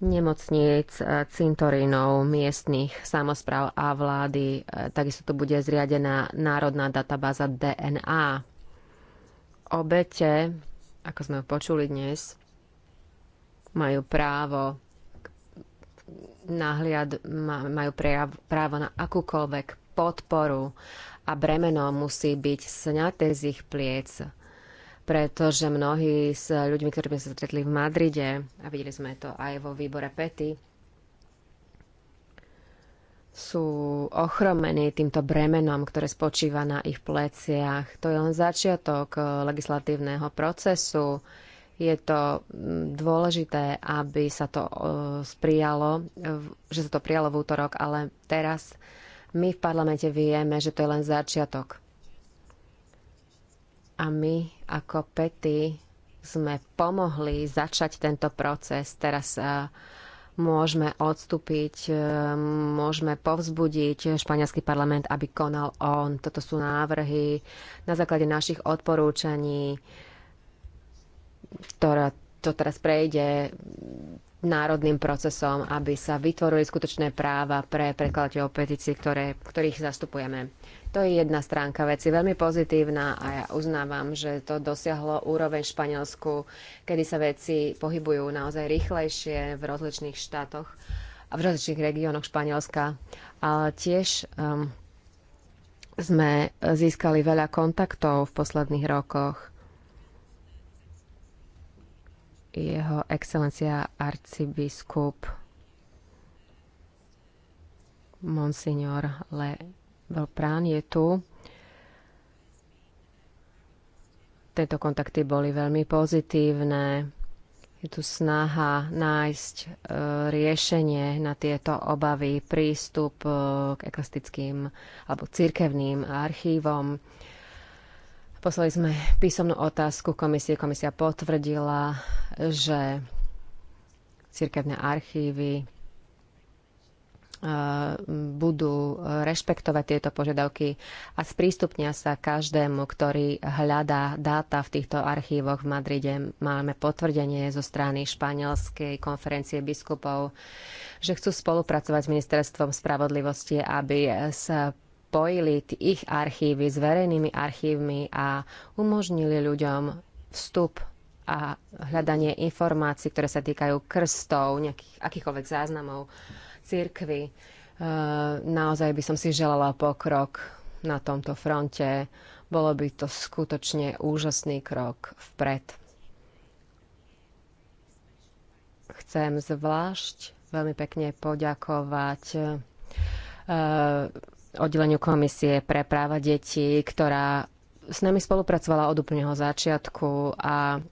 nemocníc, e, cintorínov, miestných samozpráv a vlády. E, takisto tu bude zriadená národná databáza DNA. Obete, ako sme počuli dnes, majú právo nahliad, majú prejav, právo na akúkoľvek podporu a bremeno musí byť sňaté z ich pliec, pretože mnohí s ľuďmi, ktorí sme sa stretli v Madride, a videli sme to aj vo výbore Pety, sú ochromení týmto bremenom, ktoré spočíva na ich pleciach. To je len začiatok eh, legislatívneho procesu je to mm, dôležité, aby sa to e, sprijalo, e, že sa to prijalo v útorok, ale teraz my v parlamente vieme, že to je len začiatok. A my ako Pety sme pomohli začať tento proces. Teraz e, môžeme odstúpiť, môžeme povzbudiť španielský parlament, aby konal on. Toto sú návrhy na základe našich odporúčaní ktorá to teraz prejde národným procesom, aby sa vytvorili skutočné práva pre prekladateľov petícií, ktorých zastupujeme. To je jedna stránka veci, veľmi pozitívna a ja uznávam, že to dosiahlo úroveň v Španielsku, kedy sa veci pohybujú naozaj rýchlejšie v rozličných štátoch a v rozličných regiónoch Španielska. Ale tiež um, sme získali veľa kontaktov v posledných rokoch jeho excelencia arcibiskup Monsignor Le Belprán je tu. Tieto kontakty boli veľmi pozitívne. Je tu snaha nájsť e, riešenie na tieto obavy, prístup e, k eklastickým alebo cirkevným archívom. E, Poslali sme písomnú otázku komisie. Komisia potvrdila, že cirkevné archívy e, budú rešpektovať tieto požiadavky a sprístupnia sa každému, ktorý hľadá dáta v týchto archívoch v Madride. Máme potvrdenie zo strany Španielskej konferencie biskupov, že chcú spolupracovať s Ministerstvom spravodlivosti, aby sa spojili ich archívy s verejnými archívmi a umožnili ľuďom vstup a hľadanie informácií, ktoré sa týkajú krstov, nejakých, akýchkoľvek záznamov církvy. E, naozaj by som si želala pokrok na tomto fronte. Bolo by to skutočne úžasný krok vpred. Chcem zvlášť veľmi pekne poďakovať e, oddeleniu Komisie pre práva detí, ktorá s nami spolupracovala od úplneho začiatku a e,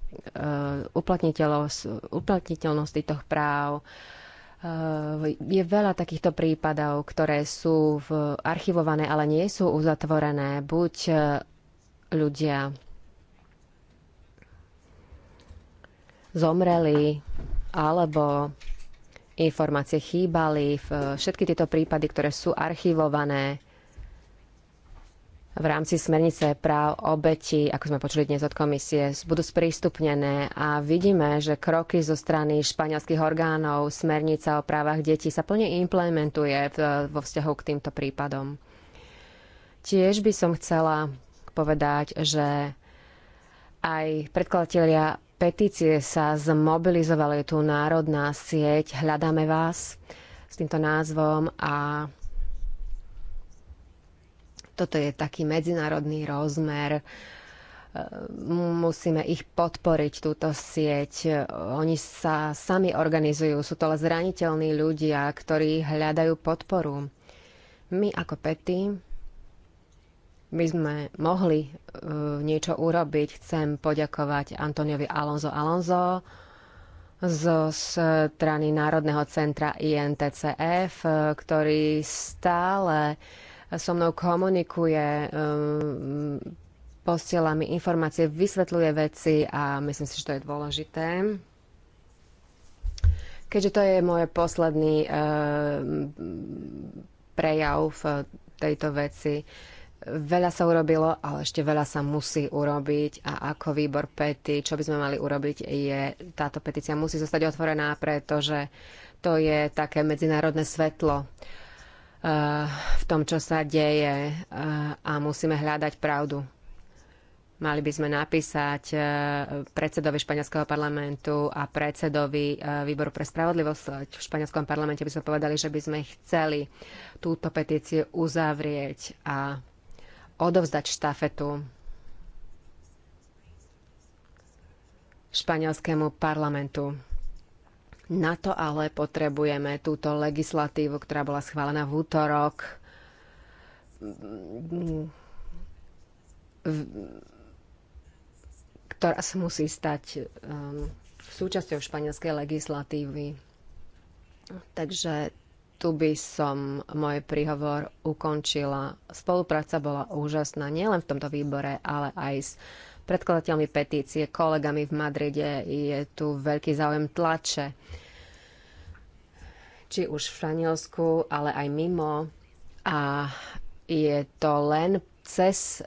uplatniteľnosť týchto práv e, je veľa takýchto prípadov, ktoré sú v archivované, ale nie sú uzatvorené. Buď e, ľudia zomreli, alebo informácie chýbali, všetky tieto prípady, ktoré sú archivované v rámci smernice práv obeti, ako sme počuli dnes od komisie, budú sprístupnené a vidíme, že kroky zo strany španielských orgánov, smernica o právach detí sa plne implementuje vo vzťahu k týmto prípadom. Tiež by som chcela povedať, že aj predkladatelia petície sa zmobilizovali. Je tu národná sieť Hľadáme vás s týmto názvom a toto je taký medzinárodný rozmer. Musíme ich podporiť, túto sieť. Oni sa sami organizujú. Sú to len zraniteľní ľudia, ktorí hľadajú podporu. My ako Pety by sme mohli uh, niečo urobiť. Chcem poďakovať Antoniovi Alonso Alonso zo strany Národného centra INTCF, e, ktorý stále so mnou komunikuje, um, posiela mi informácie, vysvetľuje veci a myslím si, že to je dôležité. Keďže to je môj posledný uh, prejav v tejto veci, Veľa sa urobilo, ale ešte veľa sa musí urobiť a ako výbor pety, čo by sme mali urobiť, je táto petícia musí zostať otvorená, pretože to je také medzinárodné svetlo eh, v tom, čo sa deje eh, a musíme hľadať pravdu. Mali by sme napísať eh, predsedovi Španielského parlamentu a predsedovi Výboru pre spravodlivosť v Španielskom parlamente by sme povedali, že by sme chceli túto petíciu uzavrieť a odovzdať štafetu španielskému parlamentu. Na to ale potrebujeme túto legislatívu, ktorá bola schválená v útorok. ktorá sa musí stať um, súčasťou španielskej legislatívy. Takže tu by som môj príhovor ukončila. Spolupráca bola úžasná nielen v tomto výbore, ale aj s predkladateľmi petície, kolegami v Madride. Je tu veľký záujem tlače, či už v Španielsku, ale aj mimo. A je to len cez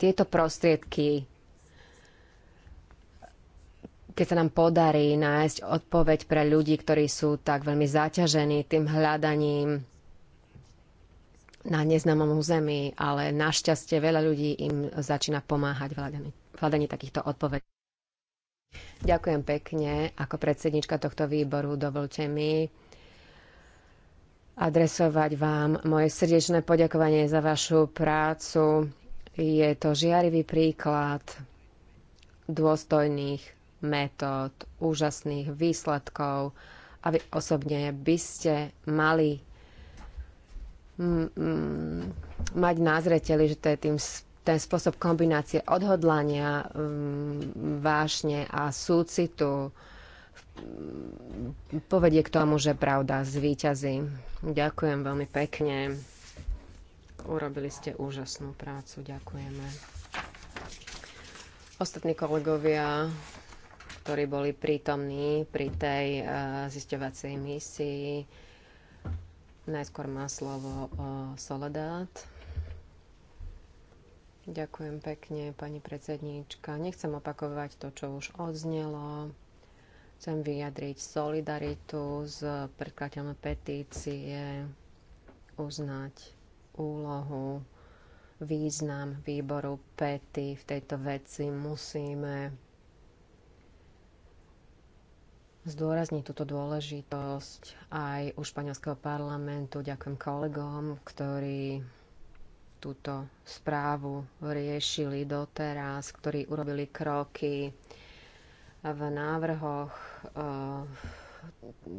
tieto prostriedky keď sa nám podarí nájsť odpoveď pre ľudí, ktorí sú tak veľmi zaťažení tým hľadaním na neznámom území, ale našťastie veľa ľudí im začína pomáhať v hľadaní, takýchto odpovedí. Ďakujem pekne. Ako predsednička tohto výboru dovolte mi adresovať vám moje srdečné poďakovanie za vašu prácu. Je to žiarivý príklad dôstojných metód, úžasných výsledkov a vy osobne by ste mali mať názreteli, že to je tým ten spôsob kombinácie odhodlania, vášne a súcitu povedie k tomu, že pravda zvíťazí. Ďakujem veľmi pekne. Urobili ste úžasnú prácu. Ďakujeme. Ostatní kolegovia ktorí boli prítomní pri tej e, zisťovacej misii. Najskôr má slovo e, Soledát. Ďakujem pekne, pani predsedníčka. Nechcem opakovať to, čo už odznelo. Chcem vyjadriť solidaritu s predkladateľom petície, uznať úlohu, význam výboru pety v tejto veci. Musíme zdôrazniť túto dôležitosť aj u španielského parlamentu. Ďakujem kolegom, ktorí túto správu riešili doteraz, ktorí urobili kroky v návrhoch eh,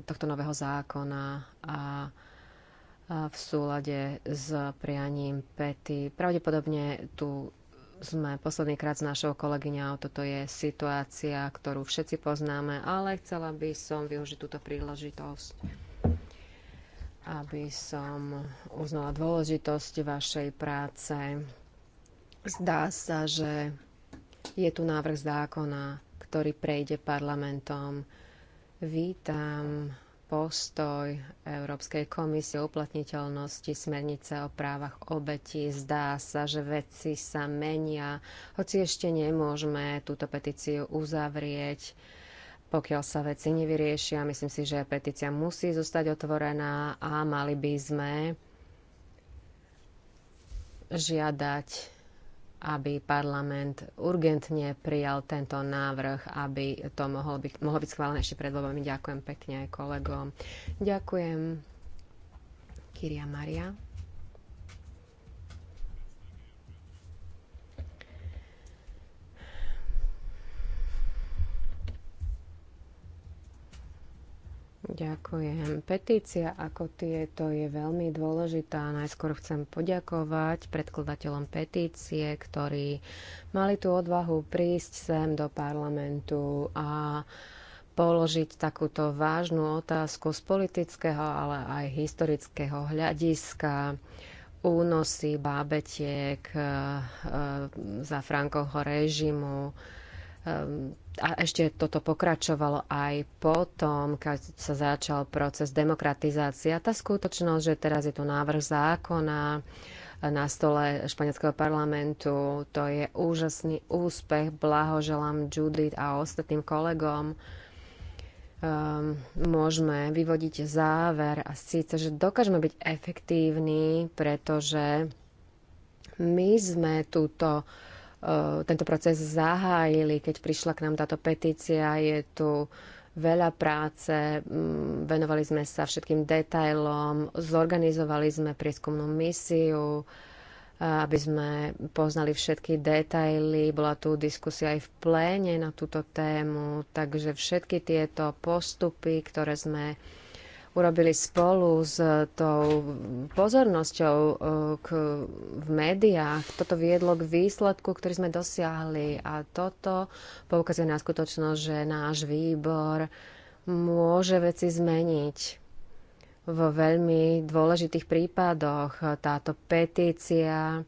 tohto nového zákona a eh, v súlade s prianím PETY. Pravdepodobne tu sme poslednýkrát s našou kolegyňou. Toto je situácia, ktorú všetci poznáme, ale chcela by som využiť túto príležitosť, aby som uznala dôležitosť vašej práce. Zdá sa, že je tu návrh zákona, ktorý prejde parlamentom. Vítam postoj Európskej komisie o uplatniteľnosti smernice o právach obetí. Zdá sa, že veci sa menia, hoci ešte nemôžeme túto petíciu uzavrieť pokiaľ sa veci nevyriešia. Myslím si, že petícia musí zostať otvorená a mali by sme žiadať aby parlament urgentne prijal tento návrh, aby to mohlo byť, mohlo byť schválené ešte pred voľbami. Ďakujem pekne aj kolegom. Ďakujem. Kyria Maria. Ďakujem. Petícia ako tieto je veľmi dôležitá. Najskôr chcem poďakovať predkladateľom petície, ktorí mali tú odvahu prísť sem do parlamentu a položiť takúto vážnu otázku z politického, ale aj historického hľadiska únosy bábetiek eh, za Frankovho režimu eh, a ešte toto pokračovalo aj potom, keď sa začal proces demokratizácia. Tá skutočnosť, že teraz je tu návrh zákona na stole španielského parlamentu, to je úžasný úspech. Blahoželám Judith a ostatným kolegom. Um, môžeme vyvodiť záver a síce, že dokážeme byť efektívni, pretože my sme túto E, tento proces zahájili, keď prišla k nám táto petícia. Je tu veľa práce, mm, venovali sme sa všetkým detailom, zorganizovali sme prieskumnú misiu, e, aby sme poznali všetky detaily. Bola tu diskusia aj v pléne na túto tému, takže všetky tieto postupy, ktoré sme urobili spolu s tou pozornosťou e, k, v médiách. Toto viedlo k výsledku, ktorý sme dosiahli a toto poukazuje na skutočnosť, že náš výbor môže veci zmeniť v veľmi dôležitých prípadoch. Táto petícia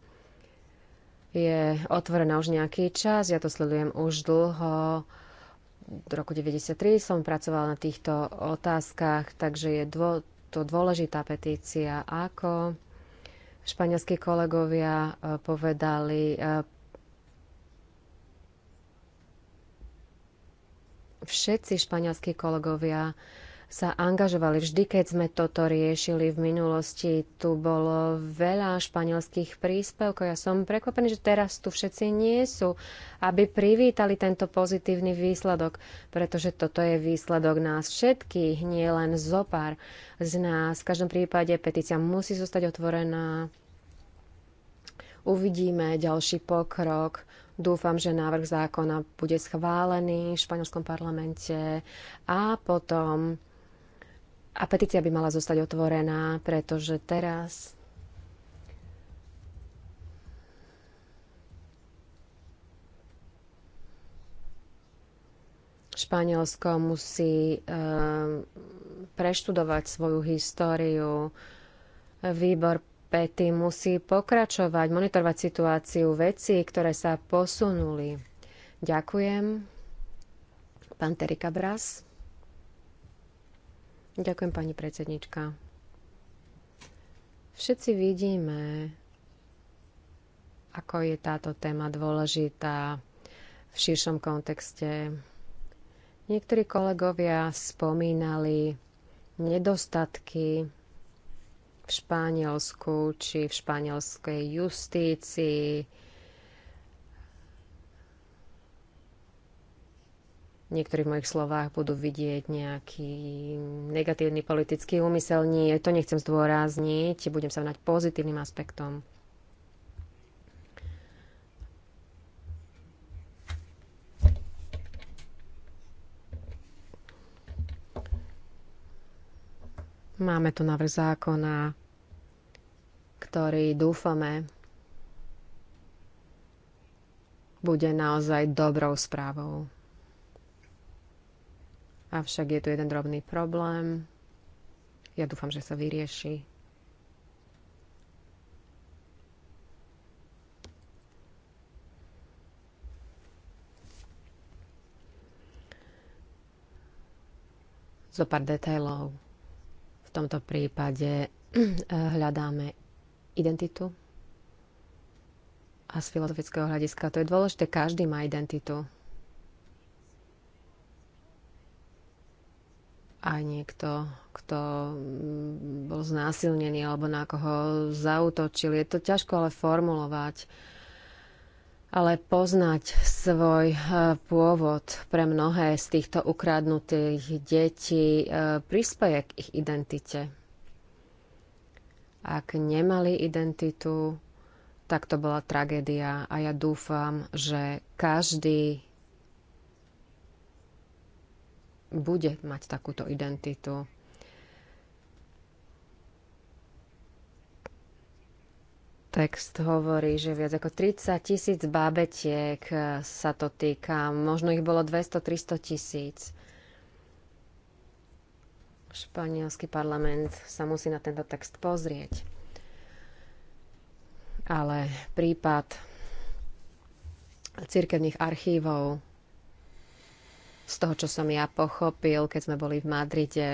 je otvorená už nejaký čas, ja to sledujem už dlho roku 1993 som pracovala na týchto otázkach, takže je dvo, to dôležitá petícia. Ako španielskí kolegovia e, povedali, e, všetci španielskí kolegovia sa angažovali vždy, keď sme toto riešili v minulosti. Tu bolo veľa španielských príspevkov. Ja som prekvapený, že teraz tu všetci nie sú, aby privítali tento pozitívny výsledok, pretože toto je výsledok nás všetkých, nie len zopár z nás. V každom prípade petícia musí zostať otvorená. Uvidíme ďalší pokrok. Dúfam, že návrh zákona bude schválený v španielskom parlamente a potom a petícia by mala zostať otvorená, pretože teraz Španielsko musí ehm, preštudovať svoju históriu. Výbor Pety musí pokračovať, monitorovať situáciu vecí, ktoré sa posunuli. Ďakujem. Pán Terika Bras. Ďakujem, pani predsednička. Všetci vidíme, ako je táto téma dôležitá v širšom kontexte. Niektorí kolegovia spomínali nedostatky v Španielsku či v španielskej justícii, niektorých mojich slovách budú vidieť nejaký negatívny politický úmysel. Nie, to nechcem zdôrazniť, budem sa vnať pozitívnym aspektom. Máme tu návrh zákona, ktorý dúfame bude naozaj dobrou správou. Avšak je tu jeden drobný problém. Ja dúfam, že sa vyrieši. Zo pár detailov. V tomto prípade eh, hľadáme identitu a z filozofického hľadiska to je dôležité, každý má identitu. a niekto, kto mm, bol znásilnený alebo na koho zautočil. Je to ťažko ale formulovať, ale poznať svoj eh, pôvod pre mnohé z týchto ukradnutých detí eh, prispieje k ich identite. Ak nemali identitu, tak to bola tragédia a ja dúfam, že každý bude mať takúto identitu. Text hovorí, že viac ako 30 tisíc bábetiek sa to týka. Možno ich bolo 200-300 tisíc. Španielský parlament sa musí na tento text pozrieť. Ale prípad cirkevných archívov z toho, čo som ja pochopil, keď sme boli v Madride.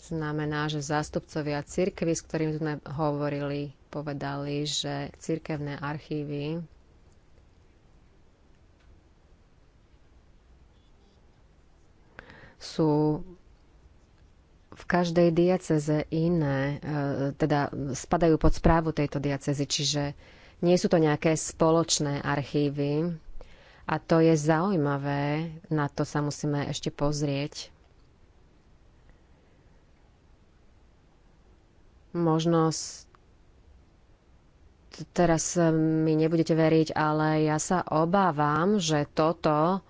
Znamená, že zástupcovia cirkvy, s ktorými sme hovorili, povedali, že cirkevné archívy sú v každej dieceze iné, e, teda spadajú pod správu tejto diacezy, čiže nie sú to nejaké spoločné archívy a to je zaujímavé, na to sa musíme ešte pozrieť. Možno teraz e, mi nebudete veriť, ale ja sa obávam, že toto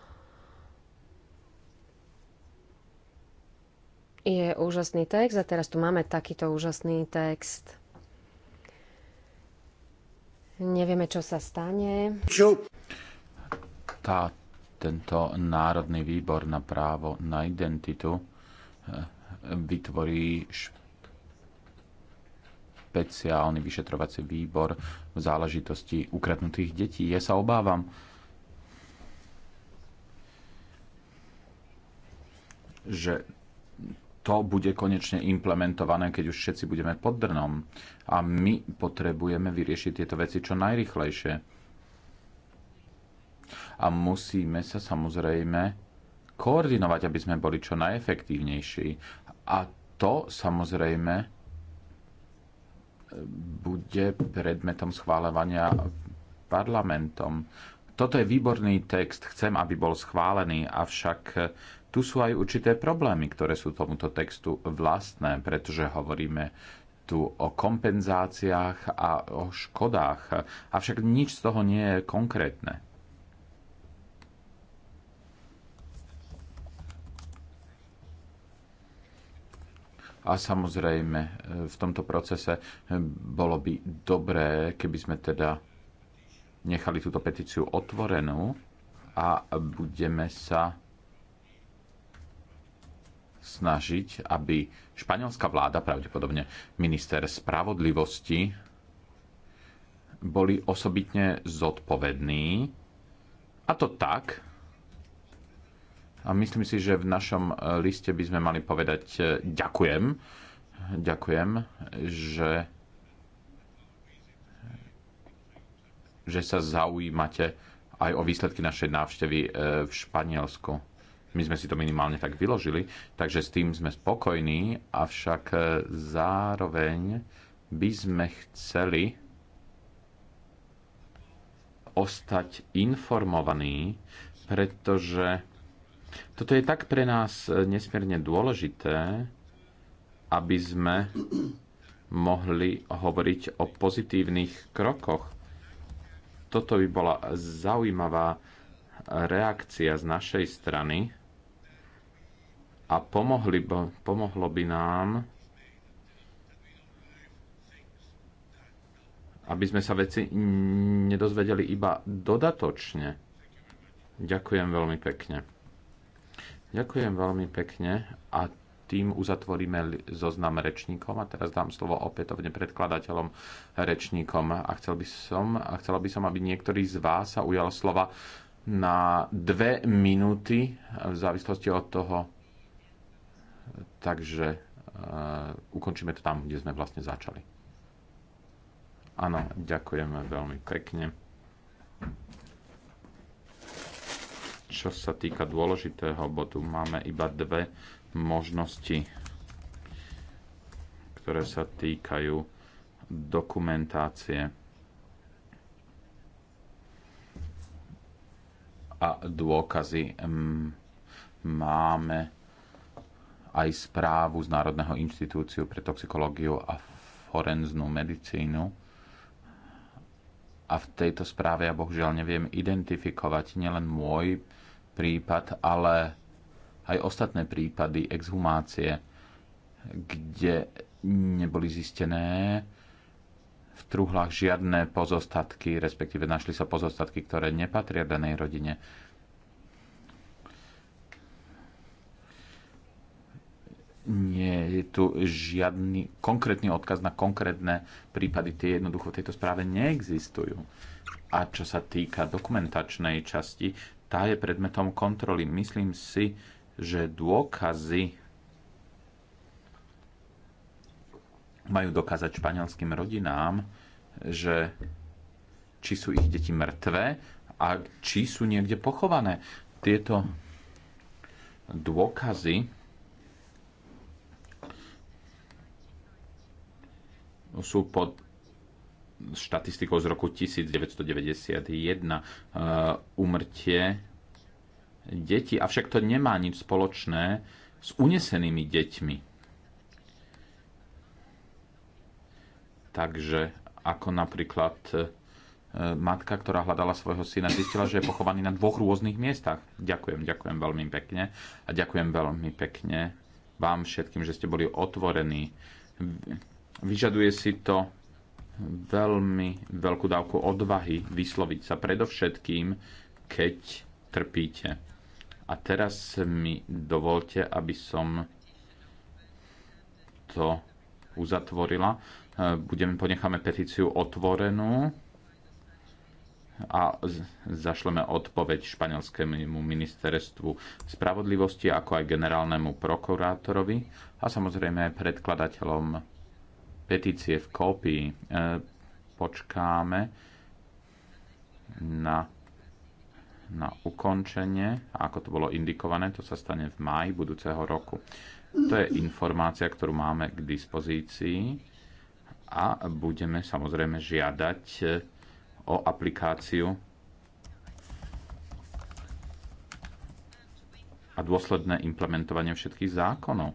je úžasný text a teraz tu máme takýto úžasný text. Nevieme, čo sa stane. Čo? Tá, tento Národný výbor na právo na identitu eh, vytvorí špeciálny vyšetrovací výbor v záležitosti ukradnutých detí. Ja sa obávam, že to bude konečne implementované, keď už všetci budeme pod drnom. A my potrebujeme vyriešiť tieto veci čo najrychlejšie. A musíme sa samozrejme koordinovať, aby sme boli čo najefektívnejší. A to samozrejme e, bude predmetom schváľovania parlamentom. Toto je výborný text, chcem, aby bol schválený, avšak e, tu sú aj určité problémy, ktoré sú tomuto textu vlastné, pretože hovoríme tu o kompenzáciách a o škodách, avšak nič z toho nie je konkrétne. A samozrejme, v tomto procese bolo by dobré, keby sme teda nechali túto petíciu otvorenú a budeme sa snažiť, aby španielská vláda, pravdepodobne minister spravodlivosti, boli osobitne zodpovední. A to tak, a myslím si, že v našom e, liste by sme mali povedať e, ďakujem, ďakujem, že, že sa zaujímate aj o výsledky našej návštevy e, v Španielsku my sme si to minimálne tak vyložili, takže s tým sme spokojní, avšak e, zároveň by sme chceli ostať informovaní, pretože toto je tak pre nás e, nesmierne dôležité, aby sme mohli hovoriť o pozitívnych krokoch. Toto by bola zaujímavá reakcia z našej strany a pomohli, pomohlo by nám, aby sme sa veci nedozvedeli iba dodatočne. Ďakujem veľmi pekne. Ďakujem veľmi pekne a tým uzatvoríme zoznam rečníkom a teraz dám slovo opätovne predkladateľom rečníkom a, chcel by som, a chcela by som, aby niektorý z vás sa ujal slova na dve minúty v závislosti od toho, takže e, ukončíme to tam, kde sme vlastne začali. Áno, ďakujeme veľmi pekne. Čo sa týka dôležitého bodu, máme iba dve možnosti, ktoré sa týkajú dokumentácie a dôkazy. Máme aj správu z Národného inštitúciu pre toxikológiu a forenznú medicínu. A v tejto správe ja bohužiaľ neviem identifikovať nielen môj prípad, ale aj ostatné prípady exhumácie, kde neboli zistené v truhlách žiadne pozostatky, respektíve našli sa pozostatky, ktoré nepatria danej rodine nie je tu žiadny konkrétny odkaz na konkrétne prípady. Tie jednoducho v tejto správe neexistujú. A čo sa týka dokumentačnej časti, tá je predmetom kontroly. Myslím si, že dôkazy majú dokázať španielským rodinám, že či sú ich deti mŕtve a či sú niekde pochované. Tieto dôkazy sú pod štatistikou z roku 1991 eh, umrtie detí, avšak to nemá nič spoločné s unesenými deťmi. Takže ako napríklad eh, matka, ktorá hľadala svojho syna, zistila, že je pochovaný na dvoch rôznych miestach. Ďakujem, ďakujem veľmi pekne a ďakujem veľmi pekne vám všetkým, že ste boli otvorení. Vyžaduje si to veľmi veľkú dávku odvahy vysloviť sa predovšetkým, keď trpíte. A teraz mi dovolte, aby som to uzatvorila. Budeme, ponecháme petíciu otvorenú a zašleme odpoveď španielskému ministerstvu spravodlivosti, ako aj generálnemu prokurátorovi a samozrejme aj predkladateľom petície v kópii. Eh, počkáme na, na ukončenie, ako to bolo indikované, to sa stane v máji budúceho roku. To je informácia, ktorú máme k dispozícii a budeme samozrejme žiadať eh, o aplikáciu a dôsledné implementovanie všetkých zákonov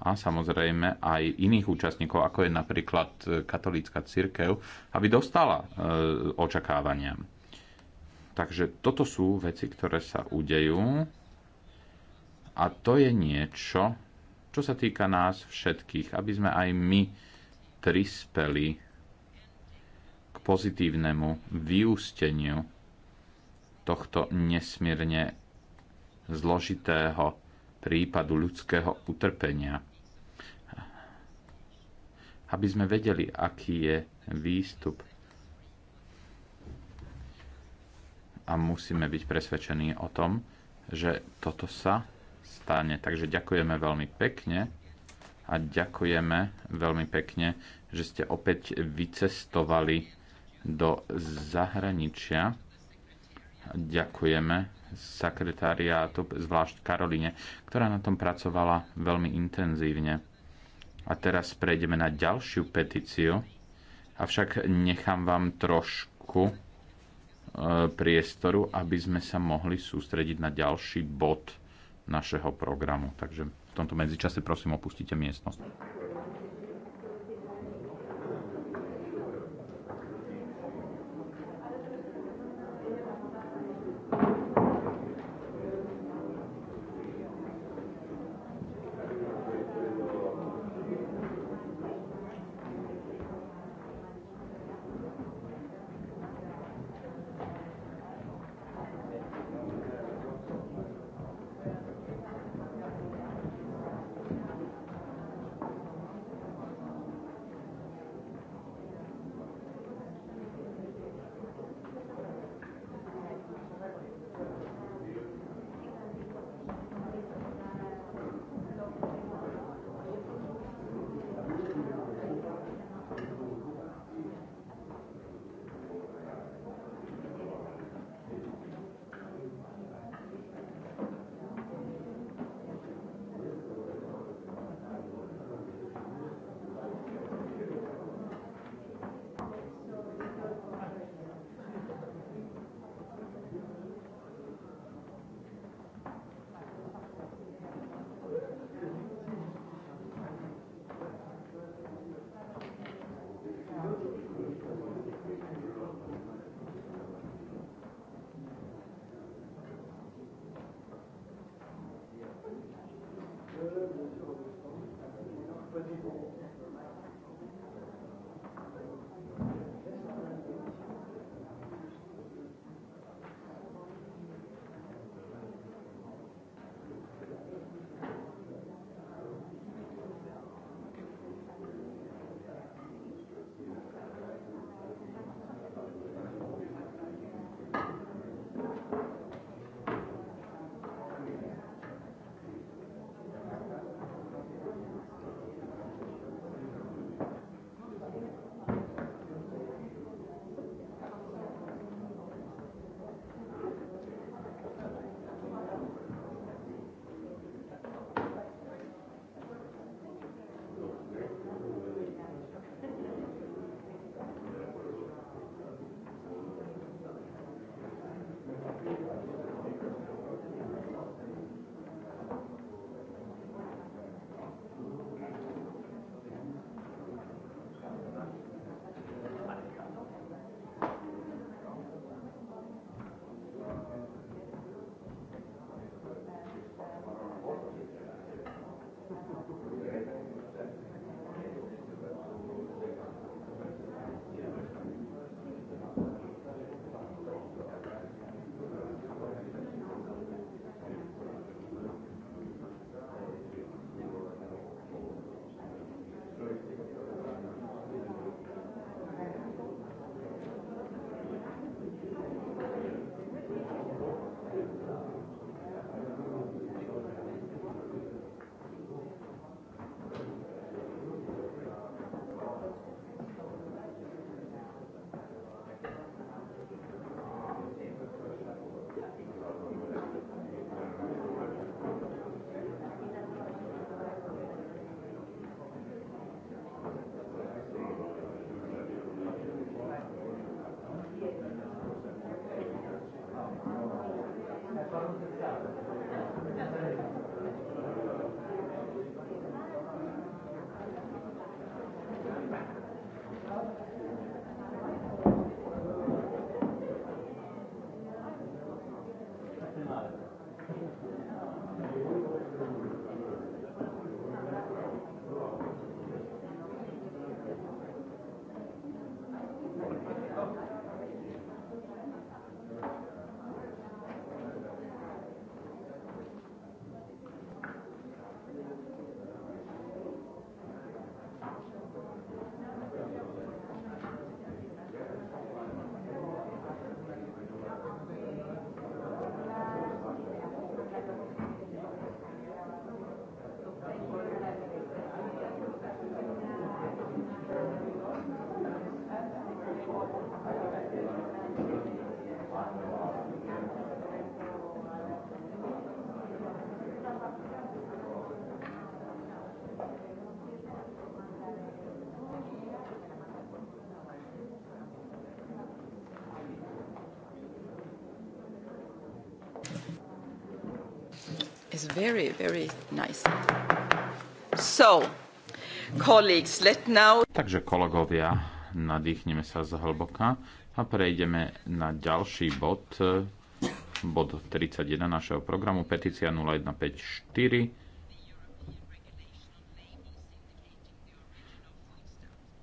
a samozrejme aj iných účastníkov, ako je napríklad e, katolícka církev, aby dostala e, očakávania. Takže toto sú veci, ktoré sa udejú a to je niečo, čo sa týka nás všetkých, aby sme aj my prispeli k pozitívnemu vyústeniu tohto nesmierne zložitého prípadu ľudského utrpenia aby sme vedeli, aký je výstup. A musíme byť presvedčení o tom, že toto sa stane. Takže ďakujeme veľmi pekne a ďakujeme veľmi pekne, že ste opäť vycestovali do zahraničia. Ďakujeme sekretariátu, zvlášť Karoline, ktorá na tom pracovala veľmi intenzívne. A teraz prejdeme na ďalšiu petíciu. Avšak nechám vám trošku e, priestoru, aby sme sa mohli sústrediť na ďalší bod našeho programu. Takže v tomto medzičase prosím opustite miestnosť. is very, very nice. So, colleagues, let now... Takže kolegovia, nadýchneme sa zhlboka a prejdeme na ďalší bod, bod 31 našeho programu, petícia 0154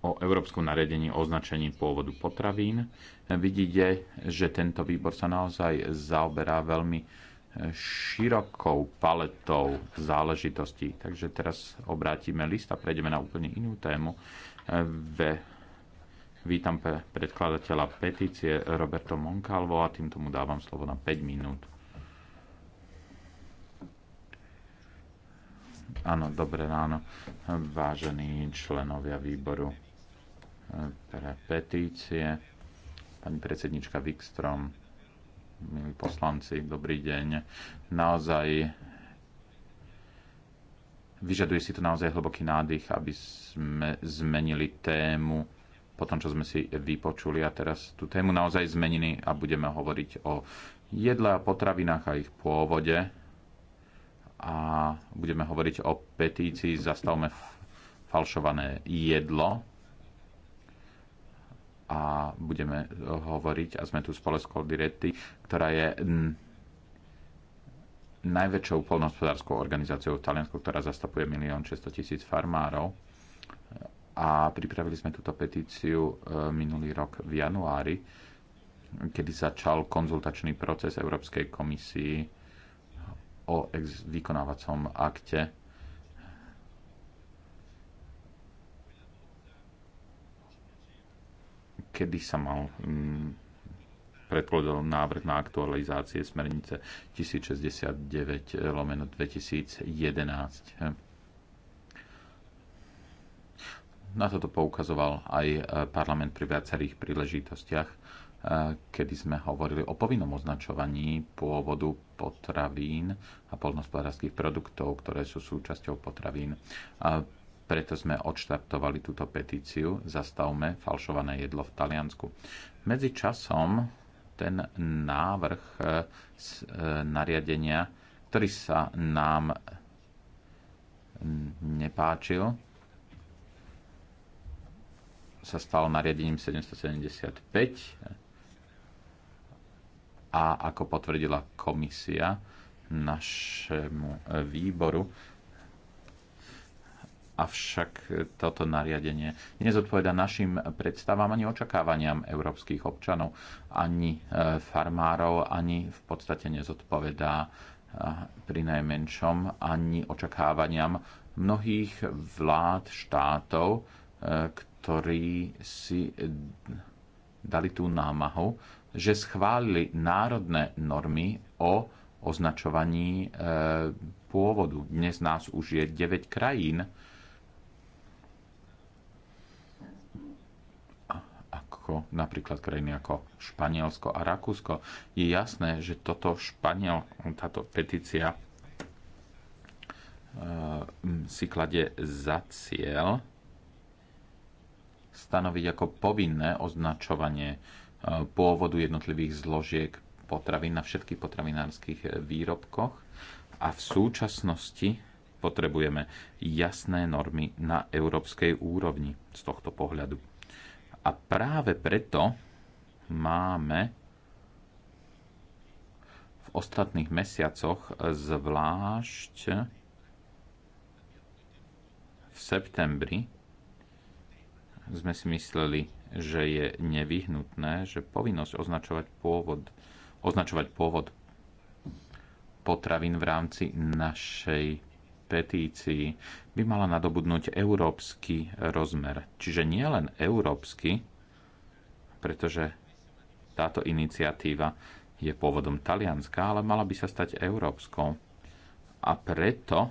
o Európskom nariadení o označení pôvodu potravín. Vidíte, že tento výbor sa naozaj zaoberá veľmi širokou paletou záležitostí. Takže teraz obrátime list a prejdeme na úplne inú tému. Ve, vítam pe, predkladateľa petície Roberto Moncalvo a týmto mu dávam slovo na 5 minút. Áno, dobré ráno, vážení členovia výboru eh, pre petície, pani predsednička Wikstrom, milí poslanci, dobrý deň. Naozaj vyžaduje si to naozaj hlboký nádych, aby sme zmenili tému po tom, čo sme si vypočuli a teraz tú tému naozaj zmenili a budeme hovoriť o jedle a potravinách a ich pôvode a budeme hovoriť o petícii Zastavme falšované jedlo a budeme eh, hovoriť, a sme tu s Poleskou Diretti, ktorá je najväčšou polnohospodárskou organizáciou v Taliansku, ktorá zastupuje 1 600 tisíc farmárov. A pripravili sme túto petíciu eh, minulý rok v januári, kedy začal konzultačný proces Európskej komisii o ex- vykonávacom akte kedy sa mal mm, predkladal návrh na aktualizácie smernice 1069 lomeno 2011. Na toto poukazoval aj e, parlament pri viacerých príležitostiach, e, kedy sme hovorili o povinnom označovaní pôvodu potravín a polnospodárských produktov, ktoré sú súčasťou potravín. Preto sme odštartovali túto petíciu Zastavme falšované jedlo v Taliansku. Medzi časom ten návrh e, e, nariadenia, ktorý sa nám nepáčil, sa stal nariadením 775 a ako potvrdila komisia našemu e, výboru, avšak toto nariadenie nezodpoveda našim predstavám ani očakávaniam európskych občanov, ani e, farmárov, ani v podstate nezodpovedá e, pri najmenšom ani očakávaniam mnohých vlád štátov, e, ktorí si dali tú námahu, že schválili národné normy o označovaní pôvodu. Dnes nás už je 9 krajín, ako napríklad krajiny ako Španielsko a Rakúsko. Je jasné, že toto Španiel, táto petícia e, si klade za cieľ stanoviť ako povinné označovanie e, pôvodu jednotlivých zložiek potravín na všetkých potravinárskych výrobkoch a v súčasnosti potrebujeme jasné normy na európskej úrovni z tohto pohľadu. A práve preto máme v ostatných mesiacoch zvlášť v septembri sme si mysleli, že je nevyhnutné, že povinnosť označovať pôvod, označovať pôvod potravín v rámci našej petícií by mala nadobudnúť európsky rozmer. Čiže nie len európsky, pretože táto iniciatíva je pôvodom talianská, ale mala by sa stať európskou. A preto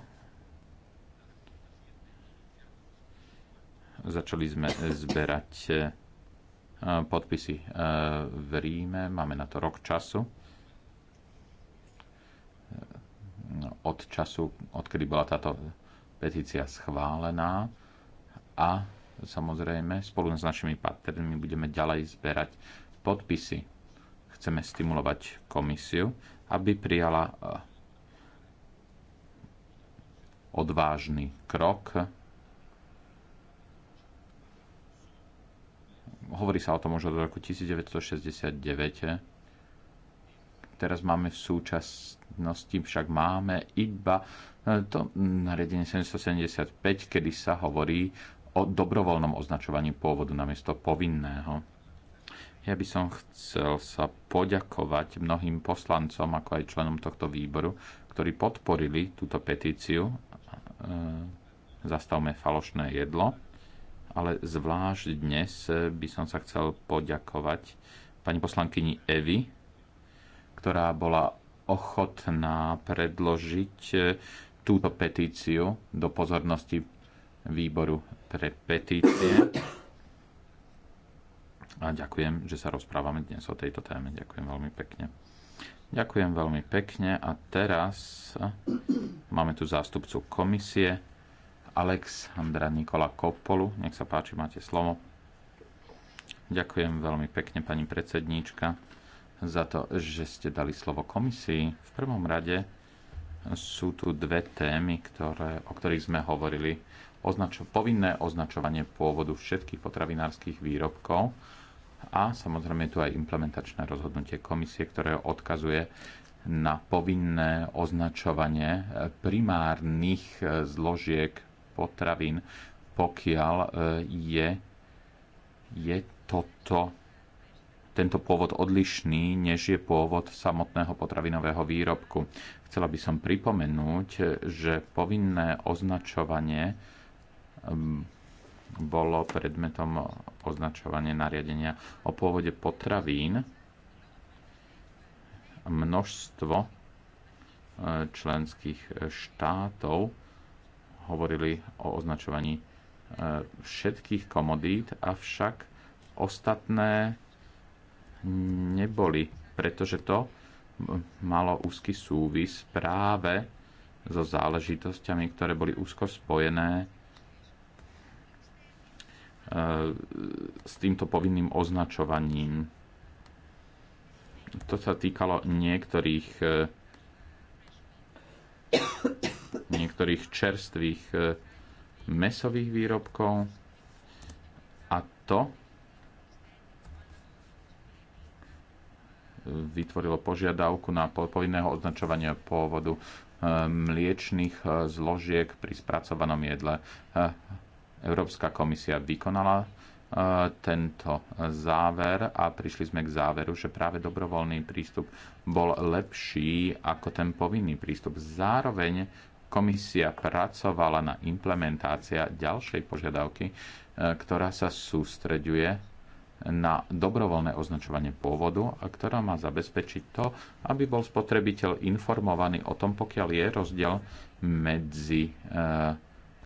začali sme zberať eh, podpisy eh, v Ríme, máme na to rok času od času, odkedy bola táto petícia schválená a samozrejme spolu s našimi partnermi budeme ďalej zberať podpisy. Chceme stimulovať komisiu, aby prijala e, odvážny krok. Hovorí sa o tom už od roku 1969 teraz máme v súčasnosti, však máme iba e, to nariadenie 775, kedy sa hovorí o dobrovoľnom označovaní pôvodu namiesto povinného. Ja by som chcel sa poďakovať mnohým poslancom, ako aj členom tohto výboru, ktorí podporili túto petíciu e, Zastavme falošné jedlo, ale zvlášť dnes by som sa chcel poďakovať pani poslankyni Evi, ktorá bola ochotná predložiť e, túto petíciu do pozornosti výboru pre petície. A ďakujem, že sa rozprávame dnes o tejto téme. Ďakujem veľmi pekne. Ďakujem veľmi pekne a teraz e, máme tu zástupcu komisie Alexandra Nikola Kopolu. Nech sa páči, máte slovo. Ďakujem veľmi pekne, pani predsedníčka za to, že ste dali slovo komisii. V prvom rade sú tu dve témy, ktoré, o ktorých sme hovorili. Označo, povinné označovanie pôvodu všetkých potravinárskych výrobkov a samozrejme je tu aj implementačné rozhodnutie komisie, ktoré odkazuje na povinné označovanie primárnych zložiek potravín, pokiaľ e, je, je toto tento pôvod odlišný, než je pôvod samotného potravinového výrobku. Chcela by som pripomenúť, že povinné označovanie ehm, bolo predmetom označovania nariadenia o pôvode potravín. Množstvo e, členských štátov hovorili o označovaní e, všetkých komodít, avšak ostatné neboli, pretože to malo úzky súvis práve so záležitosťami, ktoré boli úzko spojené e, s týmto povinným označovaním. To sa týkalo niektorých e, niektorých čerstvých e, mesových výrobkov a to vytvorilo požiadavku na povinného označovania pôvodu e, mliečných e, zložiek pri spracovanom jedle. E, Európska komisia vykonala tento záver a prišli sme k záveru, že práve dobrovoľný prístup bol lepší ako ten povinný prístup. Zároveň komisia pracovala na implementácia ďalšej požiadavky, ktorá sa sústreďuje na dobrovoľné označovanie pôvodu a ktorá má zabezpečiť to, aby bol spotrebiteľ informovaný o tom, pokiaľ je rozdiel medzi e,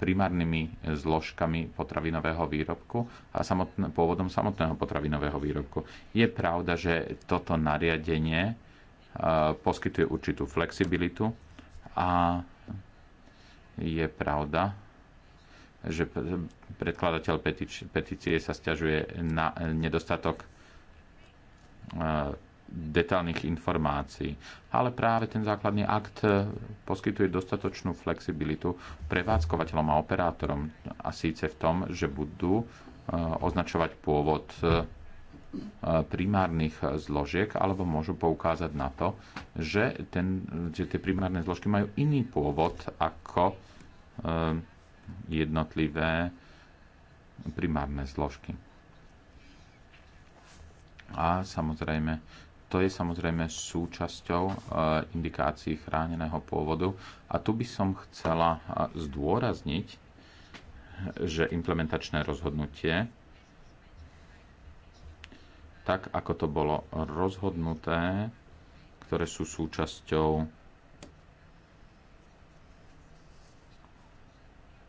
primárnymi zložkami potravinového výrobku a samotn- pôvodom samotného potravinového výrobku. Je pravda, že toto nariadenie e, poskytuje určitú flexibilitu a je pravda, že predkladateľ petič, petície sa stiažuje na nedostatok e, detálnych informácií. Ale práve ten základný akt e, poskytuje dostatočnú flexibilitu prevádzkovateľom a operátorom. A síce v tom, že budú e, označovať pôvod primárnych zložiek alebo môžu poukázať na to, že, ten, že tie primárne zložky majú iný pôvod ako jednotlivé primárne zložky. A samozrejme, to je samozrejme súčasťou e, indikácií chráneného pôvodu. A tu by som chcela e, zdôrazniť, že implementačné rozhodnutie, tak ako to bolo rozhodnuté, ktoré sú súčasťou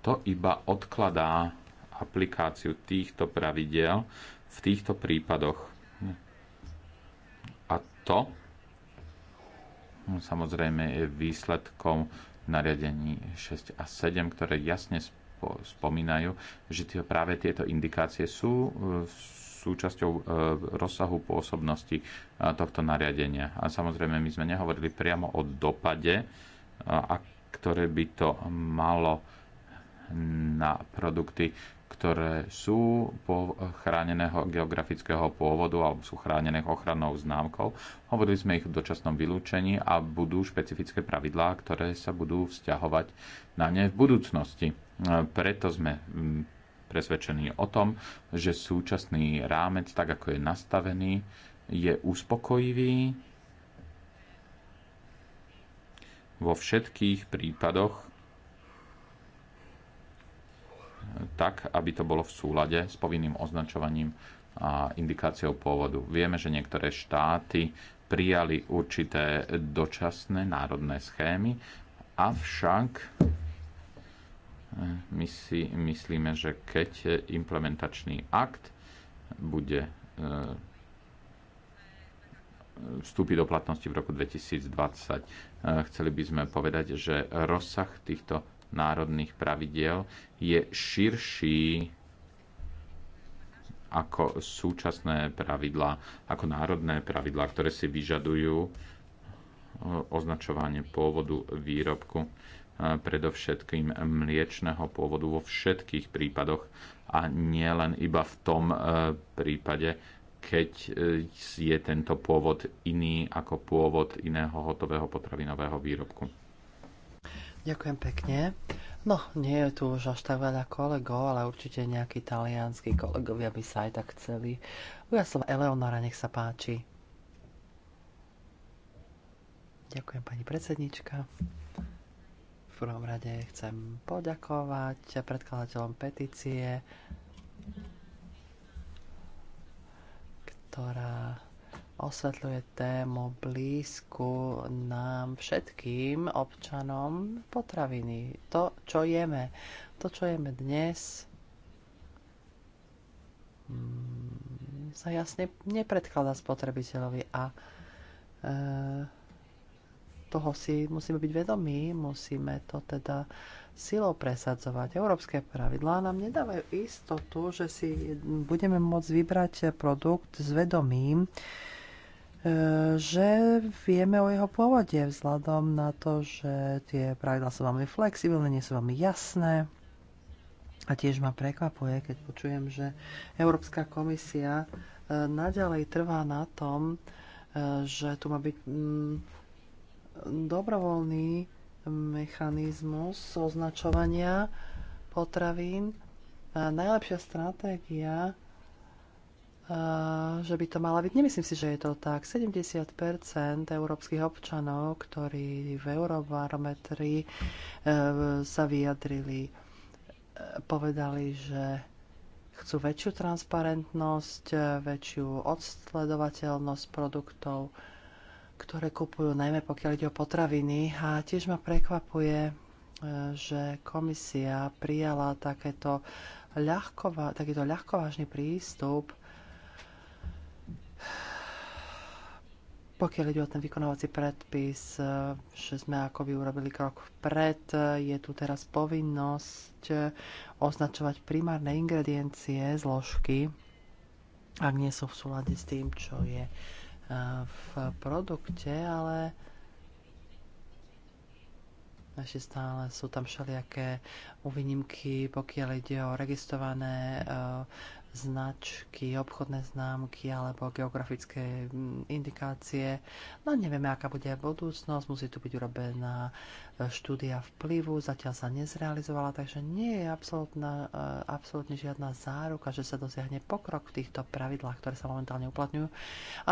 To iba odkladá aplikáciu týchto pravidel v týchto prípadoch. A to samozrejme je výsledkom nariadení 6 a 7, ktoré jasne spomínajú, že tie, práve tieto indikácie sú e, súčasťou e, rozsahu pôsobnosti e, tohto nariadenia. A samozrejme, my sme nehovorili priamo o dopade, a, a ktoré by to malo na produkty, ktoré sú po chráneného geografického pôvodu alebo sú chránené ochrannou známkou. Hovorili sme ich v dočasnom vylúčení a budú špecifické pravidlá, ktoré sa budú vzťahovať na ne v budúcnosti. Preto sme mm, presvedčení o tom, že súčasný rámec, tak ako je nastavený, je uspokojivý vo všetkých prípadoch tak, aby to bolo v súlade s povinným označovaním a indikáciou pôvodu. Vieme, že niektoré štáty prijali určité dočasné národné schémy, avšak eh, my si myslíme, že keď implementačný akt bude eh, vstúpiť do platnosti v roku 2020. Eh, chceli by sme povedať, že rozsah týchto národných pravidiel je širší ako súčasné pravidlá, ako národné pravidlá, ktoré si vyžadujú eh, označovanie pôvodu výrobku, eh, predovšetkým mliečného pôvodu vo všetkých prípadoch a nielen iba v tom eh, prípade, keď je tento pôvod iný ako pôvod iného hotového potravinového výrobku. Ďakujem pekne. No, nie je tu už až tak veľa kolegov, ale určite nejakí talianskí kolegovia by sa aj tak chceli. Ja som Eleonora, nech sa páči. Ďakujem pani predsednička. V prvom rade chcem poďakovať predkladateľom petície, ktorá osvetľuje tému blízku nám všetkým občanom potraviny. To, čo jeme. To, čo jeme dnes, mm, sa jasne nepredkladá spotrebiteľovi a e, toho si musíme byť vedomí, musíme to teda silou presadzovať. Európske pravidlá nám nedávajú istotu, že si budeme môcť vybrať produkt s vedomím, že vieme o jeho pôvode vzhľadom na to, že tie pravidlá sú veľmi flexibilné, nie sú veľmi jasné. A tiež ma prekvapuje, keď počujem, že Európska komisia e, naďalej trvá na tom, e, že tu má byť mm, dobrovoľný mechanizmus označovania potravín. A najlepšia stratégia že by to mala byť. Nemyslím si, že je to tak. 70 európskych občanov, ktorí v eurobarometri e, sa vyjadrili, e, povedali, že chcú väčšiu transparentnosť, e, väčšiu odsledovateľnosť produktov, ktoré kupujú, najmä pokiaľ ide o potraviny. A tiež ma prekvapuje, že komisia prijala takéto ľahkova, takýto ľahkovážny prístup pokiaľ ide o ten vykonávací predpis, eh, že sme by urobili krok vpred, eh, je tu teraz povinnosť eh, označovať primárne ingrediencie, zložky, ak nie sú v súlade s tým, čo je v produkte, ale ešte stále sú tam všelijaké uvinimky, pokiaľ ide o registrované uh, značky, obchodné známky alebo geografické mm, indikácie. No nevieme, aká bude budúcnosť, musí tu byť urobená e, štúdia vplyvu, zatiaľ sa nezrealizovala, takže nie je e, absolútne žiadna záruka, že sa dosiahne pokrok v týchto pravidlách, ktoré sa momentálne uplatňujú.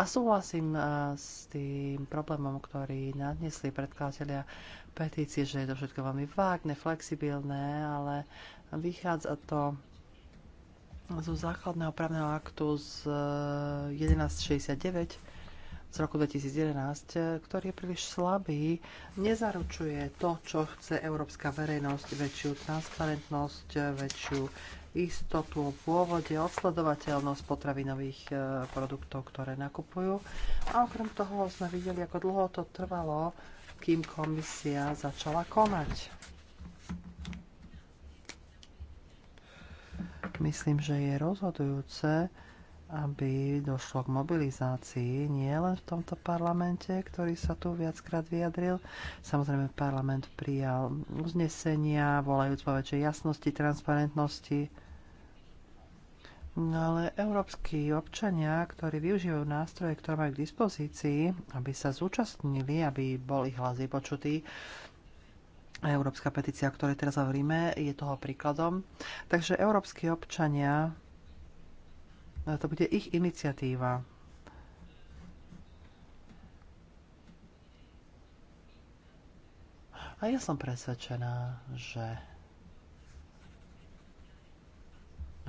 A súhlasím e, s tým problémom, ktorý nadnesli predkladateľia petície, že je to všetko veľmi vágne, flexibilné, ale vychádza to zo základného právneho aktu z 1169 eh, z roku 2011, eh, ktorý je príliš slabý, nezaručuje to, čo chce európska verejnosť, väčšiu transparentnosť, eh, väčšiu istotu o pôvode, odsledovateľnosť potravinových produktov, ktoré nakupujú. A okrem toho sme videli, ako dlho to trvalo, kým komisia začala konať Myslím, že je rozhodujúce, aby došlo k mobilizácii nielen v tomto parlamente, ktorý sa tu viackrát vyjadril. Samozrejme, parlament prijal uznesenia, volajúc po väčšej jasnosti, transparentnosti. No ale európsky občania, ktorí využívajú nástroje, ktoré majú k dispozícii, aby sa zúčastnili, aby boli hlasy počutí. Európska petícia, o ktorej teraz hovoríme, je toho príkladom. Takže európsky občania, to bude ich iniciatíva. A ja som presvedčená, že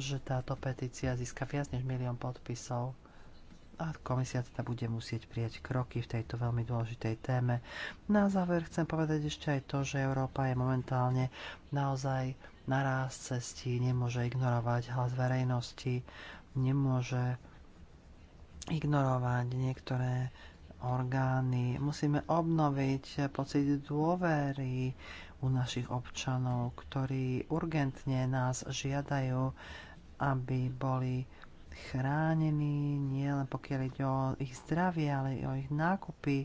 že táto petícia získa viac než milión podpisov a komisia teda bude musieť prijať kroky v tejto veľmi dôležitej téme. Na záver chcem povedať ešte aj to, že Európa je momentálne naozaj naraz cestí, nemôže ignorovať hlas verejnosti, nemôže ignorovať niektoré orgány. Musíme obnoviť pocit dôvery u našich občanov, ktorí urgentne nás žiadajú, aby boli chránení, nielen pokiaľ ide o ich zdravie, ale aj o ich nákupy.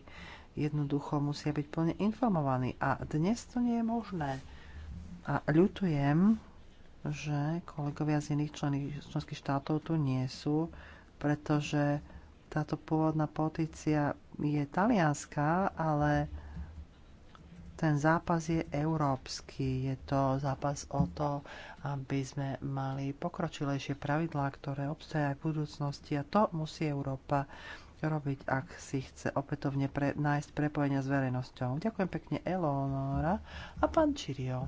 Jednoducho musia byť plne informovaní. A dnes to nie je možné. A ľutujem, že kolegovia z iných členských štátov tu nie sú, pretože táto pôvodná potícia je talianská, ale ten zápas je európsky, je to zápas o to, aby sme mali pokročilejšie pravidlá, ktoré obstajú aj v budúcnosti a to musí Európa robiť, ak si chce opätovne pre, nájsť prepojenia s verejnosťou. Ďakujem pekne Eleonora a pán Čirio.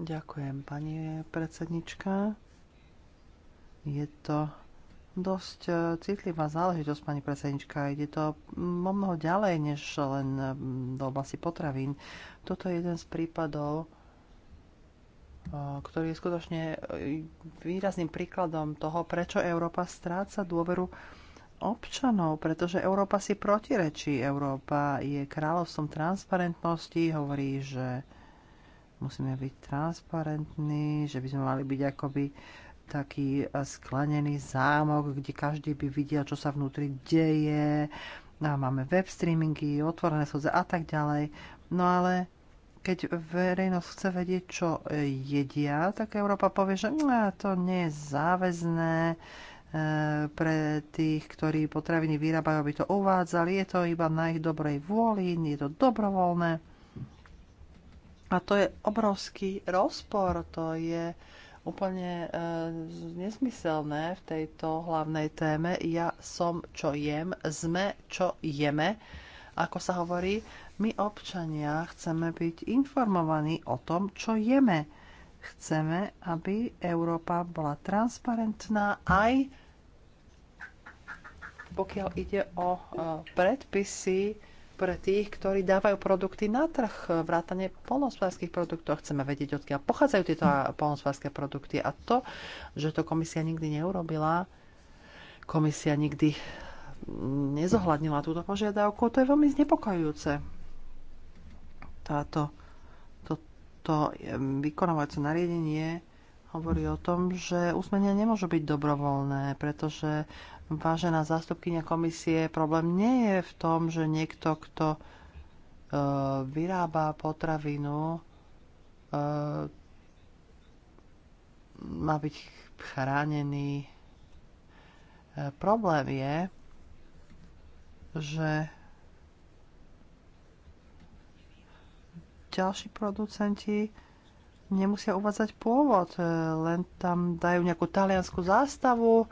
Ďakujem, pani predsednička. Je to dosť e, citlivá záležitosť, pani predsednička. Ide to mm, o mnoho ďalej, než len e, do oblasti potravín. Toto je jeden z prípadov, e, ktorý je skutočne výrazným príkladom toho, prečo Európa stráca dôveru občanov, pretože Európa si protirečí. Európa je kráľovstvom transparentnosti, hovorí, že musíme byť transparentní, že by sme mali byť akoby uh, taký eh, sklenený zámok, kde každý by videl, čo sa vnútri deje. A máme web streamingy, otvorené súdze a tak ďalej. No ale keď verejnosť chce vedieť, čo eh, jedia, tak Európa povie, že no, to nie je záväzné eh, pre tých, ktorí potraviny vyrábajú, aby to uvádzali. Je to iba na ich dobrej vôli, je to dobrovoľné. A to je obrovský rozpor, to je úplne e, nesmyselné v tejto hlavnej téme. Ja som, čo jem, sme, čo jeme. Ako sa hovorí, my občania chceme byť informovaní o tom, čo jeme. Chceme, aby Európa bola transparentná aj pokiaľ ide o e, predpisy, pre tých, ktorí dávajú produkty na trh, vrátane polnospodárských produktov. Chceme vedieť, odkiaľ pochádzajú tieto polnospodárske produkty. A to, že to komisia nikdy neurobila, komisia nikdy nezohľadnila túto požiadavku, to je veľmi znepokojujúce. Táto, toto to vykonávacie nariadenie hovorí o tom, že usmenia nemôžu byť dobrovoľné, pretože vážená zástupkynia komisie, problém nie je v tom, že niekto, kto e, vyrába potravinu, e, má byť chránený. E, problém je, že ďalší producenti nemusia uvádzať pôvod, e, len tam dajú nejakú taliansku zástavu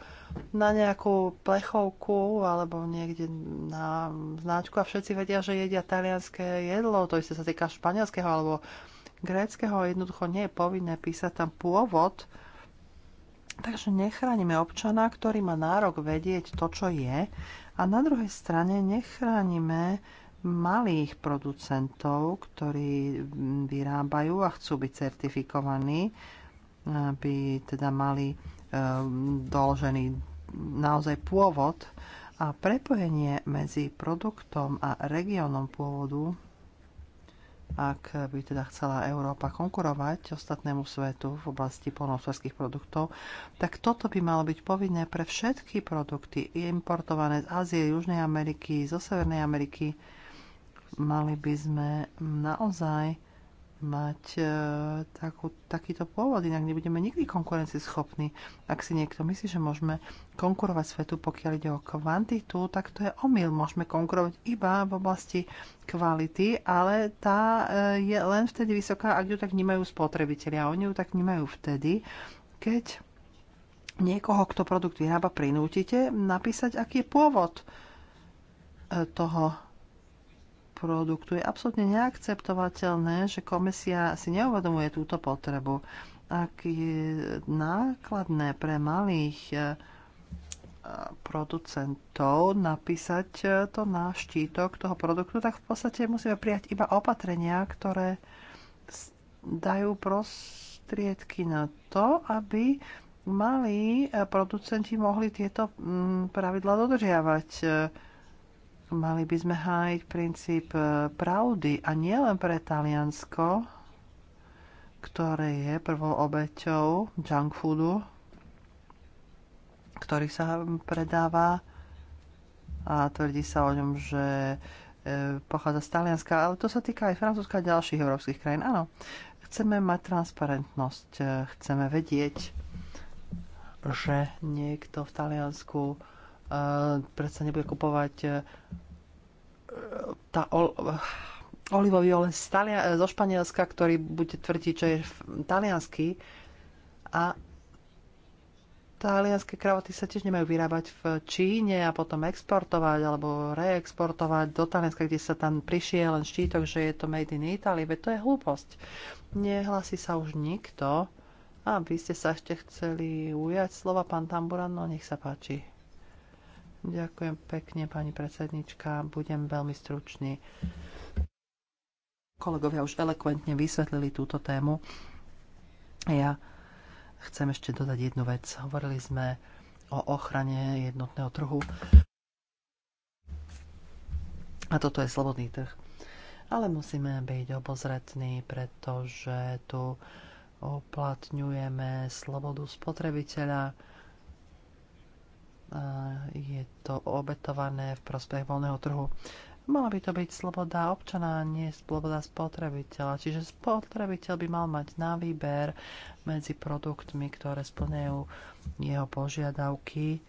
na nejakú plechovku alebo niekde na značku a všetci vedia, že jedia talianské jedlo. To isté sa týka španielského alebo gréckého. Jednoducho nie je povinné písať tam pôvod. Takže nechránime občana, ktorý má nárok vedieť to, čo je. A na druhej strane nechránime malých producentov, ktorí vyrábajú a chcú byť certifikovaní, aby teda mali e, doložený naozaj pôvod a prepojenie medzi produktom a regiónom pôvodu, ak by teda chcela Európa konkurovať ostatnému svetu v oblasti polnohospodárských produktov, tak toto by malo byť povinné pre všetky produkty importované z Ázie, Južnej Ameriky, zo Severnej Ameriky, Mali by sme naozaj mať e, takú, takýto pôvod, inak nebudeme nikdy konkurencieschopní. Ak si niekto myslí, že môžeme konkurovať svetu, pokiaľ ide o kvantitu, tak to je omyl. Môžeme konkurovať iba v oblasti kvality, ale tá e, je len vtedy vysoká, ak ju tak vnímajú spotrebitelia. Oni ju tak vnímajú vtedy, keď niekoho, kto produkt vyrába, prinútite napísať, aký je pôvod e, toho produktu. Je absolútne neakceptovateľné, že komisia si neuvedomuje túto potrebu. Ak je nákladné pre malých e, producentov napísať e, to na štítok toho produktu, tak v podstate musíme prijať iba opatrenia, ktoré dajú prostriedky na to, aby mali e, producenti mohli tieto mm, pravidla dodržiavať Mali by sme hájiť princíp e, pravdy a nielen pre Taliansko, ktoré je prvou obeťou junk foodu, ktorý sa predáva a tvrdí sa o ňom, že e, pochádza z Talianska, ale to sa týka aj Francúzska a ďalších európskych krajín. Áno, chceme mať transparentnosť, e, chceme vedieť, že niekto v Taliansku Eh, predsa nebude kupovať eh, tá ol, eh, olivový olej z Talia, zo Španielska, ktorý bude tvrdiť, že je talianský. A talianské kravaty sa tiež nemajú vyrábať v Číne a potom exportovať alebo reexportovať do Talianska, kde sa tam prišiel len štítok, že je to made in Italy. Veď to je hlúposť. Nehlasí sa už nikto. A vy ste sa ešte chceli ujať slova, pán Tamburano, nech sa páči. Ďakujem pekne, pani predsednička. Budem veľmi stručný. Kolegovia už elekventne vysvetlili túto tému. Ja chcem ešte dodať jednu vec. Hovorili sme o ochrane jednotného trhu. A toto je slobodný trh. Ale musíme byť obozretní, pretože tu uplatňujeme slobodu spotrebiteľa Eh, je to obetované v prospech voľného trhu. Mala by to byť sloboda občana, nie sloboda spotrebiteľa. Čiže spotrebiteľ by mal mať na výber medzi produktmi, ktoré splňajú jeho požiadavky.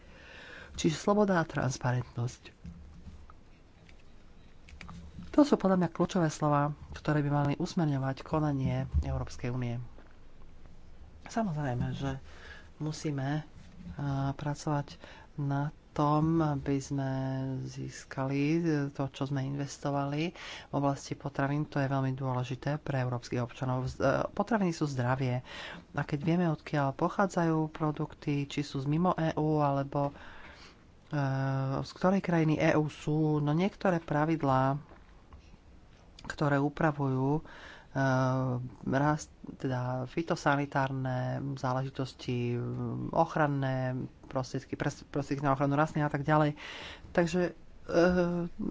Čiže sloboda a transparentnosť. To sú podľa mňa kľúčové slova, ktoré by mali usmerňovať konanie Európskej únie. Samozrejme, že musíme eh, pracovať na tom, aby sme získali to, čo sme investovali v oblasti potravín. To je veľmi dôležité pre európskych občanov. E, potraviny sú zdravie. A keď vieme, odkiaľ pochádzajú produkty, či sú z mimo EÚ, alebo e, z ktorej krajiny EÚ sú, no niektoré pravidlá, ktoré upravujú Eh, rast, teda fitosanitárne záležitosti, ochranné prostriedky, prostriedky na ochranu rastlín a tak ďalej. Takže e,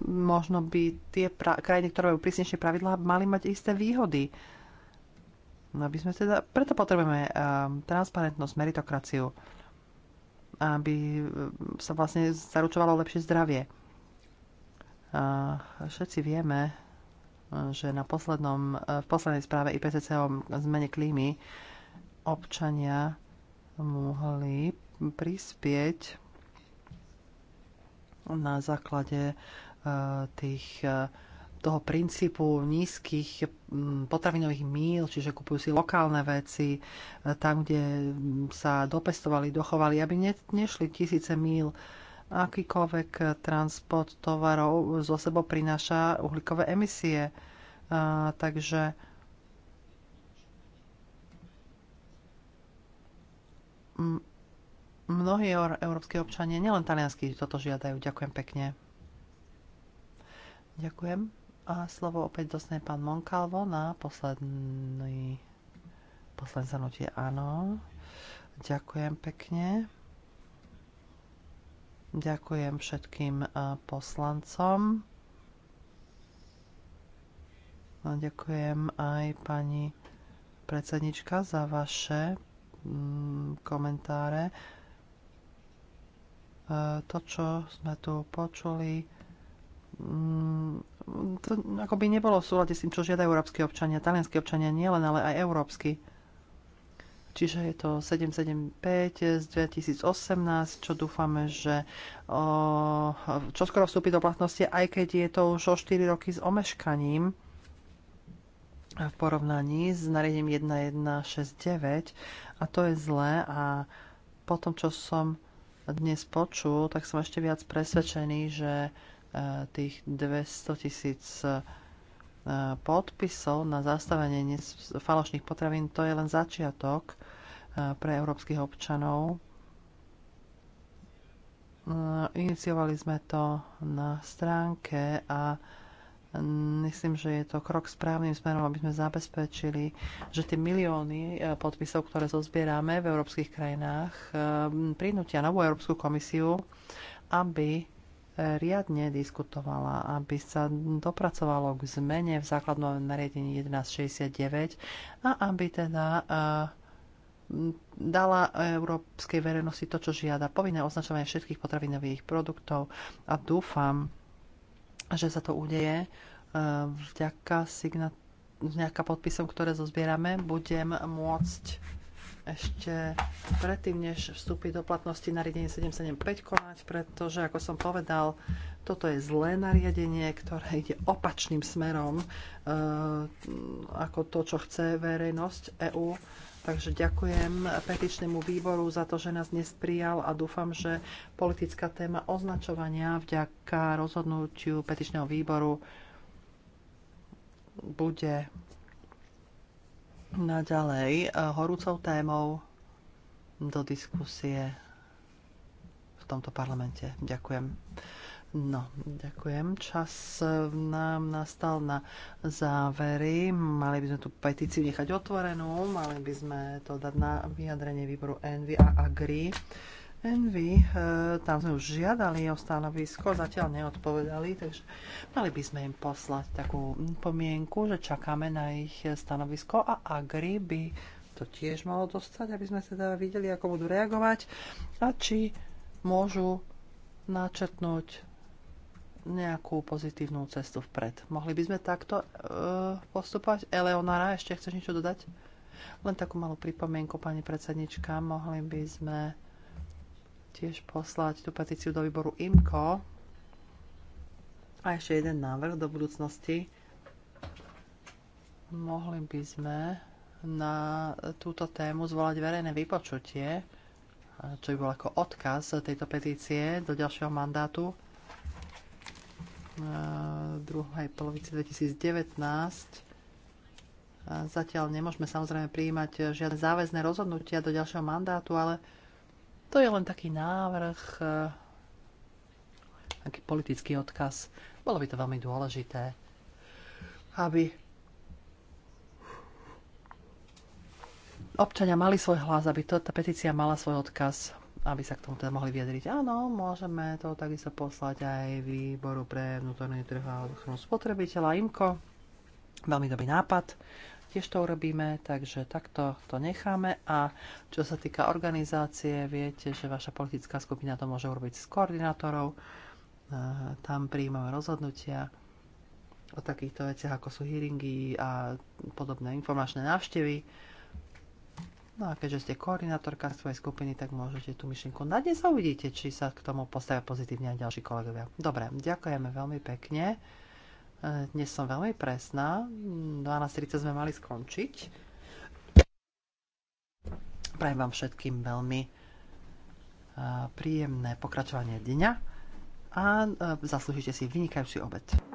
možno by tie pra- krajiny, ktoré majú prísnejšie pravidlá, mali mať isté výhody. No aby sme teda, preto potrebujeme e, transparentnosť, meritokraciu, aby sa vlastne zaručovalo lepšie zdravie. E, všetci vieme, že na poslednom, eh, v poslednej správe IPCC o zmene klímy občania mohli prispieť na základe eh, tých, eh, toho princípu nízkych mm, potravinových míl, čiže kupujú si lokálne veci tam, kde mm, sa dopestovali, dochovali, aby ne, nešli tisíce míl akýkoľvek transport tovarov zo sebou prináša uhlíkové emisie. A, takže mnohí európsky občania, nielen talianskí, toto žiadajú. Ďakujem pekne. Ďakujem. A slovo opäť dostane pán Monkalvo na posledný posledné zanutie. Áno. Ďakujem pekne. Ďakujem všetkým eh, poslancom. A ďakujem aj pani predsednička za vaše mm, komentáre. Eh, to, čo sme tu počuli, mm, to akoby nebolo v súlade s tým, čo žiadajú európsky občania, talianskí občania nielen, ale aj európsky. Čiže je to 775 z 2018, čo dúfame, že čo skoro vstúpi do platnosti, aj keď je to už o 4 roky s omeškaním v porovnaní s nariadením 1169 a to je zlé a po tom, čo som dnes počul, tak som ešte viac presvedčený, že e, tých 200 tisíc e, podpisov na zastavenie falošných potravín, to je len začiatok. Eh, pre európskych občanov. Eh, iniciovali sme to na stránke a myslím, že je to krok správnym smerom, aby sme zabezpečili, že tie milióny eh, podpisov, ktoré zozbierame v európskych krajinách, prinútia novú Európsku komisiu, aby riadne diskutovala, aby sa dopracovalo k zmene v základnom nariadení 1169 a aby teda dala európskej verejnosti to, čo žiada. Povinné označovanie všetkých potravinových produktov a dúfam, že sa to udeje e, vďaka, signa- vďaka podpisom, ktoré zozbierame, budem môcť ešte predtým, než vstúpi do platnosti nariadenie 775 konať, pretože, ako som povedal, toto je zlé nariadenie, ktoré ide opačným smerom e, ako to, čo chce verejnosť EÚ Takže ďakujem petičnému výboru za to, že nás dnes prijal a dúfam, že politická téma označovania vďaka rozhodnutiu petičného výboru bude naďalej eh, horúcou témou do diskusie v tomto parlamente. Ďakujem. No, ďakujem. Čas nám nastal na závery. Mali by sme tú petíciu nechať otvorenú, mali by sme to dať na vyjadrenie výboru Envy a Agri. Envy, eh, tam sme už žiadali o stanovisko, zatiaľ neodpovedali, takže mali by sme im poslať takú pomienku, že čakáme na ich stanovisko a Agri by to tiež malo dostať, aby sme teda videli, ako budú reagovať a či môžu načetnúť nejakú pozitívnu cestu vpred. Mohli by sme takto uh, postupovať? Eleonora, ešte chceš niečo dodať? Len takú malú pripomienku, pani predsednička, mohli by sme tiež poslať tú petíciu do výboru IMKO. A ešte jeden návrh do budúcnosti. Mohli by sme na túto tému zvolať verejné vypočutie, čo by bol ako odkaz tejto petície do ďalšieho mandátu Eh, druhej polovici 2019. Eh, zatiaľ nemôžeme samozrejme prijímať žiadne záväzné rozhodnutia do ďalšieho mandátu, ale to je len taký návrh, eh, taký politický odkaz. Bolo by to veľmi dôležité, aby občania mali svoj hlas, aby to, tá petícia mala svoj odkaz aby sa k tomu teda mohli vyjadriť. Áno, môžeme to takisto poslať aj výboru pre vnútorný trh a ochranu spotrebiteľa IMKO. Veľmi dobrý nápad. Tiež to urobíme, takže takto to necháme. A čo sa týka organizácie, viete, že vaša politická skupina to môže urobiť s koordinátorov. Tam prijímame rozhodnutia o takýchto veciach, ako sú hearingy a podobné informačné návštevy No a keďže ste koordinátorka svojej skupiny, tak môžete tú myšlienku na dnes a uvidíte, či sa k tomu postavia pozitívne aj ďalší kolegovia. Dobre, ďakujeme veľmi pekne. E, dnes som veľmi presná. 12.30 sme mali skončiť. Prajem vám všetkým veľmi e, príjemné pokračovanie dňa a e, zaslúžite si vynikajúci obed.